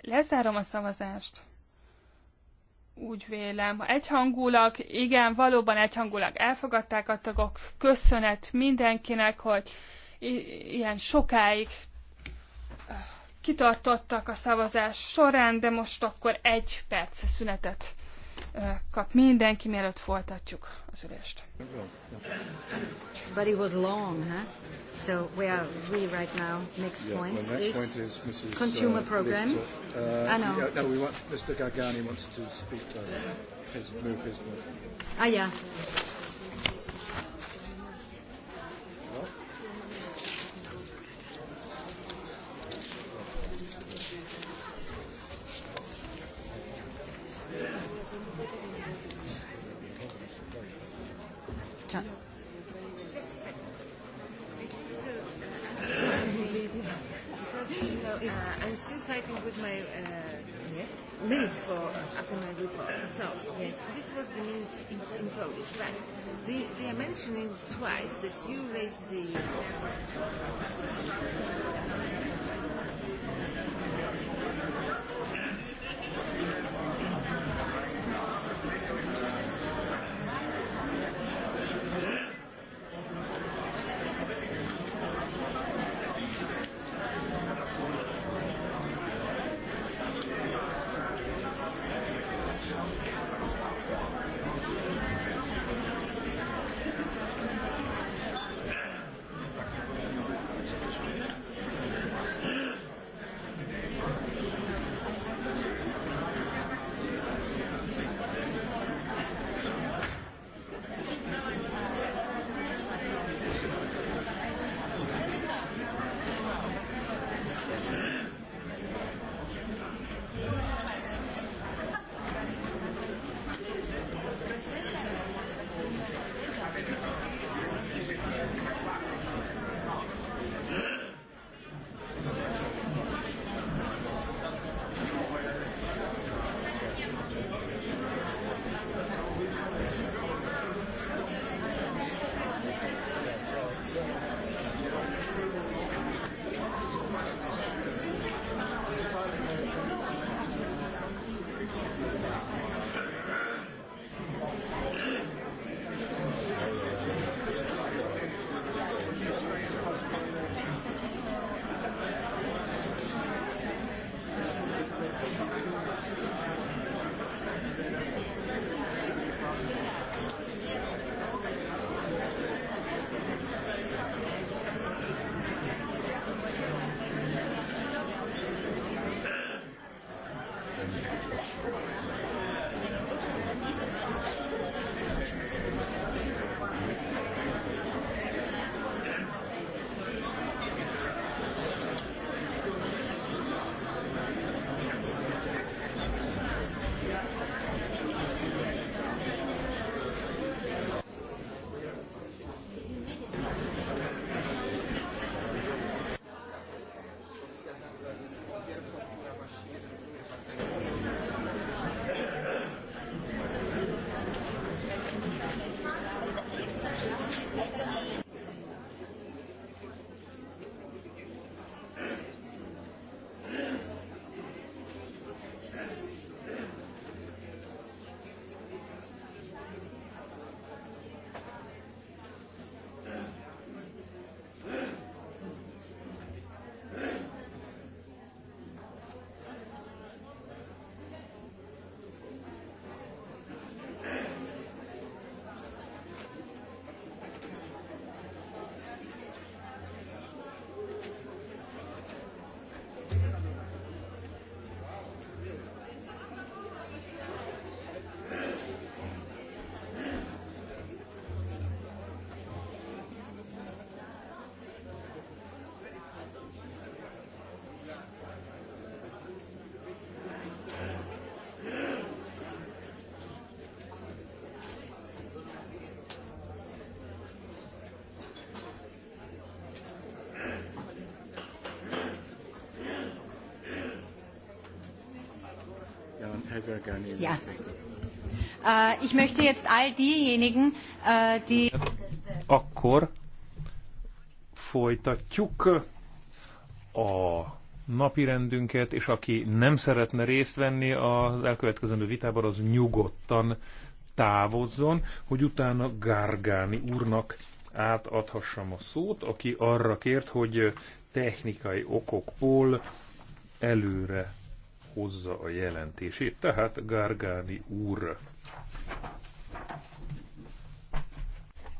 Lezárom a szavazást úgy vélem, ha egyhangulak, igen, valóban egyhangulak elfogadták a tagok. Köszönet mindenkinek, hogy ilyen sokáig kitartottak a szavazás során, de most akkor egy perc szünetet kap mindenki, mielőtt folytatjuk az ülést. But it was long, huh? So where are we right now? Next yeah, point well, next is, point is Mrs. Uh, consumer uh, Program. I Uh, no. Yeah, no, we want, Mr. Gargani wants to speak. Uh, his move, his move. Ah, yeah. minutes for afternoon uh, report. Uh, so yes. this, this was the minutes in, in Polish, but they, they are mentioning twice that you raised the. Ja. ich möchte jetzt all diejenigen, die... Akkor folytatjuk a napirendünket, és aki nem szeretne részt venni az elkövetkezendő vitában, az nyugodtan távozzon, hogy utána Gárgáni úrnak átadhassam a szót, aki arra kért, hogy technikai okokból előre hozza a jelentését, tehát Gárgáni úr.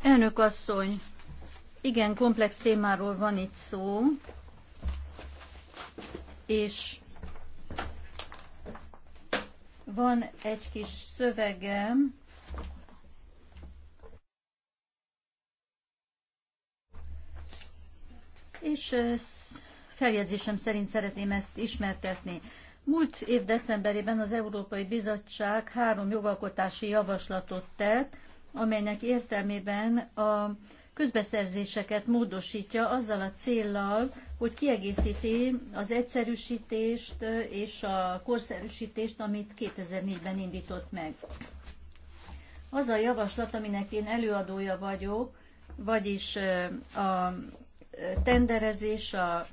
Elnök asszony, igen, komplex témáról van itt szó, és van egy kis szövegem, és feljegyzésem szerint szeretném ezt ismertetni. Múlt év decemberében az Európai Bizottság három jogalkotási javaslatot tett, amelynek értelmében a közbeszerzéseket módosítja azzal a céllal, hogy kiegészíti az egyszerűsítést és a korszerűsítést, amit 2004-ben indított meg. Az a javaslat, aminek én előadója vagyok, vagyis a tenderezés, a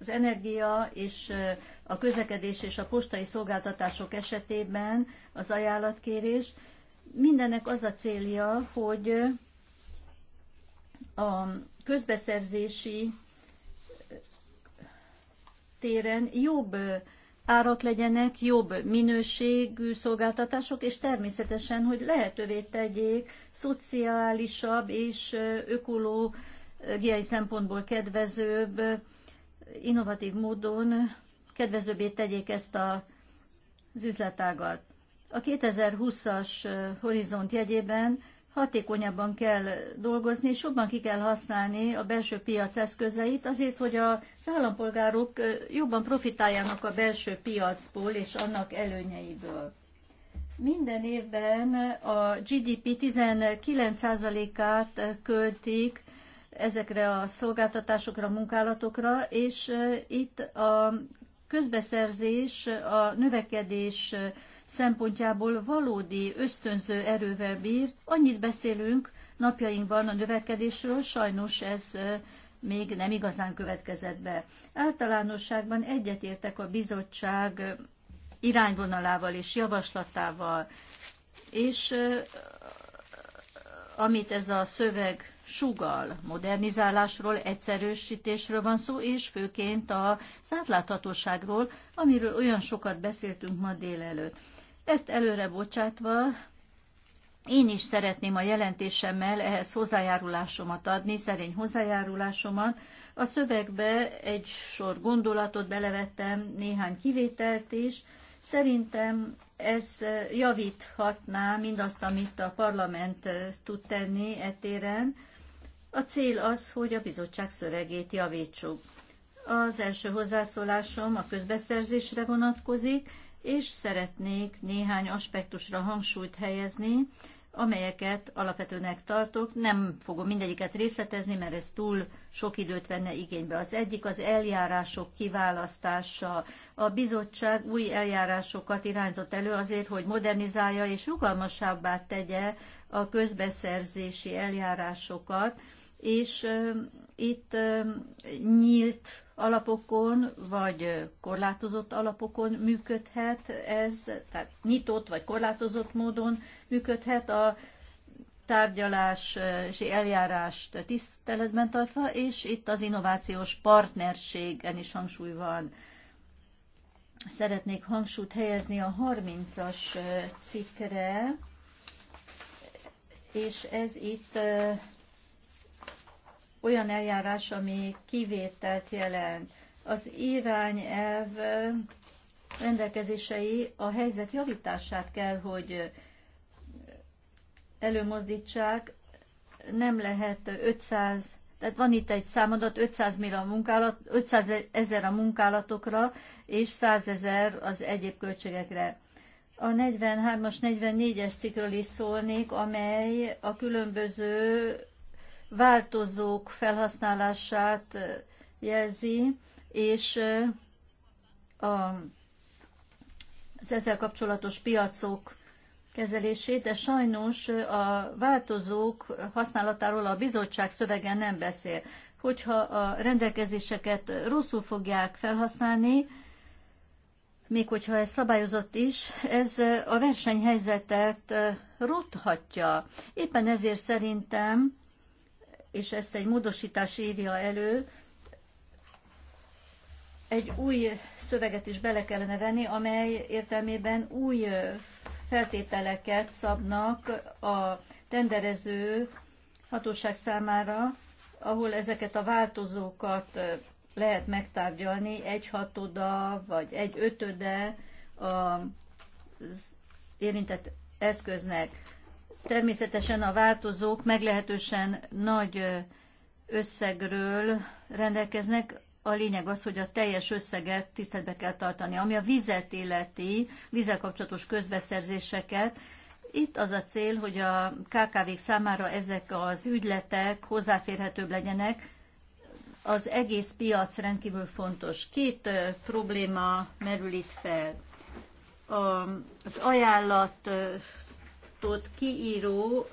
az energia és a közlekedés és a postai szolgáltatások esetében az ajánlatkérés. Mindennek az a célja, hogy a közbeszerzési téren jobb árak legyenek, jobb minőségű szolgáltatások, és természetesen, hogy lehetővé tegyék szociálisabb és ökológiai szempontból kedvezőbb innovatív módon kedvezőbbé tegyék ezt a, az üzletágat. A 2020-as horizont jegyében hatékonyabban kell dolgozni, és jobban ki kell használni a belső piac eszközeit, azért, hogy az állampolgárok jobban profitáljanak a belső piacból és annak előnyeiből. Minden évben a GDP 19%-át költik ezekre a szolgáltatásokra, munkálatokra, és itt a közbeszerzés a növekedés szempontjából valódi ösztönző erővel bírt. Annyit beszélünk napjainkban a növekedésről, sajnos ez még nem igazán következett be. Általánosságban egyetértek a bizottság irányvonalával és javaslatával, és amit ez a szöveg sugal. Modernizálásról, egyszerűsítésről van szó, és főként a szátláthatóságról, amiről olyan sokat beszéltünk ma délelőtt. Ezt előre bocsátva, én is szeretném a jelentésemmel ehhez hozzájárulásomat adni, szerény hozzájárulásomat. A szövegbe egy sor gondolatot belevettem, néhány kivételt is. Szerintem ez javíthatná mindazt, amit a parlament tud tenni etéren. A cél az, hogy a bizottság szövegét javítsuk. Az első hozzászólásom a közbeszerzésre vonatkozik, és szeretnék néhány aspektusra hangsúlyt helyezni, amelyeket alapvetőnek tartok. Nem fogom mindegyiket részletezni, mert ez túl sok időt venne igénybe. Az egyik az eljárások kiválasztása. A bizottság új eljárásokat irányzott elő azért, hogy modernizálja és rugalmasabbá tegye a közbeszerzési eljárásokat, és itt nyílt alapokon, vagy korlátozott alapokon működhet ez, tehát nyitott vagy korlátozott módon működhet a tárgyalási eljárást tiszteletben tartva, és itt az innovációs partnerségen is hangsúly van. Szeretnék hangsúlyt helyezni a 30-as cikkre, és ez itt olyan eljárás, ami kivételt jelent. Az irányelv rendelkezései a helyzet javítását kell, hogy előmozdítsák. Nem lehet 500, tehát van itt egy számadat, 500, a munkálat, 500 ezer a munkálatokra, és 100 ezer az egyéb költségekre. A 43-as, 44-es cikkről is szólnék, amely a különböző változók felhasználását jelzi, és az ezzel kapcsolatos piacok kezelését, de sajnos a változók használatáról a bizottság szövege nem beszél. Hogyha a rendelkezéseket rosszul fogják felhasználni, még hogyha ez szabályozott is, ez a versenyhelyzetet rothatja. Éppen ezért szerintem és ezt egy módosítás írja elő, egy új szöveget is bele kellene venni, amely értelmében új feltételeket szabnak a tenderező hatóság számára, ahol ezeket a változókat lehet megtárgyalni, egy hatoda vagy egy ötöde az érintett eszköznek. Természetesen a változók meglehetősen nagy összegről rendelkeznek, a lényeg az, hogy a teljes összeget tiszteletbe kell tartani. Ami a vizet illeti, vízzel kapcsolatos közbeszerzéseket, itt az a cél, hogy a KKV-k számára ezek az ügyletek hozzáférhetőbb legyenek. Az egész piac rendkívül fontos. Két probléma merül itt fel. Az ajánlat adatot kiíró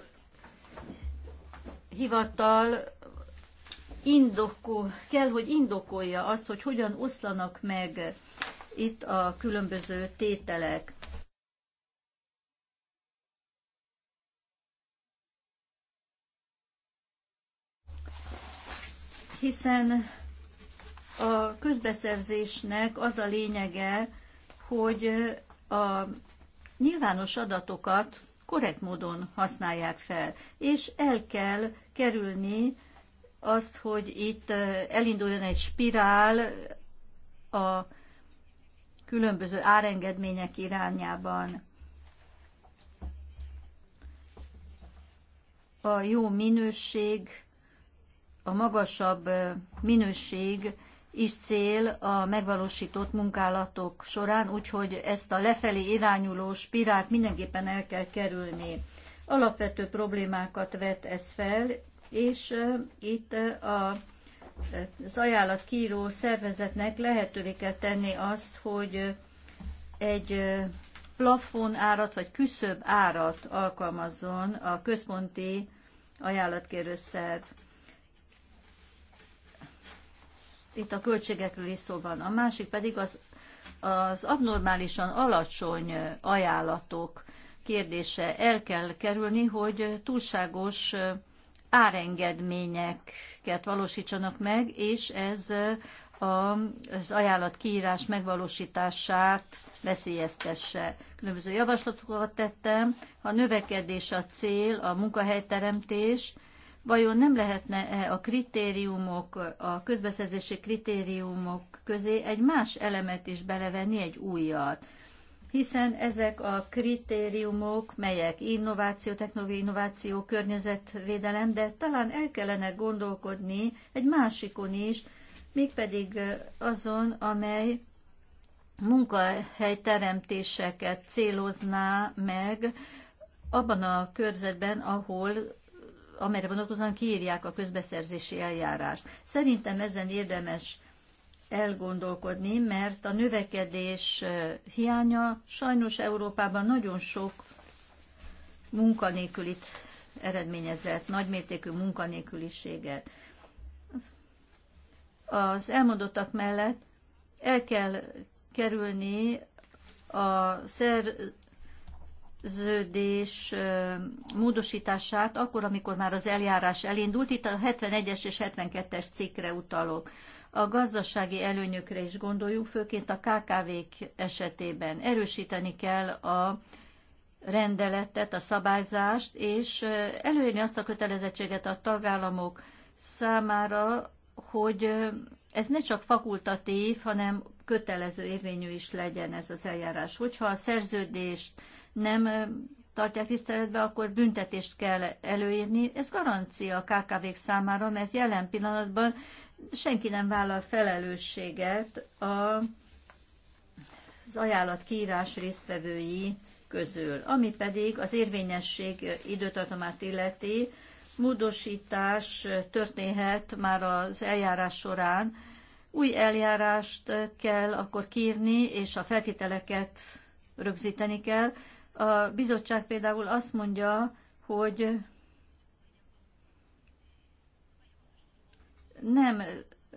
hivatal indokol, kell, hogy indokolja azt, hogy hogyan oszlanak meg itt a különböző tételek. Hiszen a közbeszerzésnek az a lényege, hogy a nyilvános adatokat korrekt módon használják fel. És el kell kerülni azt, hogy itt elinduljon egy spirál a különböző árengedmények irányában. A jó minőség, a magasabb minőség is cél a megvalósított munkálatok során, úgyhogy ezt a lefelé irányuló spirált mindenképpen el kell kerülni. Alapvető problémákat vet ez fel, és itt a az ajánlatkíró szervezetnek lehetővé kell tenni azt, hogy egy plafon árat vagy küszöbb árat alkalmazzon a központi ajánlatkérő szerv. itt a költségekről is szó van. A másik pedig az, az abnormálisan alacsony ajánlatok kérdése. El kell kerülni, hogy túlságos árengedményeket valósítsanak meg, és ez az ajánlat kiírás megvalósítását veszélyeztesse. Különböző javaslatokat tettem. A növekedés a cél, a munkahelyteremtés, Vajon nem lehetne-e a kritériumok, a közbeszerzési kritériumok közé egy más elemet is belevenni, egy újat? Hiszen ezek a kritériumok, melyek innováció, technológiai innováció, környezetvédelem, de talán el kellene gondolkodni egy másikon is, mégpedig azon, amely munkahelyteremtéseket célozná meg abban a körzetben, ahol amelyre vonatkozóan kiírják a közbeszerzési eljárást. Szerintem ezen érdemes elgondolkodni, mert a növekedés hiánya sajnos Európában nagyon sok munkanélkülit eredményezett, nagymértékű munkanélküliséget. Az elmondottak mellett el kell kerülni a szer szerződés módosítását akkor, amikor már az eljárás elindult. Itt a 71-es és 72-es cikkre utalok. A gazdasági előnyökre is gondoljunk, főként a KKV-k esetében. Erősíteni kell a rendeletet, a szabályzást, és előírni azt a kötelezettséget a tagállamok számára, hogy ez ne csak fakultatív, hanem kötelező érvényű is legyen ez az eljárás. Hogyha a szerződést nem tartják tiszteletbe, akkor büntetést kell előírni. Ez garancia a KKV-k számára, mert jelen pillanatban senki nem vállal felelősséget a, az ajánlat kiírás résztvevői közül. Ami pedig az érvényesség időtartamát illeti, módosítás történhet már az eljárás során. Új eljárást kell akkor kírni, és a feltételeket rögzíteni kell, a bizottság például azt mondja, hogy nem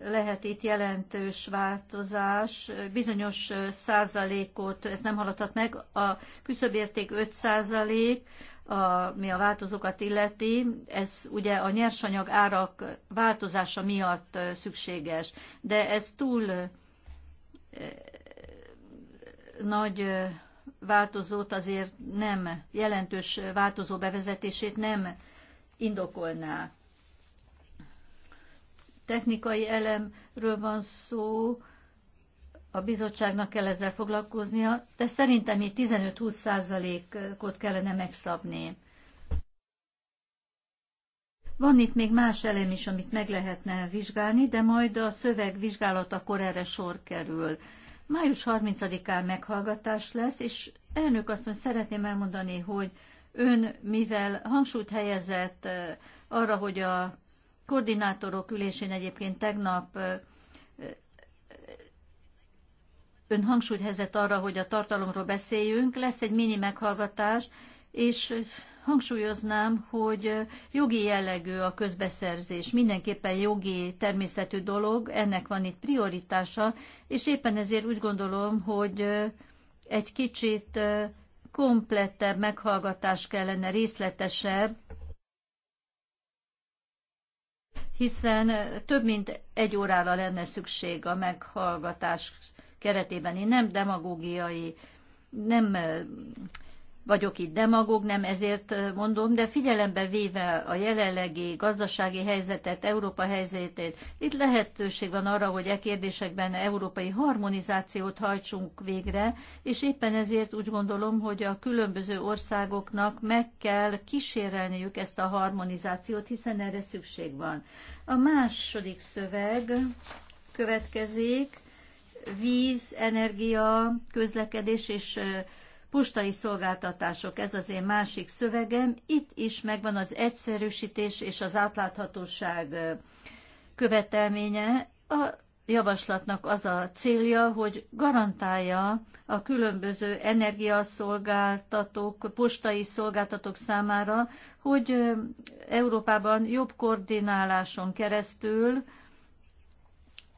lehet itt jelentős változás, bizonyos százalékot, ez nem haladhat meg, a küszöbérték 5 százalék, ami mi a változókat illeti, ez ugye a nyersanyag árak változása miatt szükséges, de ez túl eh, nagy eh, változót azért nem, jelentős változó bevezetését nem indokolná. Technikai elemről van szó, a bizottságnak kell ezzel foglalkoznia, de szerintem itt 15-20 százalékot kellene megszabni. Van itt még más elem is, amit meg lehetne vizsgálni, de majd a szöveg vizsgálatakor erre sor kerül. Május 30-án meghallgatás lesz, és elnök azt mondja, szeretném elmondani, hogy ön, mivel hangsúlyt helyezett arra, hogy a koordinátorok ülésén egyébként tegnap ön hangsúlyt helyezett arra, hogy a tartalomról beszéljünk, lesz egy mini meghallgatás, és hangsúlyoznám, hogy jogi jellegű a közbeszerzés, mindenképpen jogi természetű dolog, ennek van itt prioritása, és éppen ezért úgy gondolom, hogy egy kicsit komplettebb meghallgatás kellene, részletesebb, hiszen több mint egy órára lenne szükség a meghallgatás keretében. Én nem demagógiai, nem vagyok itt demagóg, nem ezért mondom, de figyelembe véve a jelenlegi gazdasági helyzetet, Európa helyzetét, itt lehetőség van arra, hogy e kérdésekben európai harmonizációt hajtsunk végre, és éppen ezért úgy gondolom, hogy a különböző országoknak meg kell kísérelniük ezt a harmonizációt, hiszen erre szükség van. A második szöveg következik, víz, energia, közlekedés és postai szolgáltatások, ez az én másik szövegem, itt is megvan az egyszerűsítés és az átláthatóság követelménye. A javaslatnak az a célja, hogy garantálja a különböző energiaszolgáltatók, postai szolgáltatók számára, hogy Európában jobb koordináláson keresztül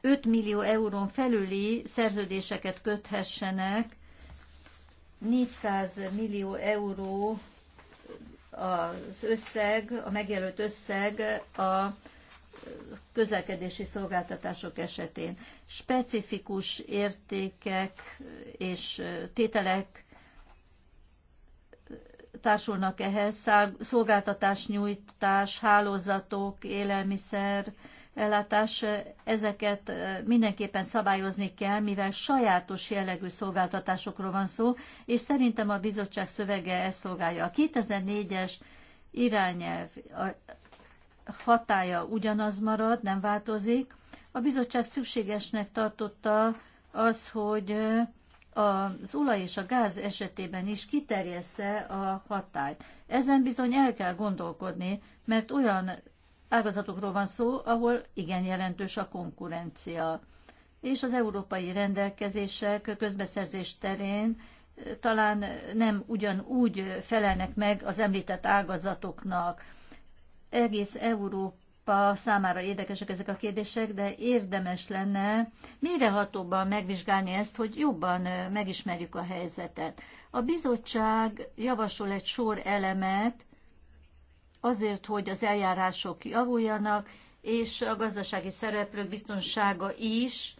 5 millió eurón felüli szerződéseket köthessenek 400 millió euró az összeg, a megjelölt összeg a közlekedési szolgáltatások esetén. Specifikus értékek és tételek társulnak ehhez, szolgáltatásnyújtás, hálózatok, élelmiszer, ellátás, ezeket mindenképpen szabályozni kell, mivel sajátos jellegű szolgáltatásokról van szó, és szerintem a bizottság szövege ezt szolgálja. A 2004-es irányelv hatája ugyanaz marad, nem változik. A bizottság szükségesnek tartotta az, hogy az olaj és a gáz esetében is kiterjessze a hatályt. Ezen bizony el kell gondolkodni, mert olyan ágazatokról van szó, ahol igen jelentős a konkurencia. És az európai rendelkezések közbeszerzés terén eh, talán nem ugyanúgy felelnek meg az említett ágazatoknak. Egész Európa számára érdekesek ezek a kérdések, de érdemes lenne mérehatóban megvizsgálni ezt, hogy jobban eh, megismerjük a helyzetet. A bizottság javasol egy sor elemet, azért, hogy az eljárások javuljanak, és a gazdasági szereplők biztonsága is.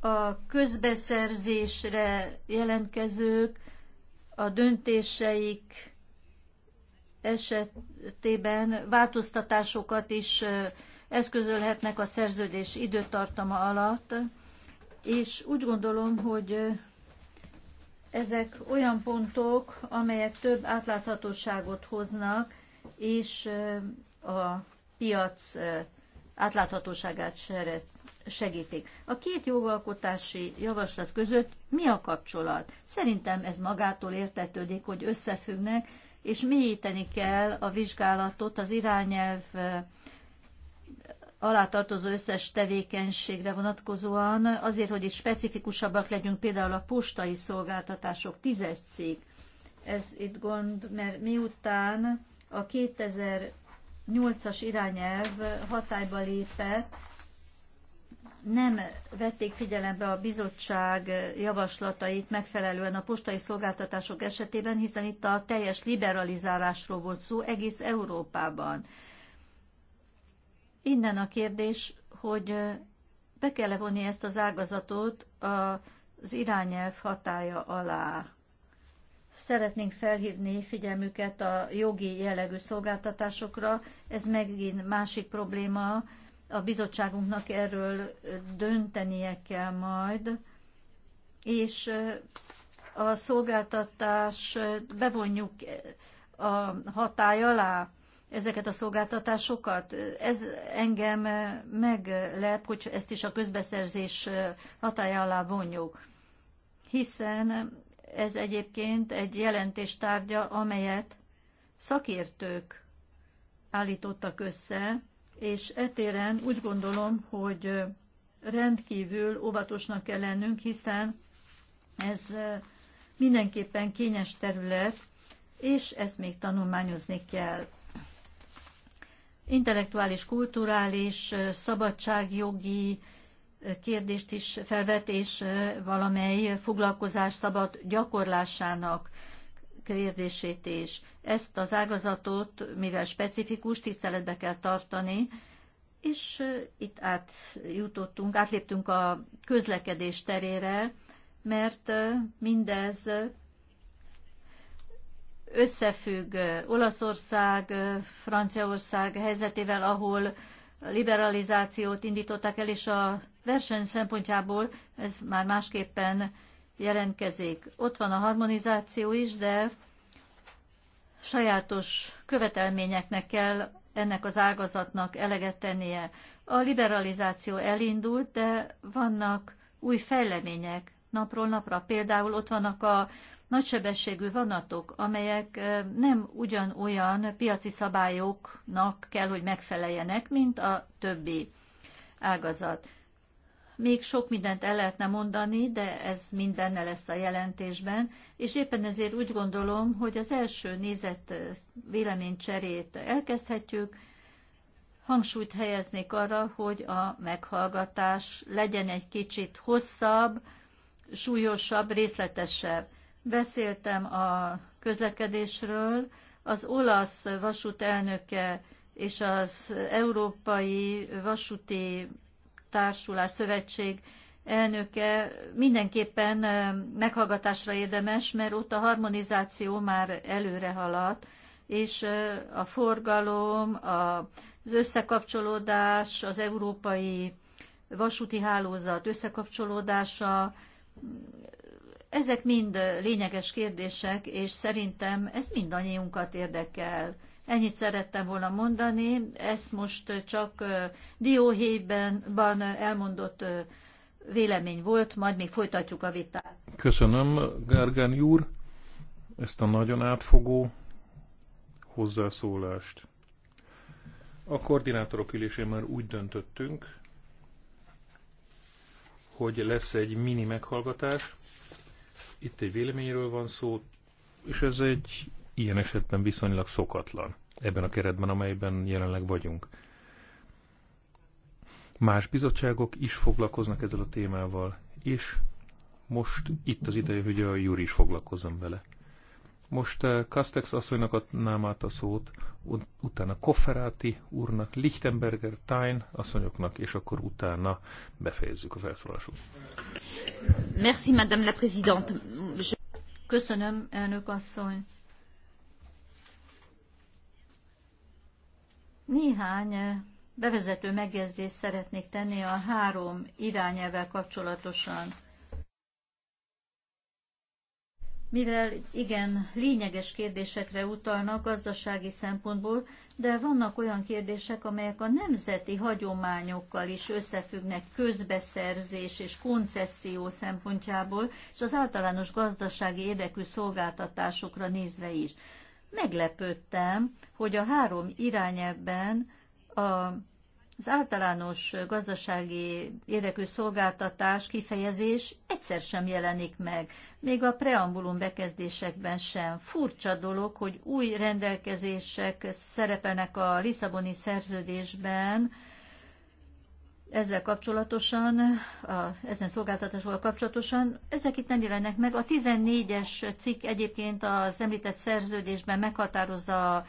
A közbeszerzésre jelentkezők a döntéseik esetében változtatásokat is eszközölhetnek a szerződés időtartama alatt, és úgy gondolom, hogy ezek olyan pontok, amelyek több átláthatóságot hoznak, és a piac átláthatóságát segítik. A két jogalkotási javaslat között mi a kapcsolat? Szerintem ez magától értetődik, hogy összefüggnek, és mélyíteni kell a vizsgálatot az irányelv alá tartozó összes tevékenységre vonatkozóan, azért, hogy itt specifikusabbak legyünk, például a postai szolgáltatások, tízes cég, Ez itt gond, mert miután a 2008-as irányelv hatályba lépett, nem vették figyelembe a bizottság javaslatait megfelelően a postai szolgáltatások esetében, hiszen itt a teljes liberalizálásról volt szó egész Európában. Innen a kérdés, hogy be kell -e vonni ezt az ágazatot az irányelv hatája alá. Szeretnénk felhívni figyelmüket a jogi jellegű szolgáltatásokra. Ez megint másik probléma. A bizottságunknak erről döntenie kell majd, és a szolgáltatás bevonjuk a hatály alá ezeket a szolgáltatásokat. Ez engem meglep, hogy ezt is a közbeszerzés hatája alá vonjuk, hiszen ez egyébként egy jelentéstárgya, amelyet szakértők állítottak össze, és etéren úgy gondolom, hogy rendkívül óvatosnak kell lennünk, hiszen ez mindenképpen kényes terület, és ezt még tanulmányozni kell intellektuális, kulturális, szabadságjogi kérdést is felvet, és valamely foglalkozás szabad gyakorlásának kérdését is. Ezt az ágazatot, mivel specifikus, tiszteletbe kell tartani, és itt átjutottunk, átléptünk a közlekedés terére, mert mindez összefügg Olaszország, Franciaország helyzetével, ahol liberalizációt indították el, és a verseny szempontjából ez már másképpen jelentkezik. Ott van a harmonizáció is, de sajátos követelményeknek kell ennek az ágazatnak eleget tennie. A liberalizáció elindult, de vannak új fejlemények napról napra. Például ott vannak a nagysebességű vonatok, amelyek nem ugyanolyan piaci szabályoknak kell, hogy megfeleljenek, mint a többi ágazat. Még sok mindent el lehetne mondani, de ez mind benne lesz a jelentésben, és éppen ezért úgy gondolom, hogy az első nézett véleménycserét elkezdhetjük, hangsúlyt helyeznék arra, hogy a meghallgatás legyen egy kicsit hosszabb, súlyosabb, részletesebb. Beszéltem a közlekedésről, az olasz vasút elnöke és az Európai Vasúti Társulás Szövetség elnöke mindenképpen meghallgatásra érdemes, mert ott a harmonizáció már előre haladt, és a forgalom, az összekapcsolódás, az európai vasúti hálózat összekapcsolódása ezek mind lényeges kérdések, és szerintem ez mindannyiunkat érdekel. Ennyit szerettem volna mondani, ezt most csak dióhéjban elmondott vélemény volt, majd még folytatjuk a vitát. Köszönöm, Gergen úr, ezt a nagyon átfogó hozzászólást. A koordinátorok ülésén már úgy döntöttünk, hogy lesz egy mini meghallgatás, itt egy véleményről van szó, és ez egy ilyen esetben viszonylag szokatlan ebben a keretben, amelyben jelenleg vagyunk. Más bizottságok is foglalkoznak ezzel a témával, és most itt az ideje, hogy a Júri is foglalkozzon vele. Most Kastex eh, asszonynak adnám át a szót, utána Kofferáti úrnak, Lichtenberger, tain asszonyoknak, és akkor utána befejezzük a felszólalásot. Merci, Madame la Présidente. Köszönöm, elnök asszony. Néhány eh, bevezető megjegyzést szeretnék tenni a három irányelvel kapcsolatosan mivel igen lényeges kérdésekre utalnak gazdasági szempontból, de vannak olyan kérdések, amelyek a nemzeti hagyományokkal is összefüggnek közbeszerzés és koncesszió szempontjából, és az általános gazdasági érdekű szolgáltatásokra nézve is. Meglepődtem, hogy a három irányebben a az általános gazdasági érdekű szolgáltatás kifejezés egyszer sem jelenik meg, még a preambulum bekezdésekben sem. Furcsa dolog, hogy új rendelkezések szerepelnek a Lisszaboni szerződésben, ezzel kapcsolatosan, a, ezen szolgáltatásról kapcsolatosan, ezek itt nem jelennek meg. A 14-es cikk egyébként az említett szerződésben meghatározza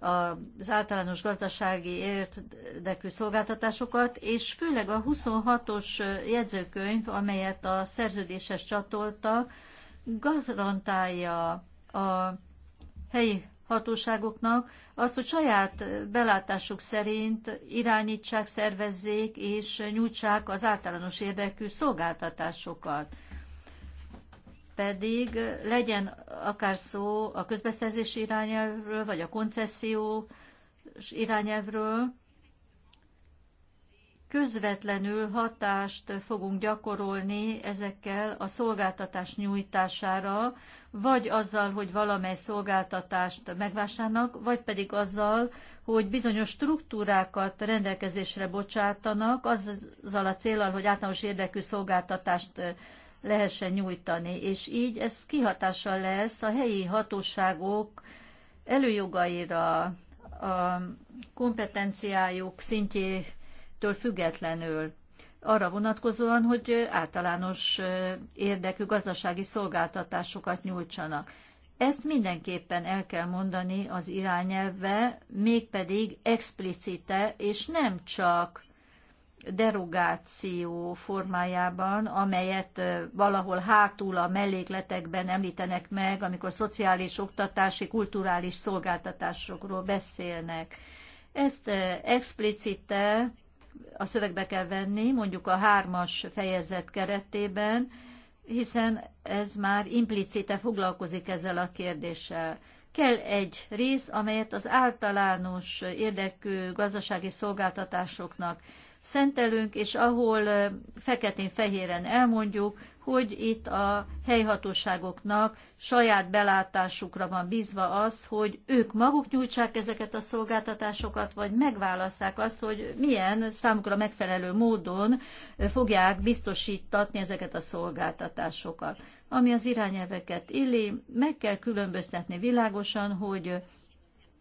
az általános gazdasági érdekű szolgáltatásokat, és főleg a 26-os jegyzőkönyv, amelyet a szerződéses csatoltak, garantálja a helyi hatóságoknak az, hogy saját belátásuk szerint irányítsák, szervezzék és nyújtsák az általános érdekű szolgáltatásokat pedig legyen akár szó a közbeszerzési irányelvről, vagy a koncesziós irányelvről, közvetlenül hatást fogunk gyakorolni ezekkel a szolgáltatás nyújtására, vagy azzal, hogy valamely szolgáltatást megvásárnak, vagy pedig azzal, hogy bizonyos struktúrákat rendelkezésre bocsátanak, azzal a célral, hogy általános érdekű szolgáltatást lehessen nyújtani, és így ez kihatása lesz a helyi hatóságok előjogaira, a kompetenciájuk szintjétől függetlenül arra vonatkozóan, hogy általános érdekű gazdasági szolgáltatásokat nyújtsanak. Ezt mindenképpen el kell mondani az irányelve, mégpedig explicite, és nem csak derogáció formájában, amelyet valahol hátul a mellékletekben említenek meg, amikor szociális, oktatási, kulturális szolgáltatásokról beszélnek. Ezt explicite a szövegbe kell venni, mondjuk a hármas fejezet keretében, hiszen ez már implicite foglalkozik ezzel a kérdéssel. Kell egy rész, amelyet az általános érdekű gazdasági szolgáltatásoknak szentelünk, és ahol feketén-fehéren elmondjuk, hogy itt a helyhatóságoknak saját belátásukra van bízva az, hogy ők maguk nyújtsák ezeket a szolgáltatásokat, vagy megválasszák azt, hogy milyen számukra megfelelő módon fogják biztosítatni ezeket a szolgáltatásokat. Ami az irányelveket illi, meg kell különböztetni világosan, hogy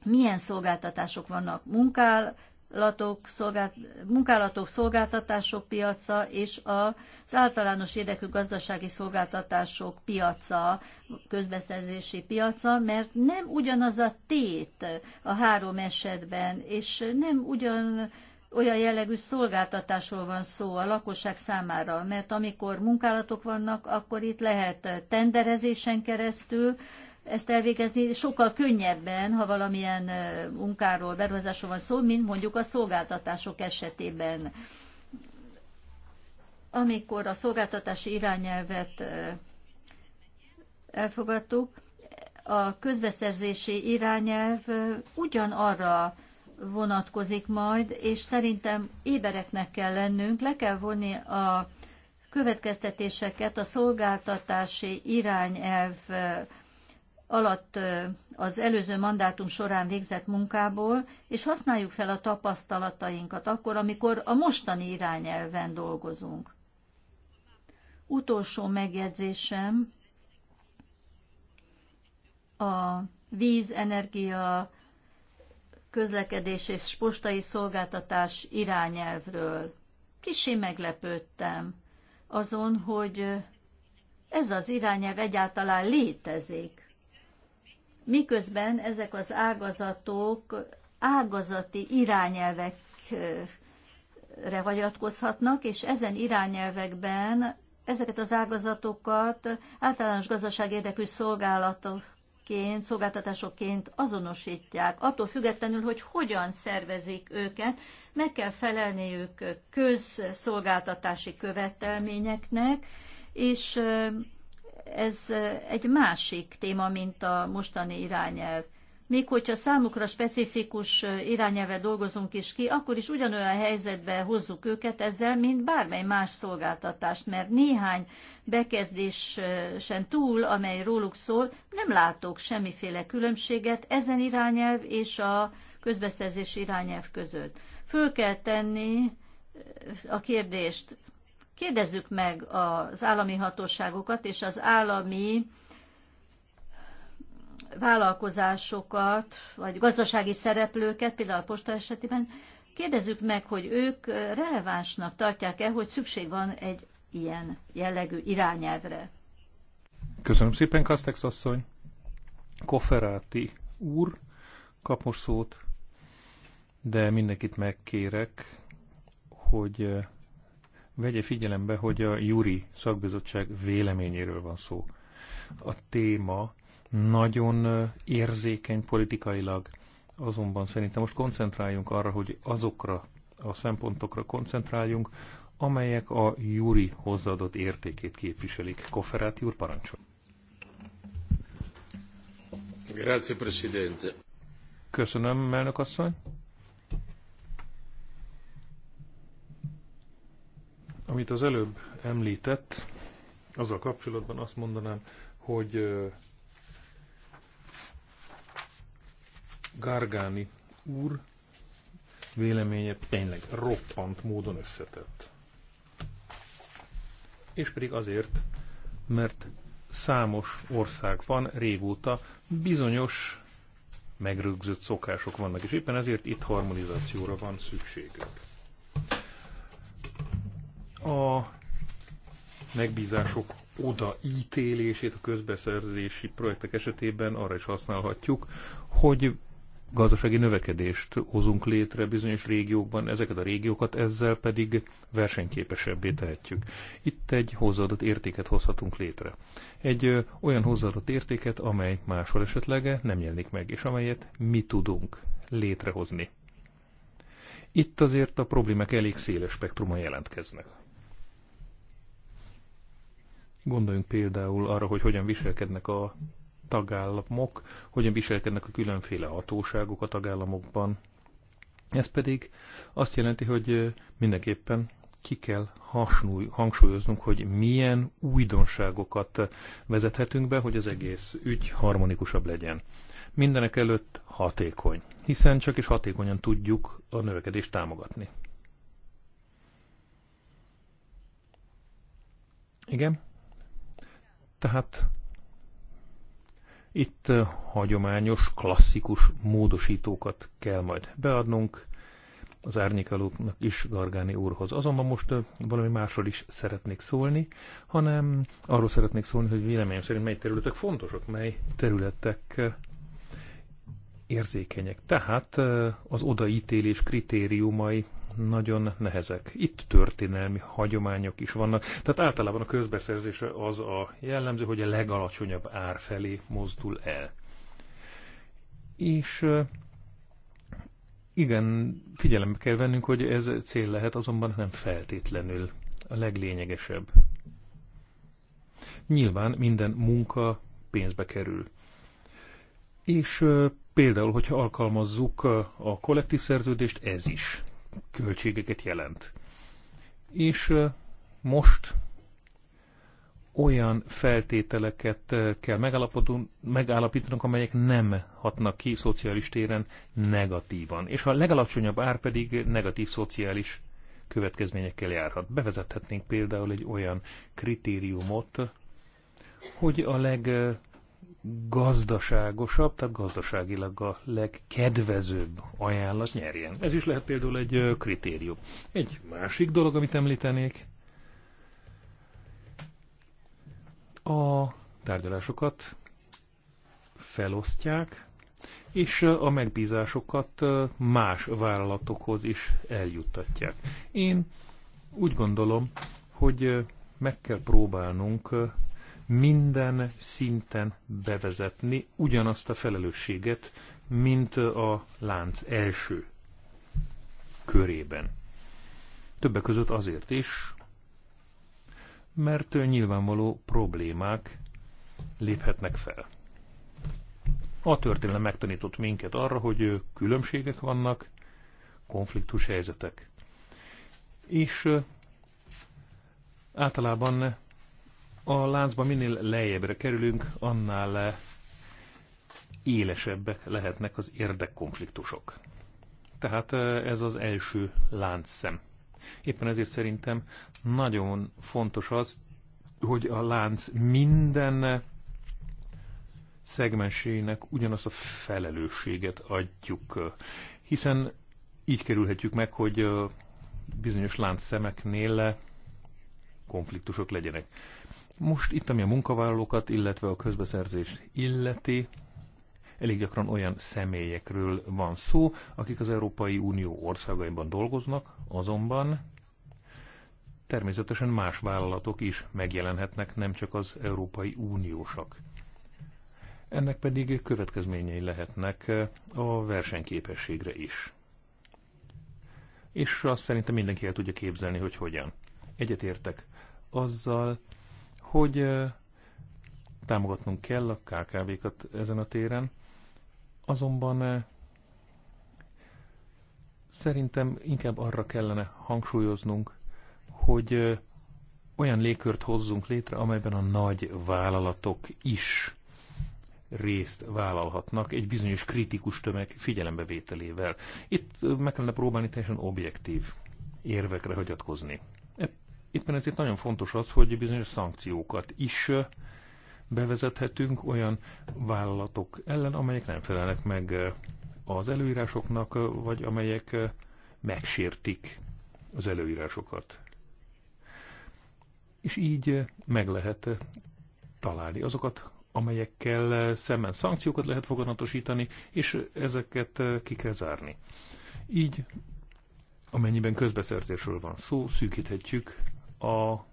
milyen szolgáltatások vannak munkál, Latok, szolgált, munkálatok, szolgáltatások piaca és az általános érdekű gazdasági szolgáltatások piaca, közbeszerzési piaca, mert nem ugyanaz a tét a három esetben, és nem ugyan olyan jellegű szolgáltatásról van szó a lakosság számára, mert amikor munkálatok vannak, akkor itt lehet tenderezésen keresztül ezt elvégezni sokkal könnyebben, ha valamilyen munkáról, beruházásról van szó, mint mondjuk a szolgáltatások esetében. Amikor a szolgáltatási irányelvet elfogadtuk, a közbeszerzési irányelv ugyanarra vonatkozik majd, és szerintem ébereknek kell lennünk, le kell vonni a következtetéseket a szolgáltatási irányelv alatt az előző mandátum során végzett munkából, és használjuk fel a tapasztalatainkat akkor, amikor a mostani irányelven dolgozunk. Utolsó megjegyzésem a víz, energia, közlekedés és postai szolgáltatás irányelvről. Kissé meglepődtem azon, hogy ez az irányelv egyáltalán létezik miközben ezek az ágazatok ágazati irányelvekre hagyatkozhatnak, és ezen irányelvekben ezeket az ágazatokat általános gazdaság érdekű szolgálatokként, szolgáltatásokként azonosítják. Attól függetlenül, hogy hogyan szervezik őket, meg kell felelniük közszolgáltatási követelményeknek, és ez egy másik téma, mint a mostani irányelv. Még hogyha számukra specifikus irányelvet dolgozunk is ki, akkor is ugyanolyan helyzetbe hozzuk őket ezzel, mint bármely más szolgáltatást, mert néhány bekezdésen túl, amely róluk szól, nem látok semmiféle különbséget ezen irányelv és a közbeszerzés irányelv között. Föl kell tenni a kérdést, Kérdezzük meg az állami hatóságokat és az állami vállalkozásokat, vagy gazdasági szereplőket, például a posta esetében, kérdezzük meg, hogy ők relevánsnak tartják-e, hogy szükség van egy ilyen jellegű irányelvre. Köszönöm szépen, Kastex asszony. Koferáti úr kap most szót, de mindenkit megkérek, hogy vegye figyelembe, hogy a Juri szakbizottság véleményéről van szó. A téma nagyon érzékeny politikailag, azonban szerintem most koncentráljunk arra, hogy azokra a szempontokra koncentráljunk, amelyek a Juri hozzáadott értékét képviselik. Kofferáti Júr parancsol. Grazie, Presidente. Köszönöm, elnök asszony. Amit az előbb említett, azzal kapcsolatban azt mondanám, hogy Gargáni úr véleménye tényleg roppant módon összetett. És pedig azért, mert számos ország van régóta bizonyos megrögzött szokások vannak, és éppen ezért itt harmonizációra van szükségük a megbízások odaítélését a közbeszerzési projektek esetében arra is használhatjuk, hogy gazdasági növekedést hozunk létre bizonyos régiókban, ezeket a régiókat ezzel pedig versenyképesebbé tehetjük. Itt egy hozzáadott értéket hozhatunk létre. Egy olyan hozzáadott értéket, amely máshol esetleg nem jelenik meg, és amelyet mi tudunk létrehozni. Itt azért a problémák elég széles spektruma jelentkeznek. Gondoljunk például arra, hogy hogyan viselkednek a tagállamok, hogyan viselkednek a különféle hatóságok a tagállamokban. Ez pedig azt jelenti, hogy mindenképpen ki kell hasnúj, hangsúlyoznunk, hogy milyen újdonságokat vezethetünk be, hogy az egész ügy harmonikusabb legyen. Mindenek előtt hatékony, hiszen csak is hatékonyan tudjuk a növekedést támogatni. Igen? Tehát itt hagyományos, klasszikus módosítókat kell majd beadnunk az árnyékelóknak is Gargáni úrhoz. Azonban most valami másról is szeretnék szólni, hanem arról szeretnék szólni, hogy véleményem szerint mely területek fontosak, mely területek érzékenyek. Tehát az odaítélés kritériumai nagyon nehezek. Itt történelmi hagyományok is vannak. Tehát általában a közbeszerzés az a jellemző, hogy a legalacsonyabb ár felé mozdul el. És igen, figyelembe kell vennünk, hogy ez cél lehet, azonban nem feltétlenül a leglényegesebb. Nyilván minden munka pénzbe kerül. És például, hogyha alkalmazzuk a kollektív szerződést, ez is költségeket jelent. És most olyan feltételeket kell megállapítanunk, amelyek nem hatnak ki szociális téren negatívan. És a legalacsonyabb ár pedig negatív szociális következményekkel járhat. Bevezethetnénk például egy olyan kritériumot, hogy a leg leggazdaságosabb, tehát gazdaságilag a legkedvezőbb ajánlat nyerjen. Ez is lehet például egy kritérium. Egy másik dolog, amit említenék, a tárgyalásokat felosztják, és a megbízásokat más vállalatokhoz is eljuttatják. Én úgy gondolom, hogy meg kell próbálnunk minden szinten bevezetni ugyanazt a felelősséget, mint a lánc első körében. Többek között azért is, mert nyilvánvaló problémák léphetnek fel. A történelem megtanított minket arra, hogy különbségek vannak, konfliktus helyzetek. És általában a láncban minél lejjebbre kerülünk, annál eh, élesebbek lehetnek az érdekkonfliktusok. Tehát eh, ez az első láncszem. Éppen ezért szerintem nagyon fontos az, hogy a lánc minden eh, szegmensének ugyanazt a felelősséget adjuk. Hiszen így kerülhetjük meg, hogy bizonyos láncszemeknél konfliktusok legyenek. Most itt, ami a munkavállalókat, illetve a közbeszerzést illeti, elég gyakran olyan személyekről van szó, akik az Európai Unió országaiban dolgoznak, azonban természetesen más vállalatok is megjelenhetnek, nem csak az Európai Uniósak. Ennek pedig következményei lehetnek a versenyképességre is. És azt szerintem mindenki el tudja képzelni, hogy hogyan. Egyetértek azzal, hogy támogatnunk kell a KKV-kat ezen a téren, azonban szerintem inkább arra kellene hangsúlyoznunk, hogy olyan légkört hozzunk létre, amelyben a nagy vállalatok is részt vállalhatnak egy bizonyos kritikus tömeg figyelembevételével. Itt meg kellene próbálni teljesen objektív érvekre hagyatkozni éppen ezért nagyon fontos az, hogy bizonyos szankciókat is bevezethetünk olyan vállalatok ellen, amelyek nem felelnek meg az előírásoknak, vagy amelyek megsértik az előírásokat. És így meg lehet találni azokat, amelyekkel szemben szankciókat lehet foganatosítani, és ezeket ki kell zárni. Így, amennyiben közbeszerzésről van szó, szűkíthetjük a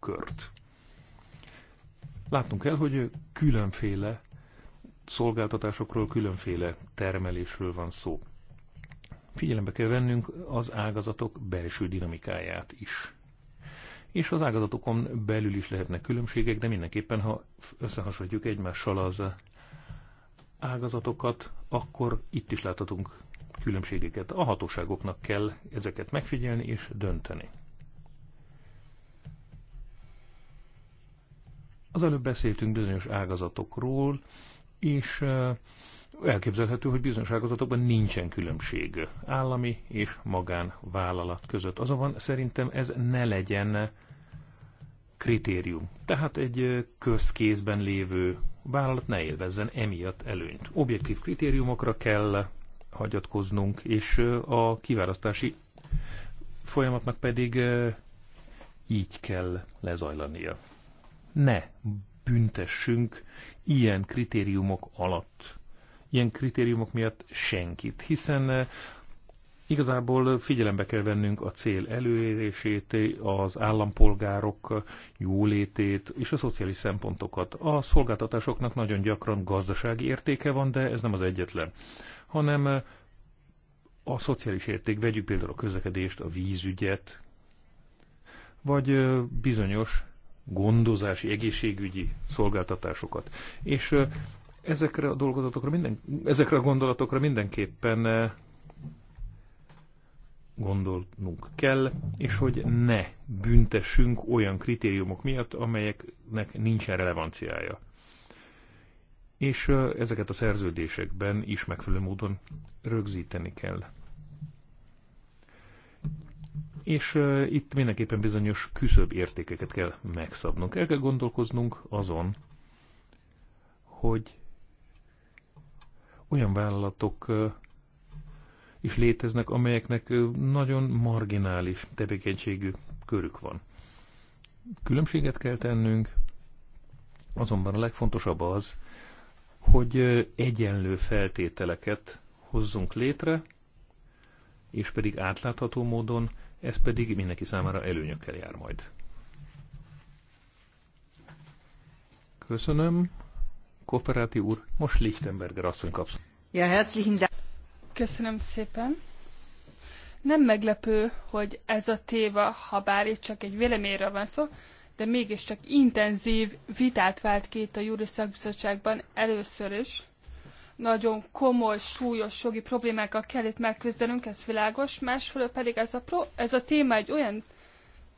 kört. Látnunk kell, hogy különféle szolgáltatásokról, különféle termelésről van szó. Figyelembe kell vennünk az ágazatok belső dinamikáját is. És az ágazatokon belül is lehetnek különbségek, de mindenképpen, ha összehasonlítjuk egymással az ágazatokat, akkor itt is láthatunk különbségeket. A hatóságoknak kell ezeket megfigyelni és dönteni. Az előbb beszéltünk bizonyos ágazatokról, és elképzelhető, hogy bizonyos ágazatokban nincsen különbség állami és magánvállalat között. Azonban szerintem ez ne legyen kritérium. Tehát egy közkézben lévő vállalat ne élvezzen emiatt előnyt. Objektív kritériumokra kell hagyatkoznunk, és a kiválasztási folyamatnak pedig így kell lezajlania ne büntessünk ilyen kritériumok alatt, ilyen kritériumok miatt senkit, hiszen eh, igazából figyelembe kell vennünk a cél előérését, az állampolgárok jólétét és a szociális szempontokat. A szolgáltatásoknak nagyon gyakran gazdasági értéke van, de ez nem az egyetlen, hanem eh, a szociális érték, vegyük például a közlekedést, a vízügyet, vagy eh, bizonyos gondozási, egészségügyi szolgáltatásokat. És ezekre a dolgozatokra, minden, ezekre a gondolatokra mindenképpen gondolnunk kell, és hogy ne büntessünk olyan kritériumok miatt, amelyeknek nincsen relevanciája. És ezeket a szerződésekben is megfelelő módon rögzíteni kell és itt mindenképpen bizonyos küszöbb értékeket kell megszabnunk. El kell gondolkoznunk azon, hogy olyan vállalatok is léteznek, amelyeknek nagyon marginális tevékenységű körük van. Különbséget kell tennünk, azonban a legfontosabb az, hogy egyenlő feltételeket hozzunk létre, és pedig átlátható módon ez pedig mindenki számára előnyökkel jár majd. Köszönöm. Kofferáti úr, most Lichtenberger asszony kapsz. Ja, herzlichen Dank. Köszönöm szépen. Nem meglepő, hogy ez a téva, ha bár itt csak egy véleményről van szó, de mégiscsak intenzív vitát vált ki itt a Júri Szakbizottságban először is nagyon komoly, súlyos jogi problémákkal kell itt megküzdenünk, ez világos. Másfelől pedig ez a, pro, ez a téma egy olyan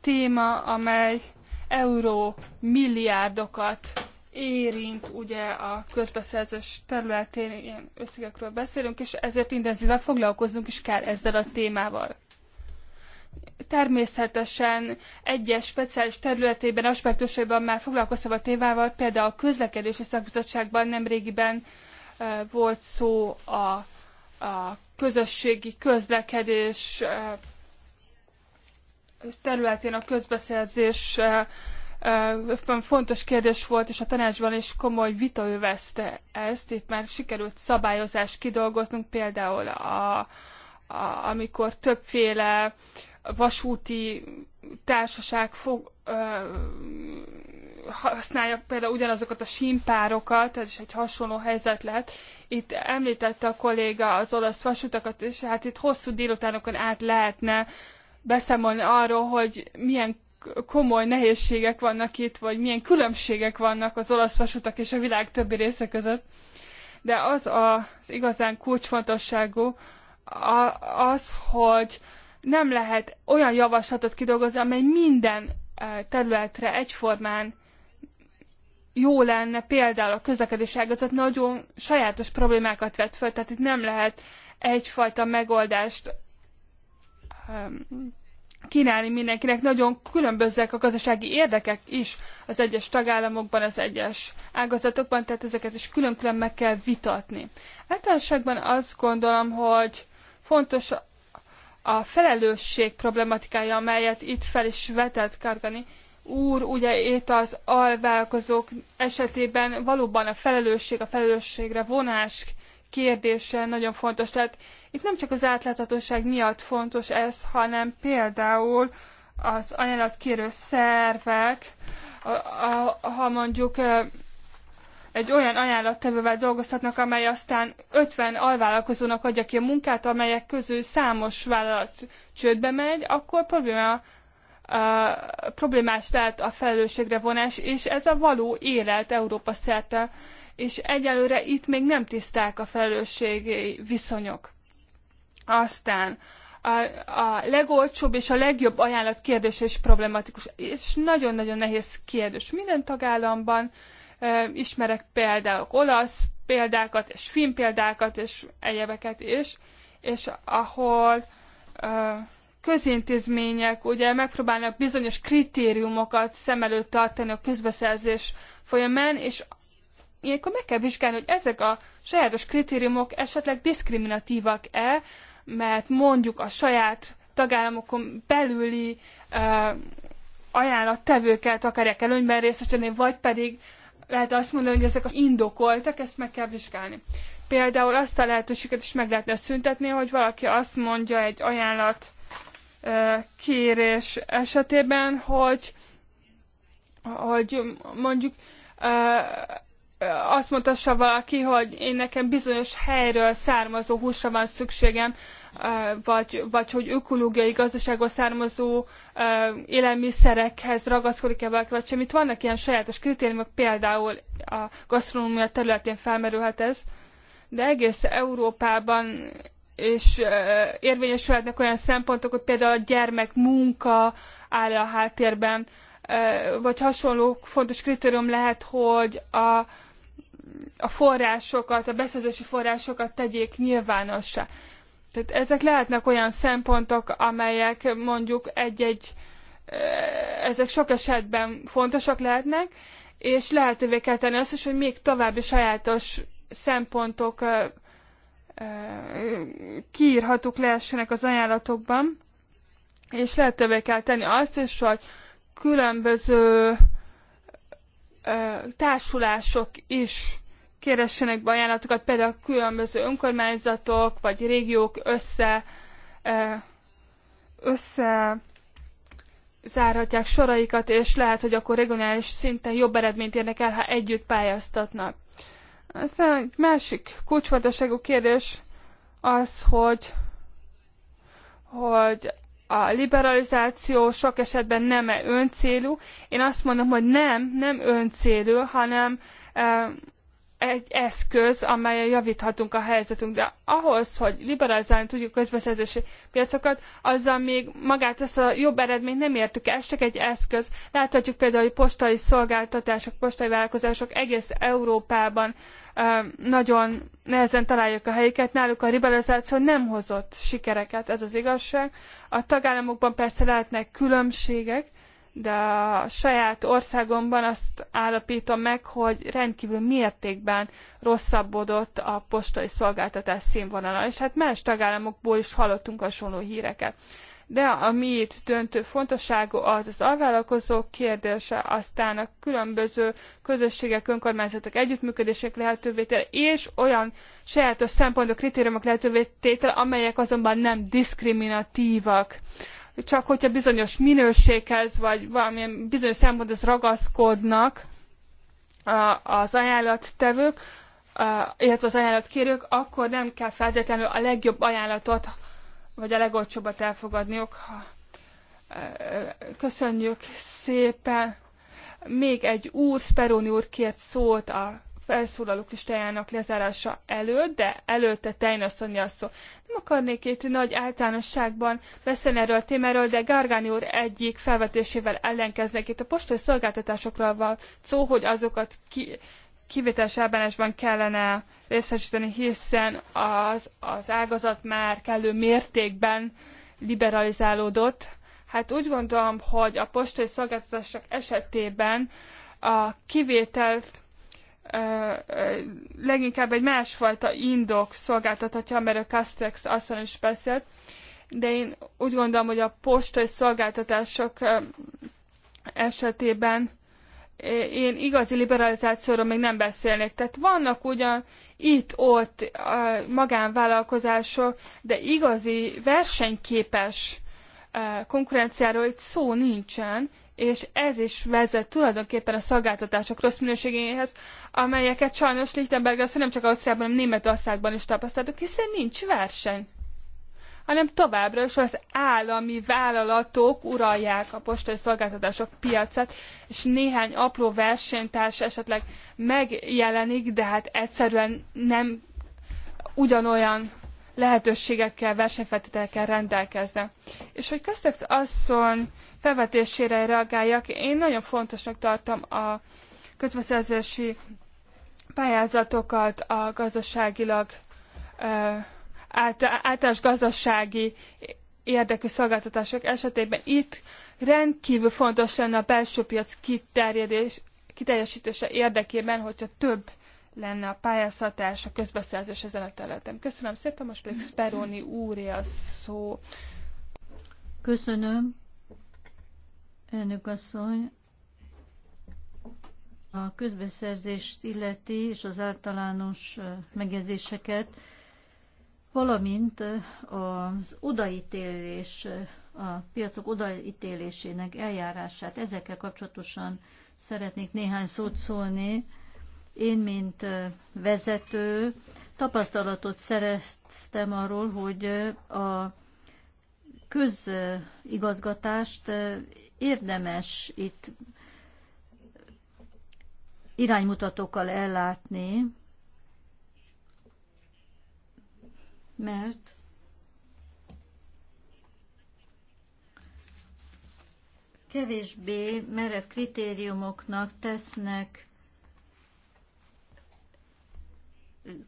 téma, amely euró milliárdokat érint ugye a közbeszerzés területén ilyen összegekről beszélünk, és ezért intenzíven foglalkoznunk is kell ezzel a témával. Természetesen egyes speciális területében, aspektusaiban már foglalkoztam a témával, például a közlekedési szakbizottságban nemrégiben volt szó a, a közösségi közlekedés területén a közbeszerzés fontos kérdés volt, és a tanácsban is komoly vita övezte ezt. Itt már sikerült szabályozást kidolgoznunk, például a, a, amikor többféle vasúti társaság fog, használja például ugyanazokat a simpárokat, ez is egy hasonló helyzet lett. Itt említette a kolléga az olasz vasutakat, és hát itt hosszú délutánokon át lehetne beszámolni arról, hogy milyen komoly nehézségek vannak itt, vagy milyen különbségek vannak az olasz vasutak és a világ többi része között. De az az igazán kulcsfontosságú az, hogy nem lehet olyan javaslatot kidolgozni, amely minden eh, területre egyformán jó lenne például a közlekedés ágazat nagyon sajátos problémákat vet föl, tehát itt nem lehet egyfajta megoldást um, kínálni mindenkinek. Nagyon különbözőek a gazdasági érdekek is az egyes tagállamokban, az egyes ágazatokban, tehát ezeket is külön-külön meg kell vitatni. Általánosságban azt gondolom, hogy fontos a felelősség problematikája, amelyet itt fel is vetett Kargani úr, ugye itt az alvállalkozók esetében valóban a felelősség, a felelősségre vonás kérdése nagyon fontos. Tehát itt nem csak az átláthatóság miatt fontos ez, hanem például az ajánlatkérő szervek, a, a, ha mondjuk egy olyan ajánlattevővel dolgozhatnak, amely aztán 50 alvállalkozónak adja ki a munkát, amelyek közül számos vállalat csődbe megy, akkor probléma problémás lehet a felelősségre vonás, és ez a való élet Európa szerte, és egyelőre itt még nem tiszták a felelősségi viszonyok. Aztán a, a legolcsóbb és a legjobb ajánlat kérdése is problematikus, és nagyon-nagyon nehéz kérdés. Minden tagállamban e, ismerek például olasz példákat, és finn példákat, és egyebeket is, és ahol e, közintézmények ugye megpróbálnak bizonyos kritériumokat szem előtt tartani a közbeszerzés folyamán, és ilyenkor meg kell vizsgálni, hogy ezek a sajátos kritériumok esetleg diszkriminatívak-e, mert mondjuk a saját tagállamokon belüli uh, ajánlattevőket akarják előnyben részesedni, vagy pedig lehet azt mondani, hogy ezek indokoltak, ezt meg kell vizsgálni. Például azt a lehetőséget is meg lehetne szüntetni, hogy valaki azt mondja egy ajánlat kérés esetében, hogy, hogy mondjuk azt mondhassa valaki, hogy én nekem bizonyos helyről származó húsra van szükségem, vagy, vagy hogy ökológiai gazdaságból származó élelmiszerekhez ragaszkodik-e valaki, vagy semmit. vannak ilyen sajátos kritériumok, például a gasztronómia területén felmerülhet ez, de egész Európában és érvényesülhetnek olyan szempontok, hogy például a gyermek munka áll a háttérben, vagy hasonló fontos kritérium lehet, hogy a, a forrásokat, a beszerzési forrásokat tegyék nyilvánossá. Tehát ezek lehetnek olyan szempontok, amelyek mondjuk egy-egy, ezek sok esetben fontosak lehetnek, és lehetővé kell tenni azt is, hogy még további sajátos szempontok kiírhatók lehessenek az ajánlatokban, és lehetővé kell tenni azt is, hogy különböző társulások is keressenek be ajánlatokat, például különböző önkormányzatok vagy régiók össze össze zárhatják soraikat, és lehet, hogy akkor regionális szinten jobb eredményt érnek el, ha együtt pályáztatnak. Aztán egy másik kulcsfontosságú kérdés az, hogy, hogy a liberalizáció sok esetben nem -e öncélú. Én azt mondom, hogy nem, nem öncélú, hanem eh, egy eszköz, amelyen javíthatunk a helyzetünk, de ahhoz, hogy liberalizálni tudjuk közbeszerzési piacokat, azzal még magát ezt a jobb eredményt nem értük el, csak egy eszköz. Láthatjuk például, hogy postai szolgáltatások, postai vállalkozások egész Európában nagyon nehezen találják a helyüket, náluk a liberalizáció nem hozott sikereket, ez az igazság. A tagállamokban persze lehetnek különbségek, de a saját országomban azt állapítom meg, hogy rendkívül mértékben rosszabbodott a postai szolgáltatás színvonala, és hát más tagállamokból is hallottunk hasonló híreket. De ami itt döntő fontosságú az az alvállalkozók kérdése, aztán a különböző közösségek, önkormányzatok együttműködések lehetővé tétel, és olyan sajátos szempontok, kritériumok lehetővé tétel, amelyek azonban nem diszkriminatívak csak hogyha bizonyos minőséghez, vagy valamilyen bizonyos szemponthoz ragaszkodnak az ajánlattevők, illetve az ajánlatkérők, akkor nem kell feltétlenül a legjobb ajánlatot, vagy a legolcsóbbat elfogadniuk. Köszönjük szépen! Még egy úr, Speroni úr kért szót a felszólalók listájának lezárása előtt, de előtte Tejnasszony azt szól. Nem akarnék itt nagy általánosságban beszélni erről a témáról, de Gárgány úr egyik felvetésével ellenkeznek. Itt a postai szolgáltatásokról van szó, hogy azokat ki, kivételes elbánásban kellene részesíteni, hiszen az, az ágazat már kellő mértékben liberalizálódott. Hát úgy gondolom, hogy a postai szolgáltatások esetében a kivételt leginkább egy másfajta indok szolgáltathatja, amiről Castex asszony is beszélt, de én úgy gondolom, hogy a postai szolgáltatások esetében én igazi liberalizációról még nem beszélnék. Tehát vannak ugyan itt-ott magánvállalkozások, de igazi versenyképes konkurenciáról itt szó nincsen, és ez is vezet tulajdonképpen a szolgáltatások rossz minőségéhez, amelyeket sajnos Lichtenberg azt nem csak Ausztriában, hanem Németországban is tapasztaltuk, hiszen nincs verseny hanem továbbra is az állami vállalatok uralják a postai szolgáltatások piacát, és néhány apró versenytárs esetleg megjelenik, de hát egyszerűen nem ugyanolyan lehetőségekkel, versenyfeltételekkel rendelkeznek. És hogy Köztex asszony felvetésére reagáljak. Én nagyon fontosnak tartom a közbeszerzési pályázatokat a gazdaságilag általános gazdasági érdekű szolgáltatások esetében itt rendkívül fontos lenne a belső piac kiterjedés, kiteljesítése érdekében, hogyha több lenne a pályáztatás, a közbeszerzés ezen a területen. Köszönöm szépen, most pedig Speroni úré a szó. Köszönöm. Elnök asszony, a közbeszerzést illeti és az általános megjegyzéseket, valamint az odaítélés, a piacok odaítélésének eljárását, ezekkel kapcsolatosan szeretnék néhány szót szólni. Én, mint vezető, tapasztalatot szereztem arról, hogy a közigazgatást érdemes itt iránymutatókkal ellátni, mert kevésbé merev kritériumoknak tesznek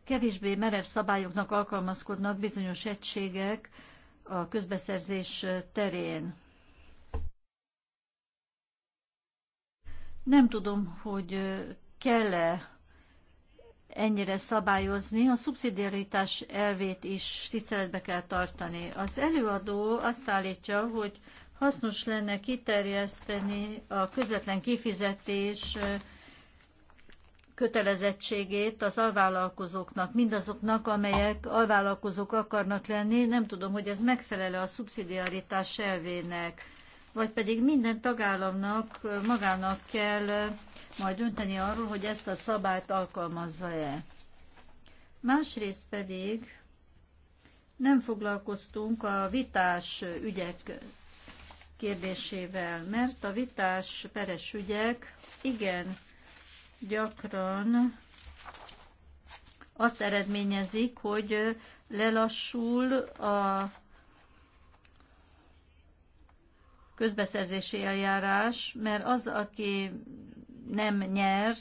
kevésbé merev szabályoknak alkalmazkodnak bizonyos egységek a közbeszerzés terén. Nem tudom, hogy kell-e ennyire szabályozni, a szubszidiaritás elvét is tiszteletbe kell tartani. Az előadó azt állítja, hogy hasznos lenne kiterjeszteni a közvetlen kifizetés kötelezettségét az alvállalkozóknak, mindazoknak, amelyek alvállalkozók akarnak lenni. Nem tudom, hogy ez megfelele a szubszidiaritás elvének vagy pedig minden tagállamnak magának kell majd dönteni arról, hogy ezt a szabályt alkalmazza-e. Másrészt pedig nem foglalkoztunk a vitás ügyek kérdésével, mert a vitás peres ügyek igen gyakran azt eredményezik, hogy lelassul a közbeszerzési eljárás, mert az, aki nem nyer,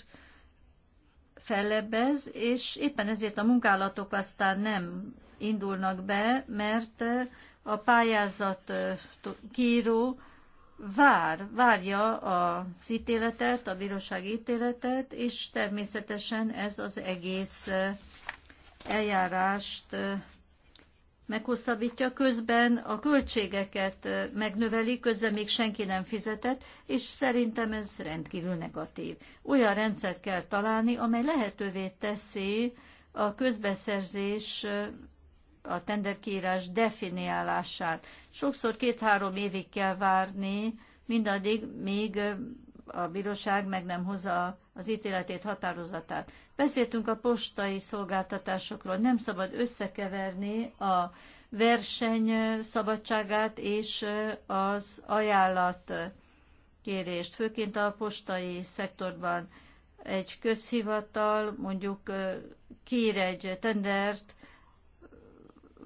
fellebbez, és éppen ezért a munkálatok aztán nem indulnak be, mert eh, a pályázat eh, kíró vár, várja az ítéletet, a bírósági ítéletet, és természetesen ez az egész eh, eljárást meghosszabbítja, közben a költségeket megnöveli, közben még senki nem fizetett, és szerintem ez rendkívül negatív. Olyan rendszert kell találni, amely lehetővé teszi a közbeszerzés a tenderkírás definiálását. Sokszor két-három évig kell várni, mindaddig, még a bíróság meg nem hozza az ítéletét, határozatát. Beszéltünk a postai szolgáltatásokról, nem szabad összekeverni a verseny szabadságát és az ajánlat kérést, főként a postai szektorban egy közhivatal mondjuk kér egy tendert,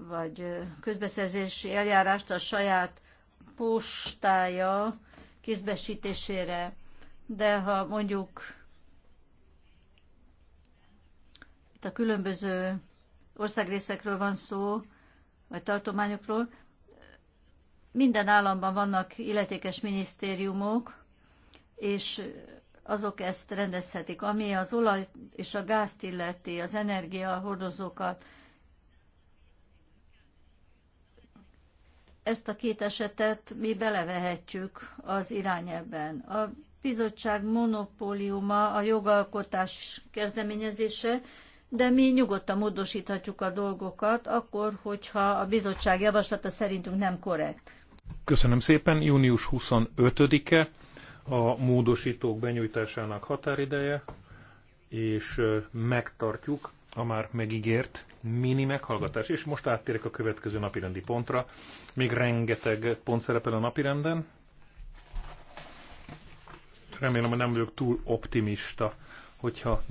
vagy közbeszerzési eljárást a saját postája kézbesítésére, de ha mondjuk itt a különböző országrészekről van szó, vagy tartományokról. Minden államban vannak illetékes minisztériumok, és azok ezt rendezhetik. Ami az olaj és a gázt illeti, az energia hordozókat, ezt a két esetet mi belevehetjük az irányelben. A bizottság monopóliuma a jogalkotás kezdeményezése, de mi nyugodtan módosíthatjuk a dolgokat, akkor, hogyha a bizottság javaslata szerintünk nem korrekt. Köszönöm szépen. Június 25-e a módosítók benyújtásának határideje, és megtartjuk a már megígért mini meghallgatás. És most áttérek a következő napirendi pontra. Még rengeteg pont szerepel a napirenden. Remélem, hogy nem vagyok túl optimista hogyha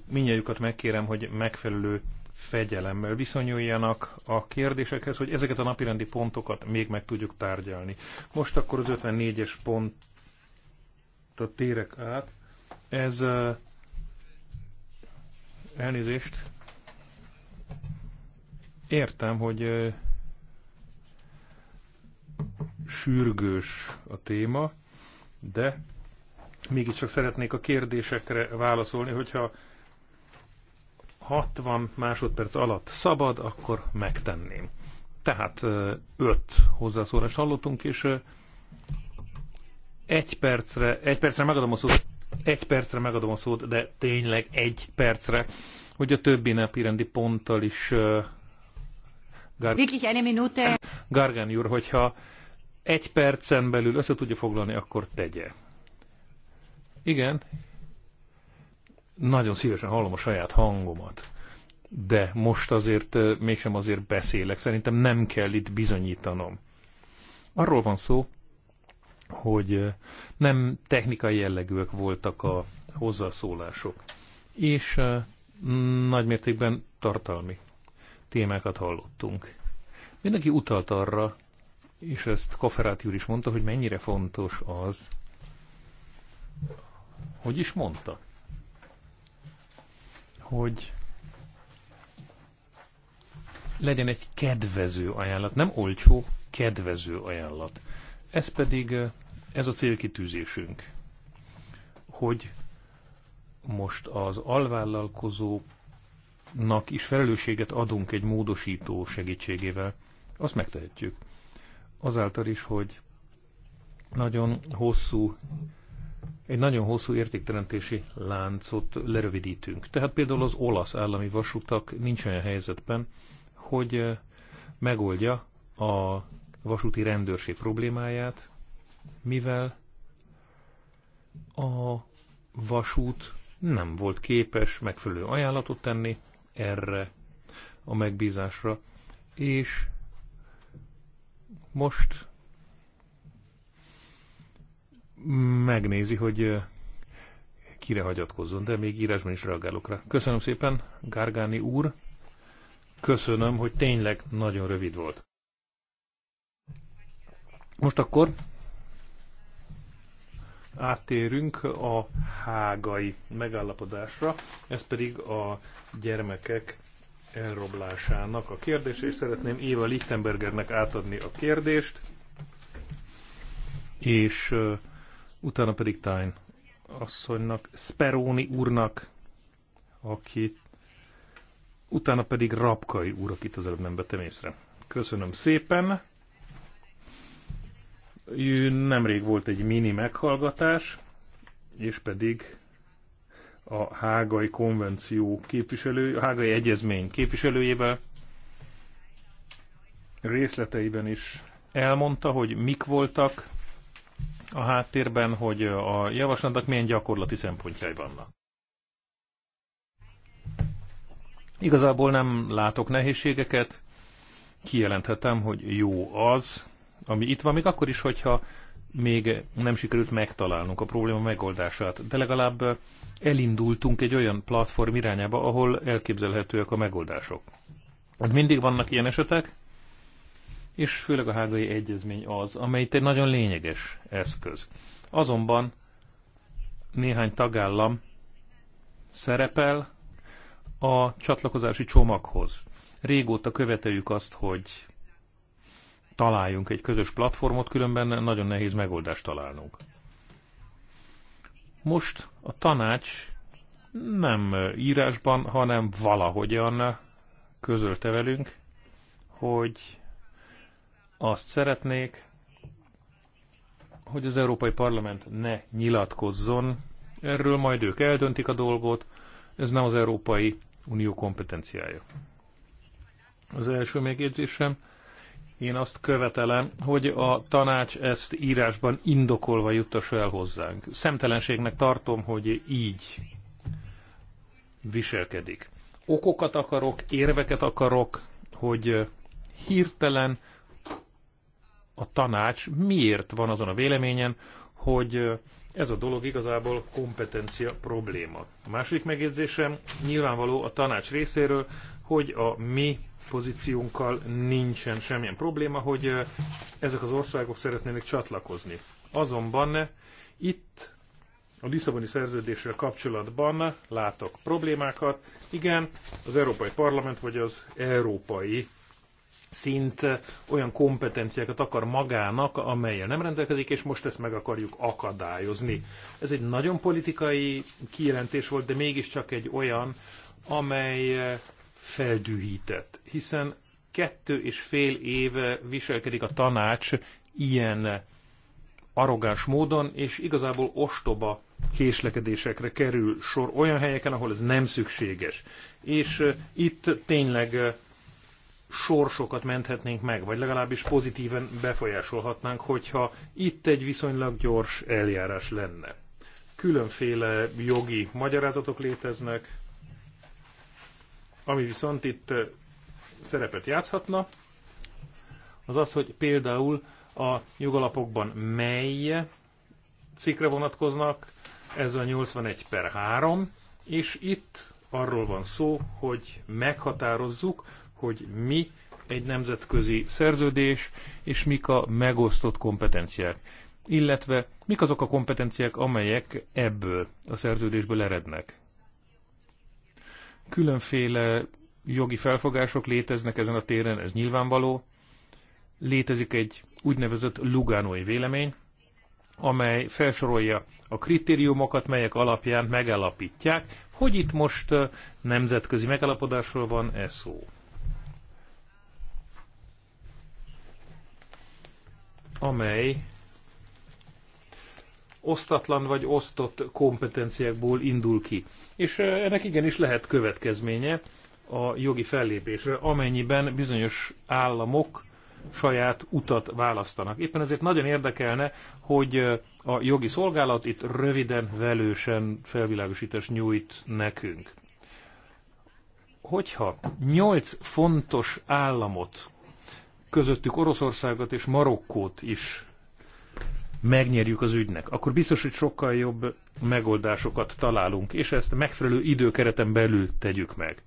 minnyájukat megkérem, hogy megfelelő fegyelemmel viszonyuljanak a kérdésekhez, hogy ezeket a napirendi pontokat még meg tudjuk tárgyalni. Most akkor az 54-es a térek át. Ez elnézést. Értem, hogy sürgős a téma, de mégiscsak szeretnék a kérdésekre válaszolni, hogyha 60 másodperc alatt szabad, akkor megtenném. Tehát öt hozzászólás hallottunk, és egy percre, egy percre megadom a szót, egy percre megadom a szót, de tényleg egy percre, hogy a többi napirendi ponttal is Gar- egy eine Gargán úr, hogyha egy percen belül össze tudja foglalni, akkor tegye. Igen, nagyon szívesen hallom a saját hangomat, de most azért mégsem azért beszélek, szerintem nem kell itt bizonyítanom. Arról van szó, hogy nem technikai jellegűek voltak a hozzászólások, és nagymértékben tartalmi témákat hallottunk. Mindenki utalt arra, és ezt Kaferáti úr is mondta, hogy mennyire fontos az, hogy is mondta? Hogy legyen egy kedvező ajánlat, nem olcsó, kedvező ajánlat. Ez pedig, eh, ez a célkitűzésünk, hogy most az alvállalkozóknak is felelősséget adunk egy módosító segítségével, azt megtehetjük. Azáltal is, hogy nagyon hosszú egy nagyon hosszú értékteremtési láncot lerövidítünk. Tehát például az olasz állami vasutak nincs olyan helyzetben, hogy megoldja a vasúti rendőrség problémáját, mivel a vasút nem volt képes megfelelő ajánlatot tenni erre a megbízásra, és most megnézi, hogy kire hagyatkozzon, de még írásban is reagálok rá. Köszönöm szépen, Gárgáni úr, köszönöm, hogy tényleg nagyon rövid volt. Most akkor áttérünk a hágai megállapodásra, ez pedig a gyermekek elroblásának a kérdés, és szeretném Éva Lichtenbergernek átadni a kérdést, és utána pedig Tyne asszonynak, Speroni úrnak, aki utána pedig Rapkai úr, akit az előbb nem vettem észre. Köszönöm szépen. Nemrég volt egy mini meghallgatás, és pedig a Hágai konvenció képviselő, a Hágai egyezmény képviselőjével részleteiben is elmondta, hogy mik voltak a háttérben, hogy a javaslatnak milyen gyakorlati szempontjai vannak. Igazából nem látok nehézségeket, kijelenthetem, hogy jó az, ami itt van, még akkor is, hogyha még nem sikerült megtalálnunk a probléma megoldását, de legalább elindultunk egy olyan platform irányába, ahol elképzelhetőek a megoldások. Mindig vannak ilyen esetek, és főleg a hágai egyezmény az, amely itt egy nagyon lényeges eszköz. Azonban néhány tagállam szerepel a csatlakozási csomaghoz. Régóta követeljük azt, hogy találjunk egy közös platformot, különben nagyon nehéz megoldást találnunk. Most a tanács nem írásban, hanem valahogyan közölte velünk, hogy azt szeretnék, hogy az Európai Parlament ne nyilatkozzon, erről majd ők eldöntik a dolgot, ez nem az Európai Unió kompetenciája. Az első megjegyzésem, én azt követelem, hogy a tanács ezt írásban indokolva juttassa el hozzánk. Szemtelenségnek tartom, hogy így viselkedik. Okokat akarok, érveket akarok, hogy hirtelen a tanács miért van azon a véleményen, hogy ez a dolog igazából kompetencia probléma. A második megjegyzésem nyilvánvaló a tanács részéről, hogy a mi pozíciónkkal nincsen semmilyen probléma, hogy ezek az országok szeretnének csatlakozni. Azonban itt a Lisszaboni szerződéssel kapcsolatban látok problémákat. Igen, az Európai Parlament vagy az Európai szint olyan kompetenciákat akar magának, amelyel nem rendelkezik, és most ezt meg akarjuk akadályozni. Ez egy nagyon politikai kijelentés volt, de mégiscsak egy olyan, amely feldühített, hiszen kettő és fél éve viselkedik a tanács ilyen arrogáns módon, és igazából ostoba késlekedésekre kerül sor olyan helyeken, ahol ez nem szükséges. És eh, itt tényleg eh, sorsokat menthetnénk meg, vagy legalábbis pozitíven befolyásolhatnánk, hogyha itt egy viszonylag gyors eljárás lenne. Különféle jogi magyarázatok léteznek, ami viszont itt szerepet játszhatna, az az, hogy például a jogalapokban mely cikkre vonatkoznak, ez a 81 per 3, és itt arról van szó, hogy meghatározzuk, hogy mi egy nemzetközi szerződés, és mik a megosztott kompetenciák, illetve mik azok a kompetenciák, amelyek ebből a szerződésből erednek. Különféle jogi felfogások léteznek ezen a téren, ez nyilvánvaló. Létezik egy úgynevezett Lugánói vélemény, amely felsorolja a kritériumokat, melyek alapján megállapítják, hogy itt most nemzetközi megalapodásról van e szó. amely osztatlan vagy osztott kompetenciákból indul ki. És ennek igenis lehet következménye a jogi fellépésre, amennyiben bizonyos államok saját utat választanak. Éppen ezért nagyon érdekelne, hogy a jogi szolgálat itt röviden, velősen felvilágosítást nyújt nekünk. Hogyha nyolc fontos államot közöttük Oroszországot és Marokkót is megnyerjük az ügynek, akkor biztos, hogy sokkal jobb megoldásokat találunk, és ezt megfelelő időkereten belül tegyük meg.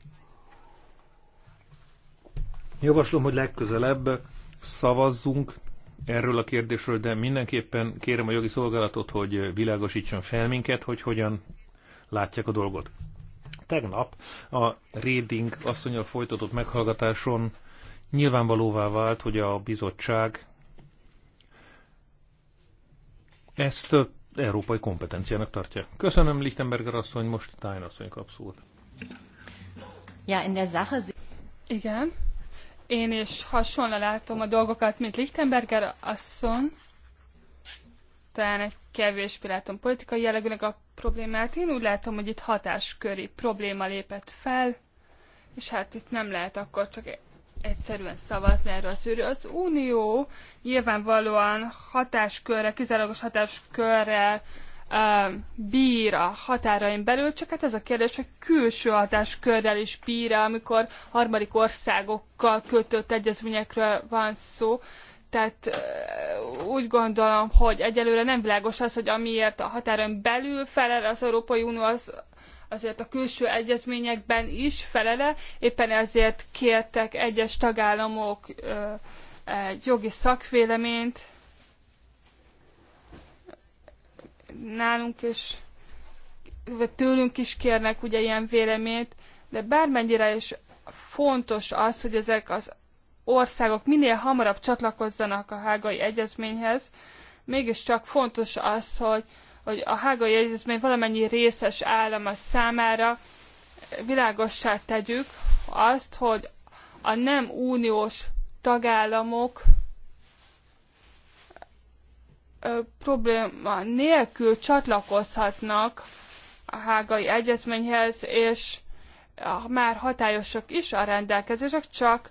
Javaslom, hogy legközelebb szavazzunk erről a kérdésről, de mindenképpen kérem a jogi szolgálatot, hogy világosítson fel minket, hogy hogyan látják a dolgot. Tegnap a Reading asszonyal folytatott meghallgatáson Nyilvánvalóvá vált, hogy a bizottság ezt európai kompetenciának tartja. Köszönöm, Lichtenberger asszony, most Tájn asszony kap Ja, in der Sache... Igen. Én is hasonló látom a dolgokat, mint Lichtenberger asszony. Talán egy kevésbé látom politikai jellegűnek a problémát. Én úgy látom, hogy itt hatásköri probléma lépett fel, és hát itt nem lehet akkor csak egyszerűen szavazni erről a szűrő. Az Unió nyilvánvalóan hatáskörre, kizárólagos hatáskörrel bír a határain belül, csak hát ez a kérdés, hogy külső hatáskörrel is bír, amikor harmadik országokkal kötött egyezményekről van szó. Tehát úgy gondolom, hogy egyelőre nem világos az, hogy amiért a határon belül felel az Európai Unió, az azért a külső egyezményekben is felele, éppen ezért kértek egyes tagállamok egy jogi szakvéleményt nálunk is, vagy tőlünk is kérnek ugye ilyen véleményt, de bármennyire is fontos az, hogy ezek az országok minél hamarabb csatlakozzanak a hágai egyezményhez, mégiscsak fontos az, hogy hogy a hágai egyezmény valamennyi részes állama számára világossá tegyük azt, hogy a nem uniós tagállamok probléma nélkül csatlakozhatnak a hágai egyezményhez, és már hatályosak is a rendelkezések, csak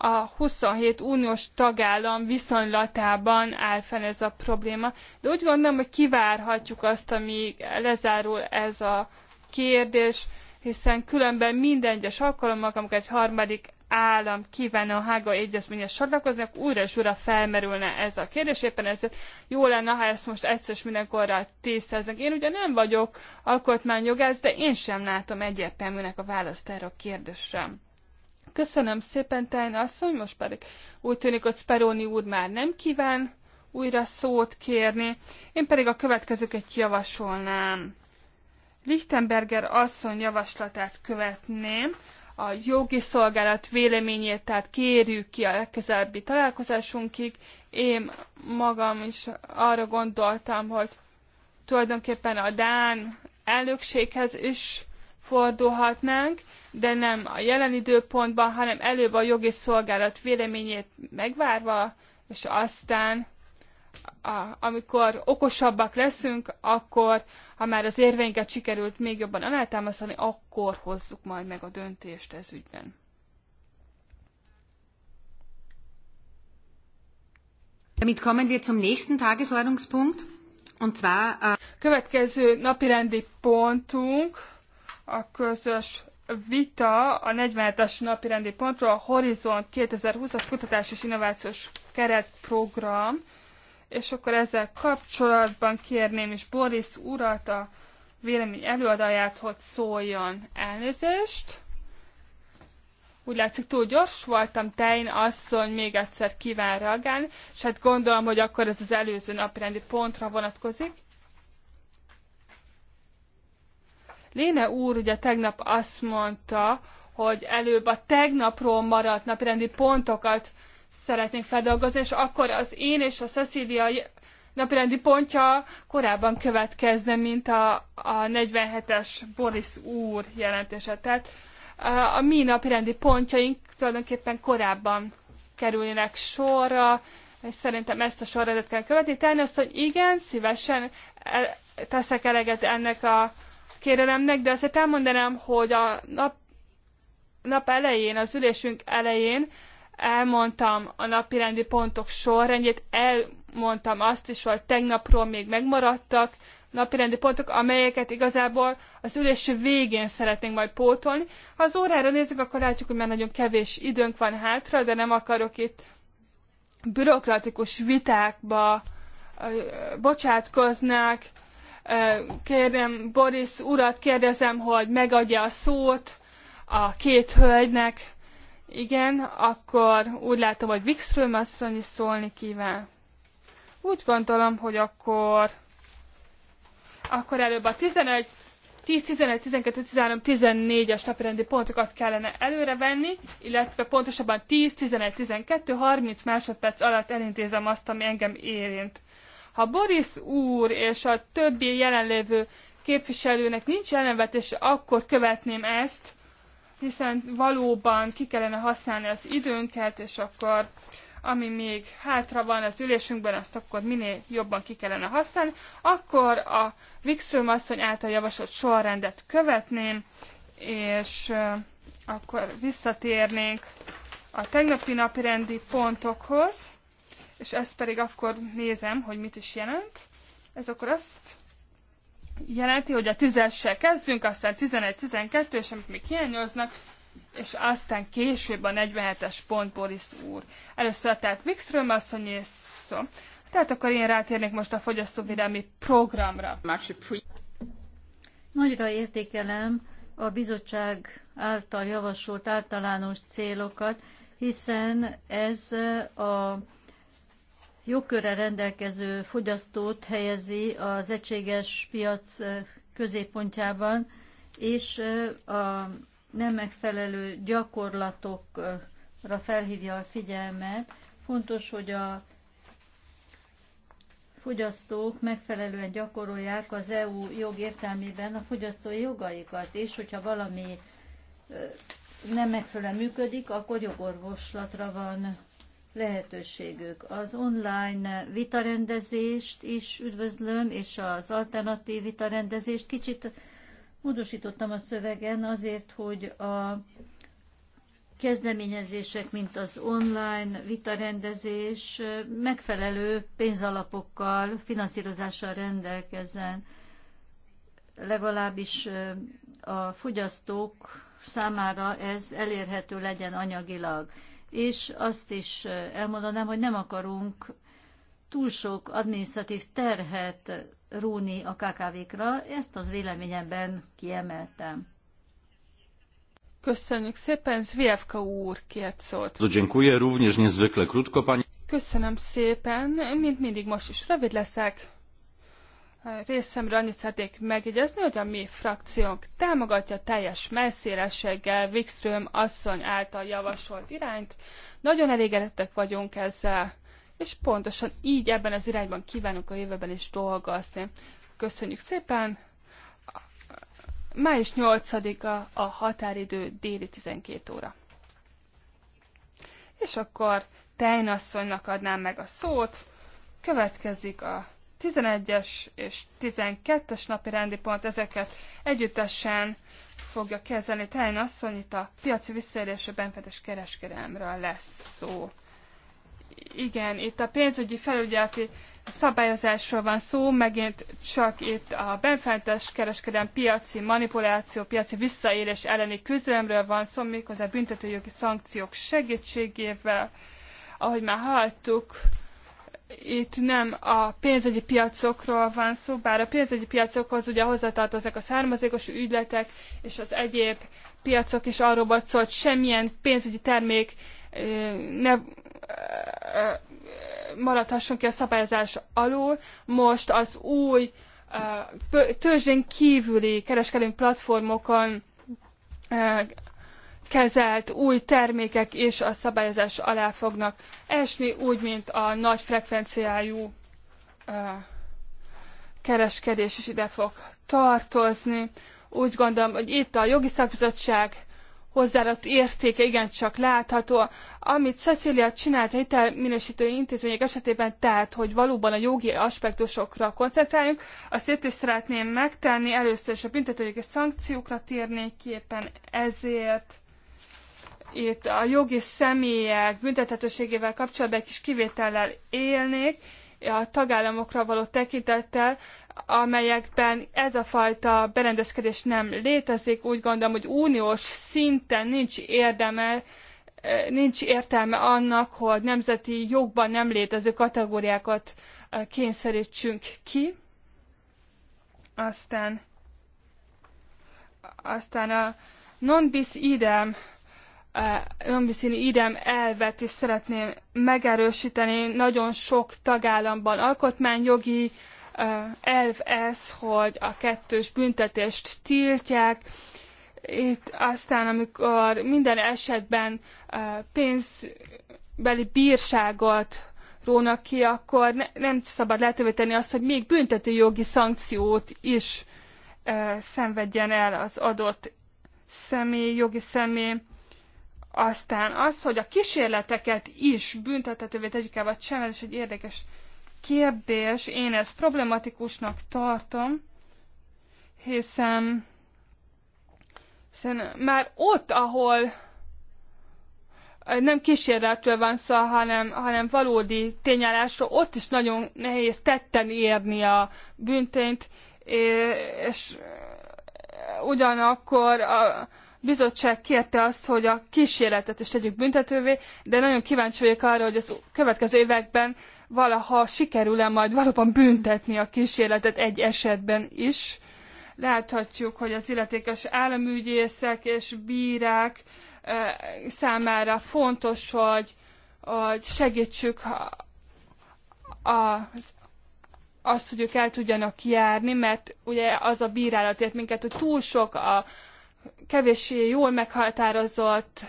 a 27 uniós tagállam viszonylatában áll fenn ez a probléma. De úgy gondolom, hogy kivárhatjuk azt, amíg lezárul ez a kérdés, hiszen különben minden egyes alkalommal, amikor egy harmadik állam kívánna a Hága Egyezményhez csatlakozni, akkor újra és újra felmerülne ez a kérdés. Éppen ezért jó lenne, ha ezt most egyszer és mindenkorra tisztáznak. Én ugye nem vagyok alkotmányjogász, de én sem látom egyértelműnek a választ erre a kérdésre. Köszönöm szépen, Tájn asszony, most pedig úgy tűnik, hogy Speroni úr már nem kíván újra szót kérni. Én pedig a következőket javasolnám. Lichtenberger asszony javaslatát követném, a jogi szolgálat véleményét, tehát kérjük ki a legközelebbi találkozásunkig. Én magam is arra gondoltam, hogy tulajdonképpen a Dán elnökséghez is fordulhatnánk, de nem a jelen időpontban, hanem előbb a jogi szolgálat véleményét megvárva, és aztán a, amikor okosabbak leszünk, akkor, ha már az érveinket sikerült még jobban alátámasztani, akkor hozzuk majd meg a döntést ez ügyben. Damit kommen wir zum nächsten Tagesordnungspunkt, und zwar... Uh... Következő napirendi pontunk a közös vita a 47-es napi rendi pontról, a Horizont 2020-as kutatás és innovációs keretprogram, és akkor ezzel kapcsolatban kérném is Boris urat, a vélemény előadáját, hogy szóljon elnézést. Úgy látszik, túl gyors voltam, azt asszony még egyszer kíván reagálni, és hát gondolom, hogy akkor ez az előző napirendi pontra vonatkozik. Léne úr ugye tegnap azt mondta, hogy előbb a tegnapról maradt napirendi pontokat szeretnénk feldolgozni, és akkor az én és a Cecilia napirendi pontja korábban következne, mint a, a 47-es Boris úr jelentése. Tehát a mi napirendi pontjaink tulajdonképpen korábban kerülnek sorra, és szerintem ezt a sorrendet kell követni. Tehát azt, hogy igen, szívesen teszek eleget ennek a kérelemnek, de azért elmondanám, hogy a nap, nap elején, az ülésünk elején elmondtam a napirendi pontok sorrendjét, elmondtam azt is, hogy tegnapról még megmaradtak napirendi pontok, amelyeket igazából az ülés végén szeretnénk majd pótolni. Ha az órára nézzük, akkor látjuk, hogy már nagyon kevés időnk van hátra, de nem akarok itt bürokratikus vitákba bocsátkoznák, Kérem Boris urat, kérdezem, hogy megadja a szót a két hölgynek. Igen, akkor úgy látom, hogy Wikström asszony is szólni kíván. Úgy gondolom, hogy akkor akkor előbb a 11, 10, 11, 12, 13, 14-es napirendi pontokat kellene előre venni, illetve pontosabban 10, 11, 12, 30 másodperc alatt elintézem azt, ami engem érint. Ha Boris úr és a többi jelenlévő képviselőnek nincs jelenvetés, akkor követném ezt, hiszen valóban ki kellene használni az időnket, és akkor ami még hátra van az ülésünkben, azt akkor minél jobban ki kellene használni, akkor a Wikström asszony által javasolt sorrendet követném, és akkor visszatérnénk a tegnapi napi rendi pontokhoz és ezt pedig akkor nézem, hogy mit is jelent. Ez akkor azt jelenti, hogy a tízessel kezdünk, aztán 11-12, és amit még hiányoznak, és aztán később a 47-es pont Boris úr. Először tehát Wikström mondja, szó. Tehát akkor én rátérnék most a fogyasztóvédelmi programra. Nagyra értékelem a bizottság által javasolt általános célokat, hiszen ez a jogkörrel rendelkező fogyasztót helyezi az egységes piac középpontjában, és a nem megfelelő gyakorlatokra felhívja a figyelmet. Fontos, hogy a fogyasztók megfelelően gyakorolják az EU jog értelmében a fogyasztói jogaikat, és hogyha valami nem megfelelően működik, akkor jogorvoslatra van lehetőségük. Az online vitarendezést is üdvözlöm, és az alternatív vitarendezést kicsit módosítottam a szövegen azért, hogy a kezdeményezések, mint az online vitarendezés megfelelő pénzalapokkal, finanszírozással rendelkezzen. Legalábbis a fogyasztók számára ez elérhető legyen anyagilag és azt is elmondanám, hogy nem akarunk túl sok adminisztratív terhet róni a KKV-kra, ezt az véleményemben kiemeltem. Köszönjük szépen, Zvievka úr kért szót. Köszönöm szépen, mint mindig most is rövid leszek részemről annyit szeretnék megjegyezni, hogy a mi frakciónk támogatja teljes messzélességgel Wikström asszony által javasolt irányt. Nagyon elégedettek vagyunk ezzel, és pontosan így ebben az irányban kívánunk a jövőben is dolgozni. Köszönjük szépen! Május 8-a a határidő déli 12 óra. És akkor Tejnasszonynak adnám meg a szót, következik a 11-es és 12-es napi rendi pont ezeket együttesen fogja kezelni. Tájn asszony itt a piaci a benfetes kereskedelmről lesz szó. Igen, itt a pénzügyi felügyeleti szabályozásról van szó, megint csak itt a benfentes kereskedelem piaci manipuláció, piaci visszaélés elleni küzdelemről van szó, méghozzá büntetőjogi szankciók segítségével. Ahogy már hallottuk, itt nem a pénzügyi piacokról van szó, bár a pénzügyi piacokhoz ugye hozzátartoznak a származékos ügyletek és az egyéb piacok is arról volt szó, hogy semmilyen pénzügyi termék ne maradhasson ki a szabályozás alól. Most az új tőzsdén kívüli kereskedelmi platformokon kezelt új termékek is a szabályozás alá fognak esni, úgy, mint a nagy frekvenciájú kereskedés is ide fog tartozni. Úgy gondolom, hogy itt a jogi szakbizottság hozzáadott értéke igencsak látható, amit Cecilia csinált a hitelminősítő intézmények esetében, tehát, hogy valóban a jogi aspektusokra koncentráljunk, azt itt is szeretném megtenni, először is a büntetőjogi szankciókra térnék ki éppen ezért itt a jogi személyek büntethetőségével kapcsolatban egy kis kivétellel élnék, a tagállamokra való tekintettel, amelyekben ez a fajta berendezkedés nem létezik. Úgy gondolom, hogy uniós szinten nincs érdeme, eh, nincs értelme annak, hogy nemzeti jogban nem létező kategóriákat eh, kényszerítsünk ki. Aztán, aztán a non bis idem Lombicini idem elvet is szeretném megerősíteni. Nagyon sok tagállamban alkotmányjogi elv ez, hogy a kettős büntetést tiltják. Itt aztán, amikor minden esetben pénzbeli bírságot rónak ki, akkor ne, nem szabad lehetővé tenni azt, hogy még büntető jogi szankciót is szenvedjen el az adott személy, jogi személy aztán az, hogy a kísérleteket is büntethetővé tegyük el, vagy sem, ez is egy érdekes kérdés. Én ezt problematikusnak tartom, hiszen, hiszen már ott, ahol nem kísérletről van szó, hanem, hanem valódi tényállásról, ott is nagyon nehéz tetten érni a büntényt, és ugyanakkor a, bizottság kérte azt, hogy a kísérletet is tegyük büntetővé, de nagyon kíváncsi vagyok arra, hogy az következő években valaha sikerül-e majd valóban büntetni a kísérletet egy esetben is. Láthatjuk, hogy az illetékes államügyészek és bírák számára fontos, hogy, hogy segítsük az azt, hogy ők el tudjanak járni, mert ugye az a bírálat ért minket, hogy túl sok a, kevés jól meghatározott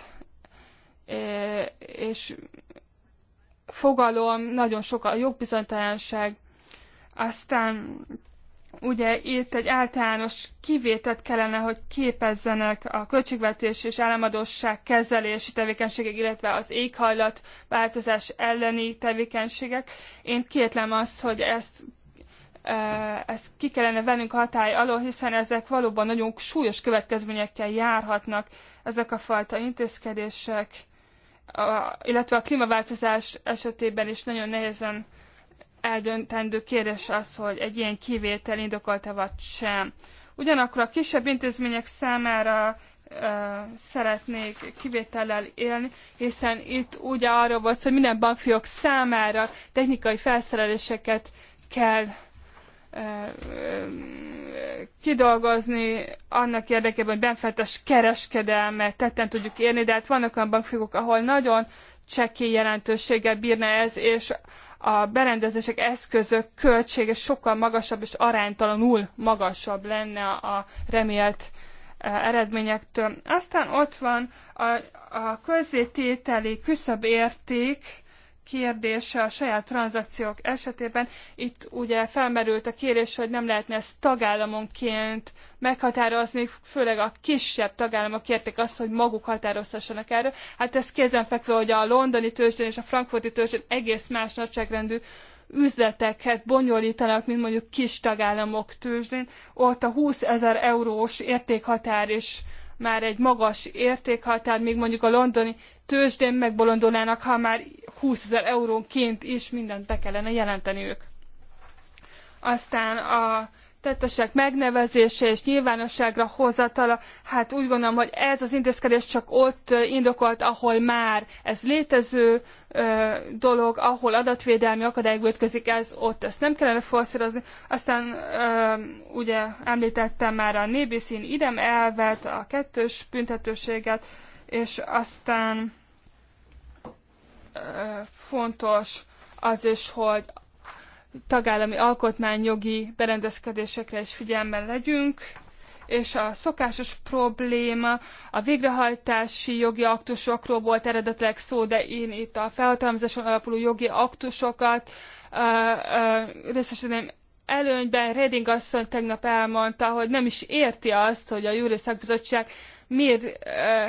és fogalom, nagyon sok a jogbizonytalanság. Aztán ugye itt egy általános kivételt kellene, hogy képezzenek a költségvetés és államadosság kezelési tevékenységek, illetve az éghajlat változás elleni tevékenységek. Én kétlem azt, hogy ezt ezt ki kellene vennünk hatály alól, hiszen ezek valóban nagyon súlyos következményekkel járhatnak ezek a fajta intézkedések, a, illetve a klímaváltozás esetében is nagyon nehezen eldöntendő kérdés az, hogy egy ilyen kivétel indokolta vagy sem. Ugyanakkor a kisebb intézmények számára szeretnék kivétellel élni, hiszen itt ugye arról volt, hogy minden bankfiók számára technikai felszereléseket kell kidolgozni annak érdekében, hogy benfentes kereskedelmet tetten tudjuk érni, de hát vannak olyan bankfiók, ahol nagyon csekély jelentőséggel bírna ez, és a berendezések eszközök költsége sokkal magasabb és aránytalanul magasabb lenne a remélt eredményektől. Aztán ott van a, a közzétételi küszöbérték, kérdése a saját tranzakciók esetében. Itt ugye felmerült a kérés, hogy nem lehetne ezt tagállamonként meghatározni, főleg a kisebb tagállamok kérték azt, hogy maguk határoztassanak erről. Hát ez kézenfekvő, hogy a londoni tőzsdén és a frankfurti tőzsdén egész más nagyságrendű üzleteket bonyolítanak, mint mondjuk kis tagállamok tőzsdén. Ott a 20 ezer eurós értékhatár is már egy magas értékhatár, még mondjuk a londoni tőzsdén megbolondulnának, ha már 20 ezer eurónként is mindent be kellene jelenteniük. Aztán a tettesek megnevezése és nyilvánosságra hozatala, hát úgy gondolom, hogy ez az intézkedés csak ott indokolt, ahol már ez létező ö, dolog, ahol adatvédelmi akadály ütközik, ez ott ezt nem kellene forszírozni. Aztán ö, ugye említettem már a nébiszín idem elvet, a kettős büntetőséget, és aztán fontos az is, hogy tagállami alkotmányjogi berendezkedésekre is figyelmen legyünk, és a szokásos probléma a végrehajtási jogi aktusokról volt eredetileg szó, de én itt a felhatalmazáson alapuló jogi aktusokat részesíteném előnyben. Reding asszony tegnap elmondta, hogy nem is érti azt, hogy a júri szakbizottság miért ö,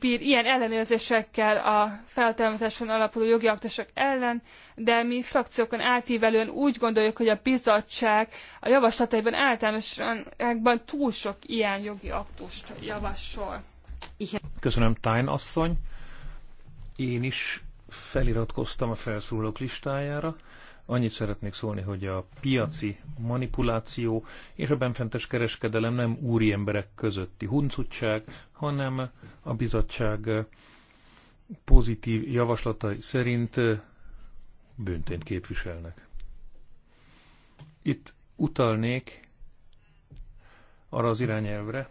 bír ilyen ellenőrzésekkel a feltelmezésen alapuló jogi aktusok ellen, de mi frakciókon átívelően úgy gondoljuk, hogy a bizottság a javaslataiban általánosságban túl sok ilyen jogi aktust javasol. Köszönöm, Tájn asszony. Én is feliratkoztam a felszólalók listájára, Annyit szeretnék szólni, hogy a piaci manipuláció és a benfentes kereskedelem nem úri emberek közötti huncutság, hanem a bizottság pozitív javaslatai szerint büntényt képviselnek. Itt utalnék arra az irányelvre,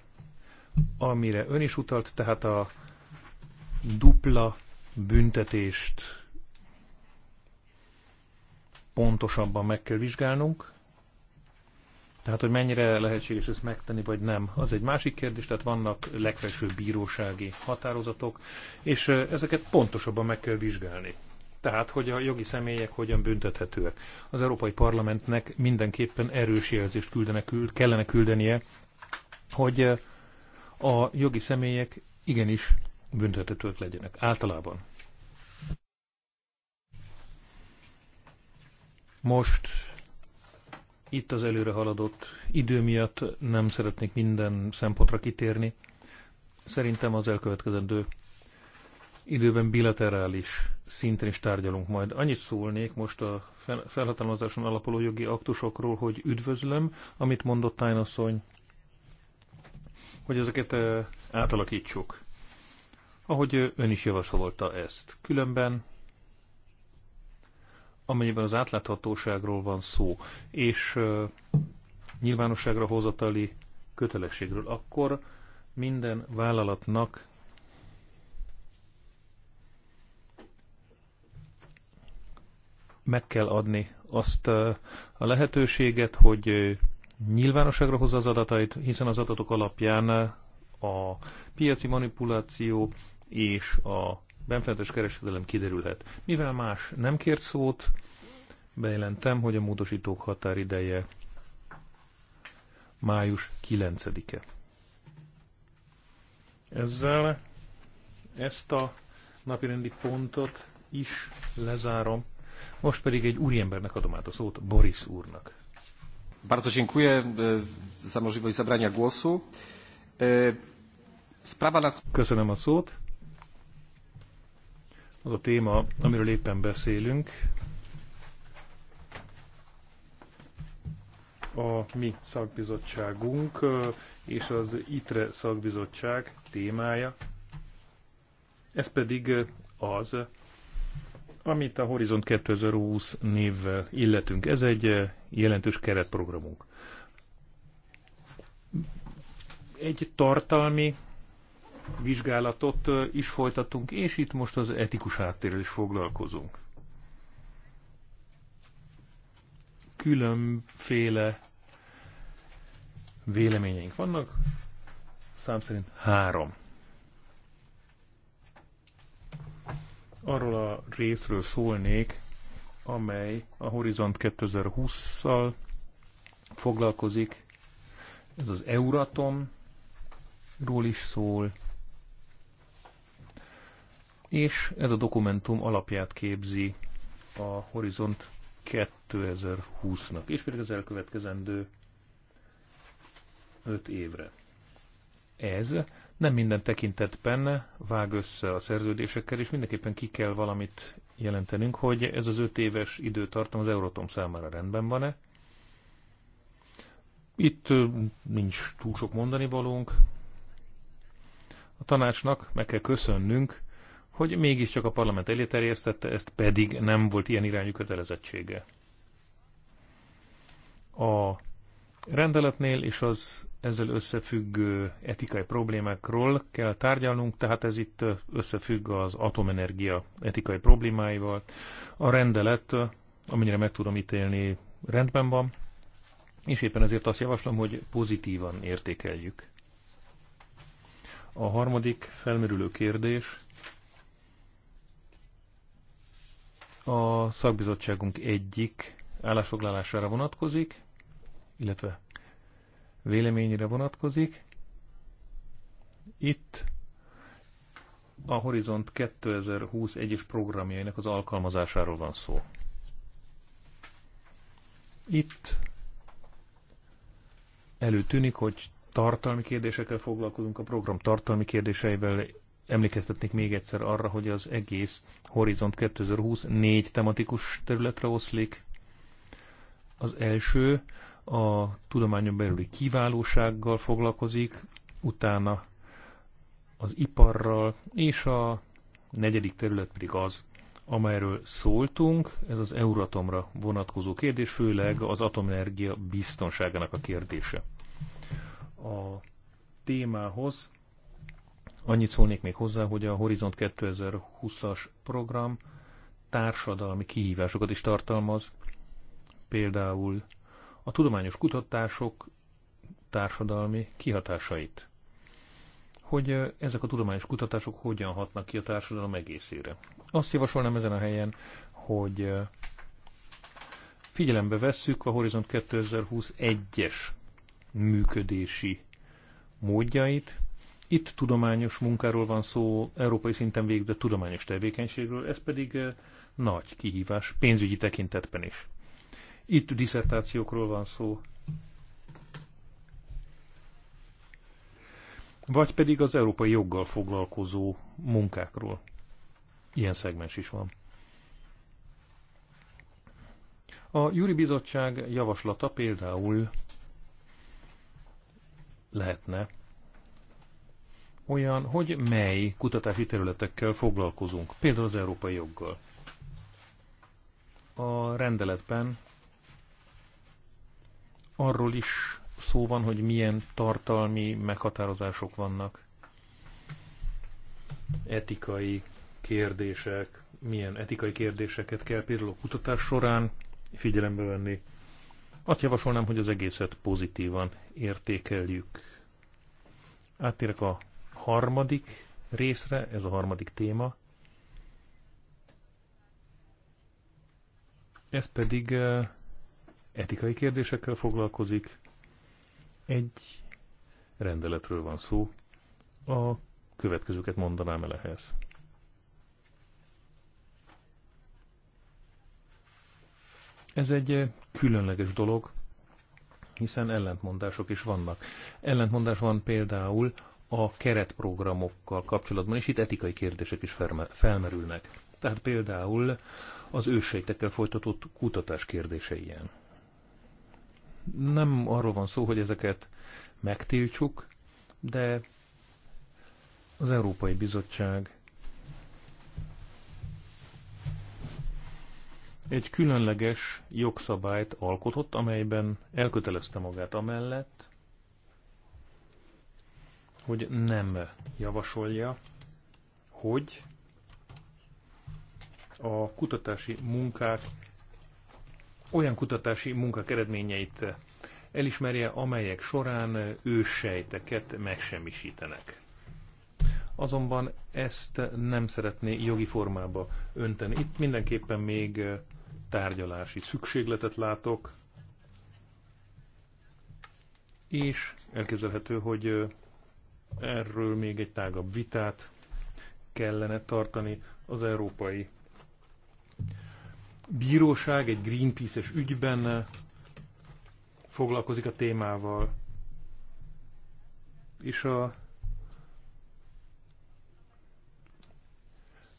amire ön is utalt, tehát a dupla büntetést pontosabban meg kell vizsgálnunk. Tehát, hogy mennyire lehetséges ezt megtenni, vagy nem, az egy másik kérdés, tehát vannak legfelsőbb bírósági határozatok, és ezeket pontosabban meg kell vizsgálni. Tehát, hogy a jogi személyek hogyan büntethetőek. Az Európai Parlamentnek mindenképpen erős jelzést küldenek, kellene küldenie, hogy a jogi személyek igenis büntethetőek legyenek általában. Most itt az előre haladott idő miatt nem szeretnék minden szempontra kitérni. Szerintem az elkövetkezendő időben bilaterális szinten is tárgyalunk majd. Annyit szólnék most a felhatalmazáson alapuló jogi aktusokról, hogy üdvözlöm, amit mondott Tájnasszony, hogy ezeket eh, átalakítsuk. Ahogy eh, ön is javasolta ezt. Különben amennyiben az átláthatóságról van szó, és nyilvánosságra hozatali kötelességről, akkor minden vállalatnak meg kell adni azt a lehetőséget, hogy nyilvánosságra hozza az adatait, hiszen az adatok alapján a piaci manipuláció és a benfentes kereskedelem kiderülhet. Mivel más nem kért szót, Bejelentem, hogy a módosítók határideje május 9-e. Ezzel ezt a napirendi pontot is lezárom. Most pedig egy úriembernek adom át a szót, Boris úrnak. Bardzo dziękuję e, za możliwość zabrania głosu. E, sprawa nad... Köszönöm a szót. Az a téma, amiről éppen beszélünk, a mi szakbizottságunk és az ITRE szakbizottság témája. Ez pedig az, amit a Horizont 2020 névvel illetünk. Ez egy jelentős keretprogramunk. Egy tartalmi vizsgálatot is folytatunk, és itt most az etikus háttérrel is foglalkozunk. különféle véleményeink vannak, szám szerint három. Arról a részről szólnék, amely a Horizont 2020-szal foglalkozik. Ez az Euratomról is szól, és ez a dokumentum alapját képzi a Horizont 2020-nak, és pedig az elkövetkezendő 5 évre. Ez nem minden tekintetben vág össze a szerződésekkel, és mindenképpen ki kell valamit jelentenünk, hogy ez az 5 éves időtartam az Euratom számára rendben van-e. Itt nincs túl sok mondani valónk. A tanácsnak meg kell köszönnünk, hogy mégiscsak a parlament eléterjesztette, ezt pedig nem volt ilyen irányú kötelezettsége. A rendeletnél és az ezzel összefüggő etikai problémákról kell tárgyalnunk, tehát ez itt összefügg az atomenergia etikai problémáival. A rendelet, amennyire meg tudom ítélni, rendben van, és éppen ezért azt javaslom, hogy pozitívan értékeljük. A harmadik felmerülő kérdés a szakbizottságunk egyik állásfoglalására vonatkozik, illetve véleményére vonatkozik. Itt a Horizont 2020 egyes programjainak az alkalmazásáról van szó. Itt előtűnik, hogy tartalmi kérdésekkel foglalkozunk, a program tartalmi kérdéseivel emlékeztetnék még egyszer arra, hogy az egész Horizont 2020 négy tematikus területre oszlik. Az első a tudományon belüli kiválósággal foglalkozik, utána az iparral, és a negyedik terület pedig az, amelyről szóltunk, ez az Euratomra vonatkozó kérdés, főleg az atomenergia biztonságának a kérdése. A témához Annyit szólnék még hozzá, hogy a Horizont 2020-as program társadalmi kihívásokat is tartalmaz, például a tudományos kutatások társadalmi kihatásait. Hogy ezek a tudományos kutatások hogyan hatnak ki a társadalom egészére. Azt javasolnám ezen a helyen, hogy figyelembe vesszük a Horizont 2021-es működési módjait, itt tudományos munkáról van szó, európai szinten végzett tudományos tevékenységről, ez pedig eh, nagy kihívás pénzügyi tekintetben is. Itt diszertációkról van szó, vagy pedig az európai joggal foglalkozó munkákról. Ilyen szegmens is van. A Júri Bizottság javaslata például lehetne olyan, hogy mely kutatási területekkel foglalkozunk, például az európai joggal. A rendeletben arról is szó van, hogy milyen tartalmi meghatározások vannak, etikai kérdések, milyen etikai kérdéseket kell például a kutatás során figyelembe venni. Azt javasolnám, hogy az egészet pozitívan értékeljük. Áttérek a harmadik részre, ez a harmadik téma, ez pedig etikai kérdésekkel foglalkozik. Egy rendeletről van szó. A következőket mondanám el ehhez. Ez egy különleges dolog, hiszen ellentmondások is vannak. Ellentmondás van például a keretprogramokkal kapcsolatban, és itt etikai kérdések is felmerülnek. Tehát például az ősejtekkel folytatott kutatás kérdése ilyen. Nem arról van szó, hogy ezeket megtiltsuk, de az Európai Bizottság egy különleges jogszabályt alkotott, amelyben elkötelezte magát amellett, hogy nem javasolja, hogy a kutatási munkák, olyan kutatási munkák eredményeit elismerje, amelyek során őssejteket megsemmisítenek. Azonban ezt nem szeretné jogi formába önteni. Itt mindenképpen még tárgyalási szükségletet látok, és elképzelhető, hogy Erről még egy tágabb vitát kellene tartani az Európai Bíróság egy Greenpeace-es ügyben foglalkozik a témával, és a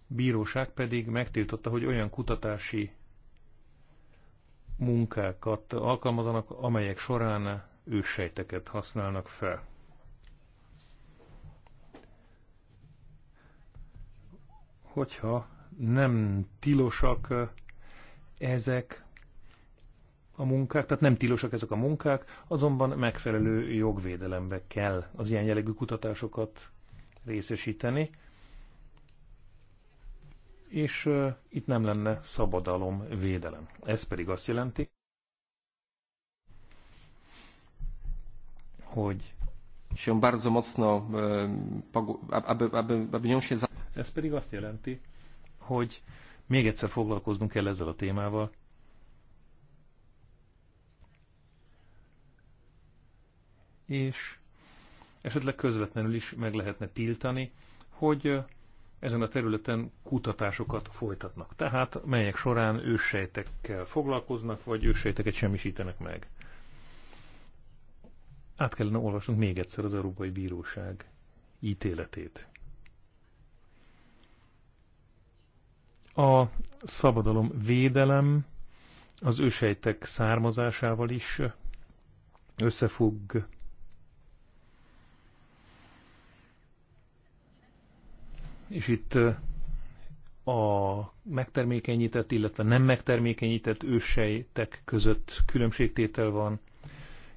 bíróság pedig megtiltotta, hogy olyan kutatási munkákat alkalmazanak, amelyek során őssejteket használnak fel. hogyha nem tilosak ezek a munkák, tehát nem tilosak ezek a munkák, azonban megfelelő jogvédelembe kell az ilyen jellegű kutatásokat részesíteni, és itt nem lenne szabadalom védelem. Ez pedig azt jelenti, hogy się bardzo mocno, aby, e, aby, aby nią się ez pedig azt jelenti, hogy még egyszer foglalkoznunk kell ezzel a témával. És esetleg közvetlenül is meg lehetne tiltani, hogy ezen a területen kutatásokat folytatnak. Tehát melyek során őssejtekkel foglalkoznak, vagy őssejteket semmisítenek meg. Át kellene olvasnunk még egyszer az Európai Bíróság ítéletét. A szabadalom védelem az ősejtek származásával is összefügg. És itt a megtermékenyített, illetve nem megtermékenyített ősejtek között különbségtétel van,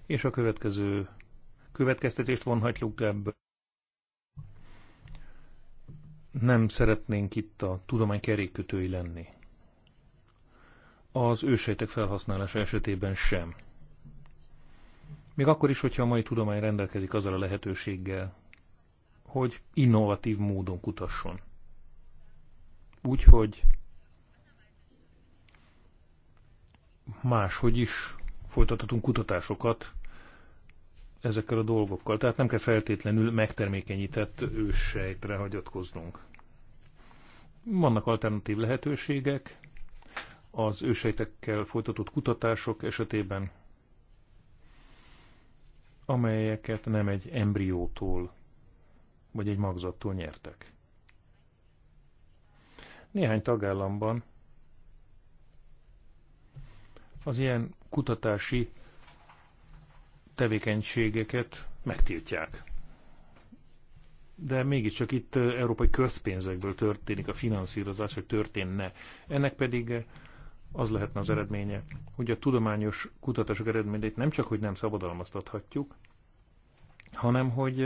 és a következő következtetést vonhatjuk ebből nem szeretnénk itt a tudomány kerékkötői lenni. Az ősejtek felhasználása esetében sem. Még akkor is, hogyha a mai tudomány rendelkezik azzal a lehetőséggel, hogy innovatív módon kutasson. Úgyhogy máshogy is folytathatunk kutatásokat, ezekkel a dolgokkal. Tehát nem kell feltétlenül megtermékenyített őssejtre hagyatkoznunk. Vannak alternatív lehetőségek, az ősejtekkel folytatott kutatások esetében, amelyeket nem egy embriótól vagy egy magzattól nyertek. Néhány tagállamban az ilyen kutatási tevékenységeket megtiltják. De mégiscsak itt európai közpénzekből történik a finanszírozás, hogy történne. Ennek pedig az lehetne az eredménye, hogy a tudományos kutatások eredményét nem csak, hogy nem szabadalmaztathatjuk, hanem hogy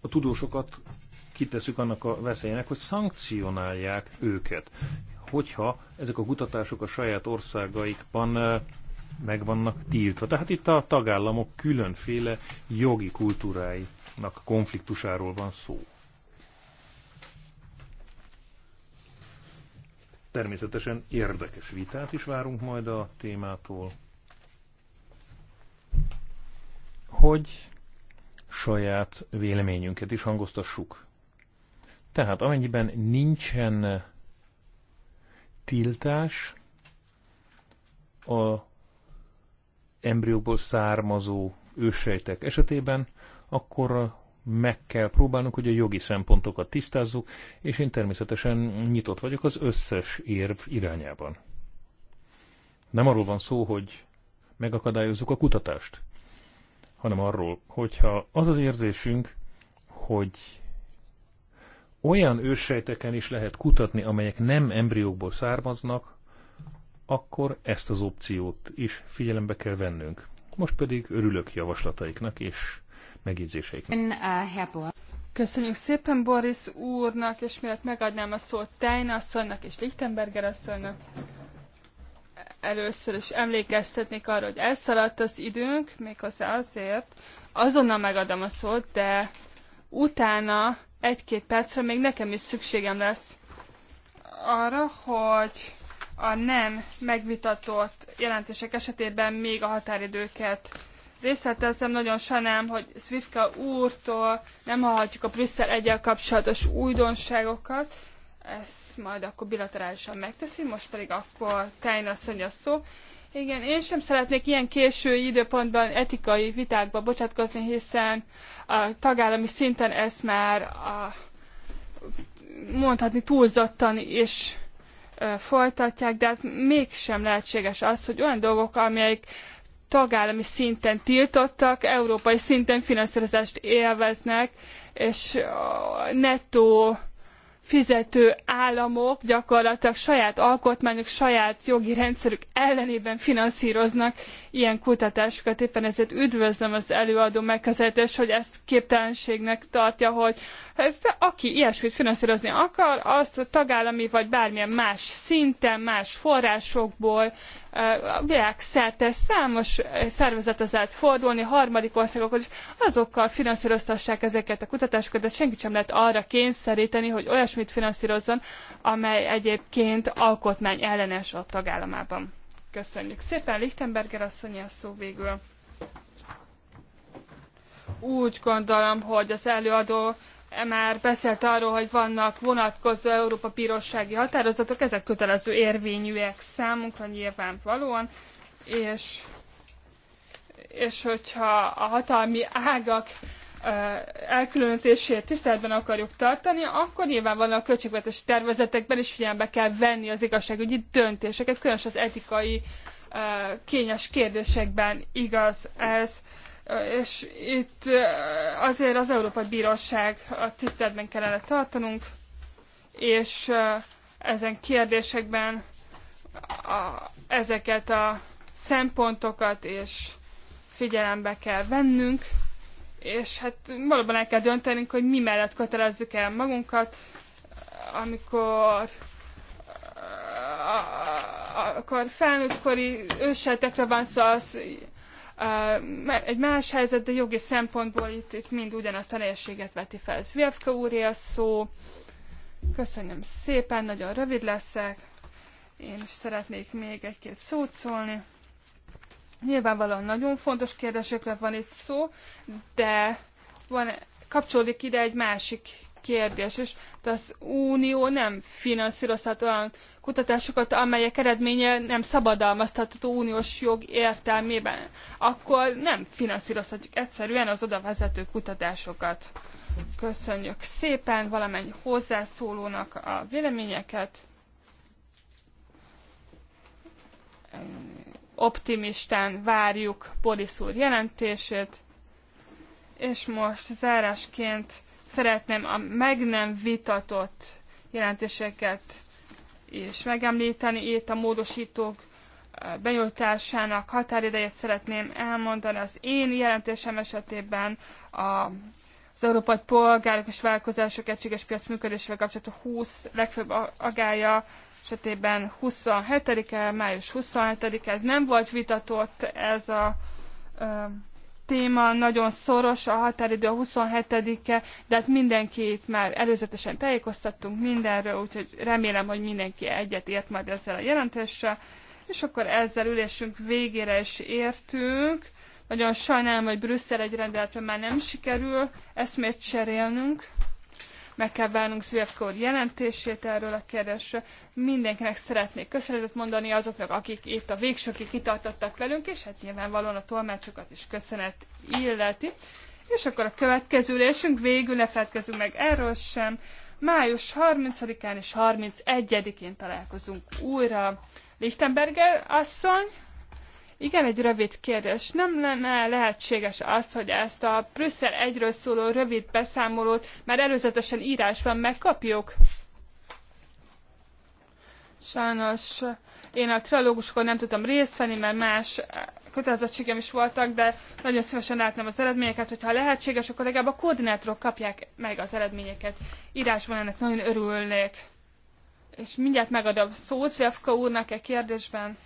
a tudósokat kiteszük annak a veszélynek, hogy szankcionálják őket hogyha ezek a kutatások a saját országaikban meg vannak tiltva. Tehát itt a tagállamok különféle jogi kultúráinak konfliktusáról van szó. Természetesen érdekes vitát is várunk majd a témától, hogy saját véleményünket is hangoztassuk. Tehát amennyiben nincsen tiltás a embrióból származó ősejtek esetében, akkor meg kell próbálnunk, hogy a jogi szempontokat tisztázzuk, és én természetesen nyitott vagyok az összes érv irányában. Nem arról van szó, hogy megakadályozzuk a kutatást, hanem arról, hogyha az az érzésünk, hogy olyan őssejteken is lehet kutatni, amelyek nem embriókból származnak, akkor ezt az opciót is figyelembe kell vennünk. Most pedig örülök javaslataiknak és megjegyzéseiknek. Eh, Köszönjük szépen Boris úrnak, és miért megadnám a szót Tájna asszonynak és Lichtenberger asszonynak. Először is emlékeztetnék arra, hogy elszaladt az időnk, méghozzá azért, azonnal megadom a szót, de utána egy-két percre még nekem is szükségem lesz arra, hogy a nem megvitatott jelentések esetében még a határidőket részletezem. Nagyon sajnálom, hogy Swifka úrtól nem hallhatjuk a Brüsszel egyel kapcsolatos újdonságokat. Ezt majd akkor bilaterálisan megteszi, most pedig akkor Tejna szony a szó. Igen, én sem szeretnék ilyen késői időpontban etikai vitákba bocsátkozni, hiszen a tagállami szinten ez már a, mondhatni túlzottan is folytatják, de hát mégsem lehetséges az, hogy olyan dolgok, amelyek tagállami szinten tiltottak, európai szinten finanszírozást élveznek, és nettó fizető államok gyakorlatilag saját alkotmányuk, saját jogi rendszerük ellenében finanszíroznak ilyen kutatásokat. Éppen ezért üdvözlöm az előadó megközelítést, hogy ezt képtelenségnek tartja, hogy aki ilyesmit finanszírozni akar, azt a tagállami vagy bármilyen más szinten, más forrásokból a világszerte számos szervezethez lehet fordulni, harmadik országokhoz, és azokkal finanszíroztassák ezeket a kutatásokat, de senkit sem lehet arra kényszeríteni, hogy olyasmit finanszírozzon, amely egyébként alkotmány ellenes a tagállamában. Köszönjük szépen, Lichtenberger asszony, szó végül. Úgy gondolom, hogy az előadó E már beszélt arról, hogy vannak vonatkozó Európa Bírósági határozatok, ezek kötelező érvényűek számunkra nyilvánvalóan, és, és hogyha a hatalmi ágak elkülönítését tiszteletben akarjuk tartani, akkor van a költségvetési tervezetekben is figyelembe kell venni az igazságügyi döntéseket, különösen az etikai kényes kérdésekben igaz ez és itt azért az Európai Bíróság a tiszteletben kellene tartanunk, és ezen kérdésekben a, ezeket a szempontokat és figyelembe kell vennünk, és hát valóban el kell döntenünk, hogy mi mellett kötelezzük el magunkat, amikor akkor felnőttkori ősejtekre van szó, az egy más helyzet, de jogi szempontból itt, itt mind ugyanazt a nehézséget veti fel. Zvjevka úré a szó. Köszönöm szépen, nagyon rövid leszek. Én is szeretnék még egy-két szót szólni. Nyilvánvalóan nagyon fontos kérdésekre van itt szó, de van, kapcsolódik ide egy másik kérdés és az Unió nem finanszírozhat olyan kutatásokat, amelyek eredménye nem szabadalmaztatható uniós jog értelmében. Akkor nem finanszírozhatjuk egyszerűen az oda vezető kutatásokat. Köszönjük szépen valamennyi hozzászólónak a véleményeket. Optimistán várjuk Boris úr jelentését, és most zárásként szeretném a meg nem vitatott jelentéseket is megemlíteni. Itt a módosítók benyújtásának határidejét szeretném elmondani. Az én jelentésem esetében a az európai polgárok és vállalkozások egységes piac működésével kapcsolatban 20 legfőbb agája esetében 27-e, május 27-e, ez nem volt vitatott ez a téma nagyon szoros, a határidő a 27-e, de hát mindenkit már előzetesen tájékoztattunk mindenről, úgyhogy remélem, hogy mindenki egyet ért majd ezzel a jelentéssel. És akkor ezzel ülésünk végére is értünk. Nagyon sajnálom, hogy Brüsszel egy rendeletre már nem sikerül eszmét cserélnünk meg kell várnunk Zvievka úr jelentését erről a kérdésről. Mindenkinek szeretnék köszönetet mondani azoknak, akik itt a végsőkig kitartottak velünk, és hát nyilvánvalóan a tolmácsokat is köszönet illeti. És akkor a következő ülésünk végül ne feledkezzünk meg erről sem. Május 30-án és 31-én találkozunk újra. Lichtenberger asszony, igen, egy rövid kérdés. Nem lenne lehetséges az, hogy ezt a Brüsszel egyről szóló rövid beszámolót már előzetesen írásban megkapjuk? Sajnos én a trilógusokon nem tudtam részt venni, mert más kötelezettségem is voltak, de nagyon szívesen látnám az eredményeket, hogyha lehetséges, akkor legalább a koordinátorok kapják meg az eredményeket. Írásban ennek nagyon örülnék. És mindjárt megadom Szózvevka úrnak e kérdésben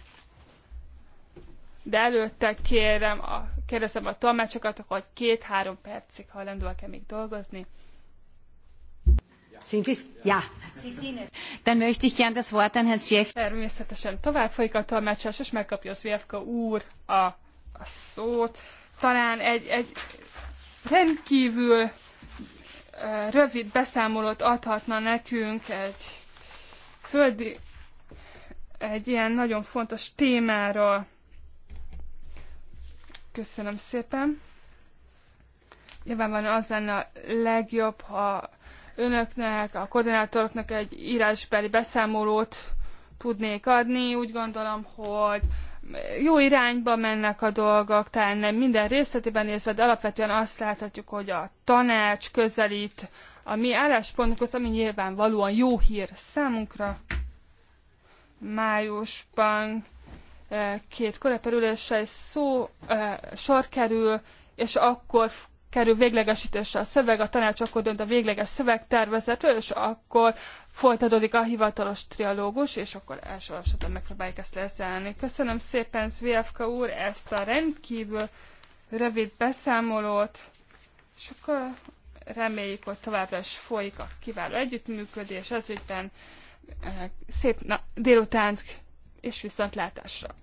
de előtte kérem, a, kérdezem a tolmácsokat, hogy két-három percig hajlandóak-e még dolgozni. Sind Sie Ja. Dann möchte ich gern das Wort an Herrn Schäfer. Természetesen tovább folyik a tolmácsás, és megkapja az Vjevka úr a, a szót. Talán egy, egy rendkívül rövid beszámolót adhatna nekünk egy földi, egy ilyen nagyon fontos témáról. Köszönöm szépen. Nyilvánvalóan az lenne a legjobb, ha önöknek, a koordinátoroknak egy írásbeli beszámolót tudnék adni. Úgy gondolom, hogy jó irányba mennek a dolgok, talán nem minden részletében nézve, de alapvetően azt láthatjuk, hogy a tanács közelít a mi álláspontunkhoz, ami nyilvánvalóan jó hír számunkra. Májusban két koreperüléssel szó sor kerül, és akkor kerül véglegesítésre a szöveg, a tanács akkor dönt a végleges szövegtervezetről, és akkor folytatódik a hivatalos trialógus, és akkor első olvasatban megpróbáljuk ezt lezelni. Köszönöm szépen, ZVFK úr, ezt a rendkívül rövid beszámolót, és akkor reméljük, hogy továbbra is folyik a kiváló együttműködés, ezügyben szép na, délutánt és viszontlátásra!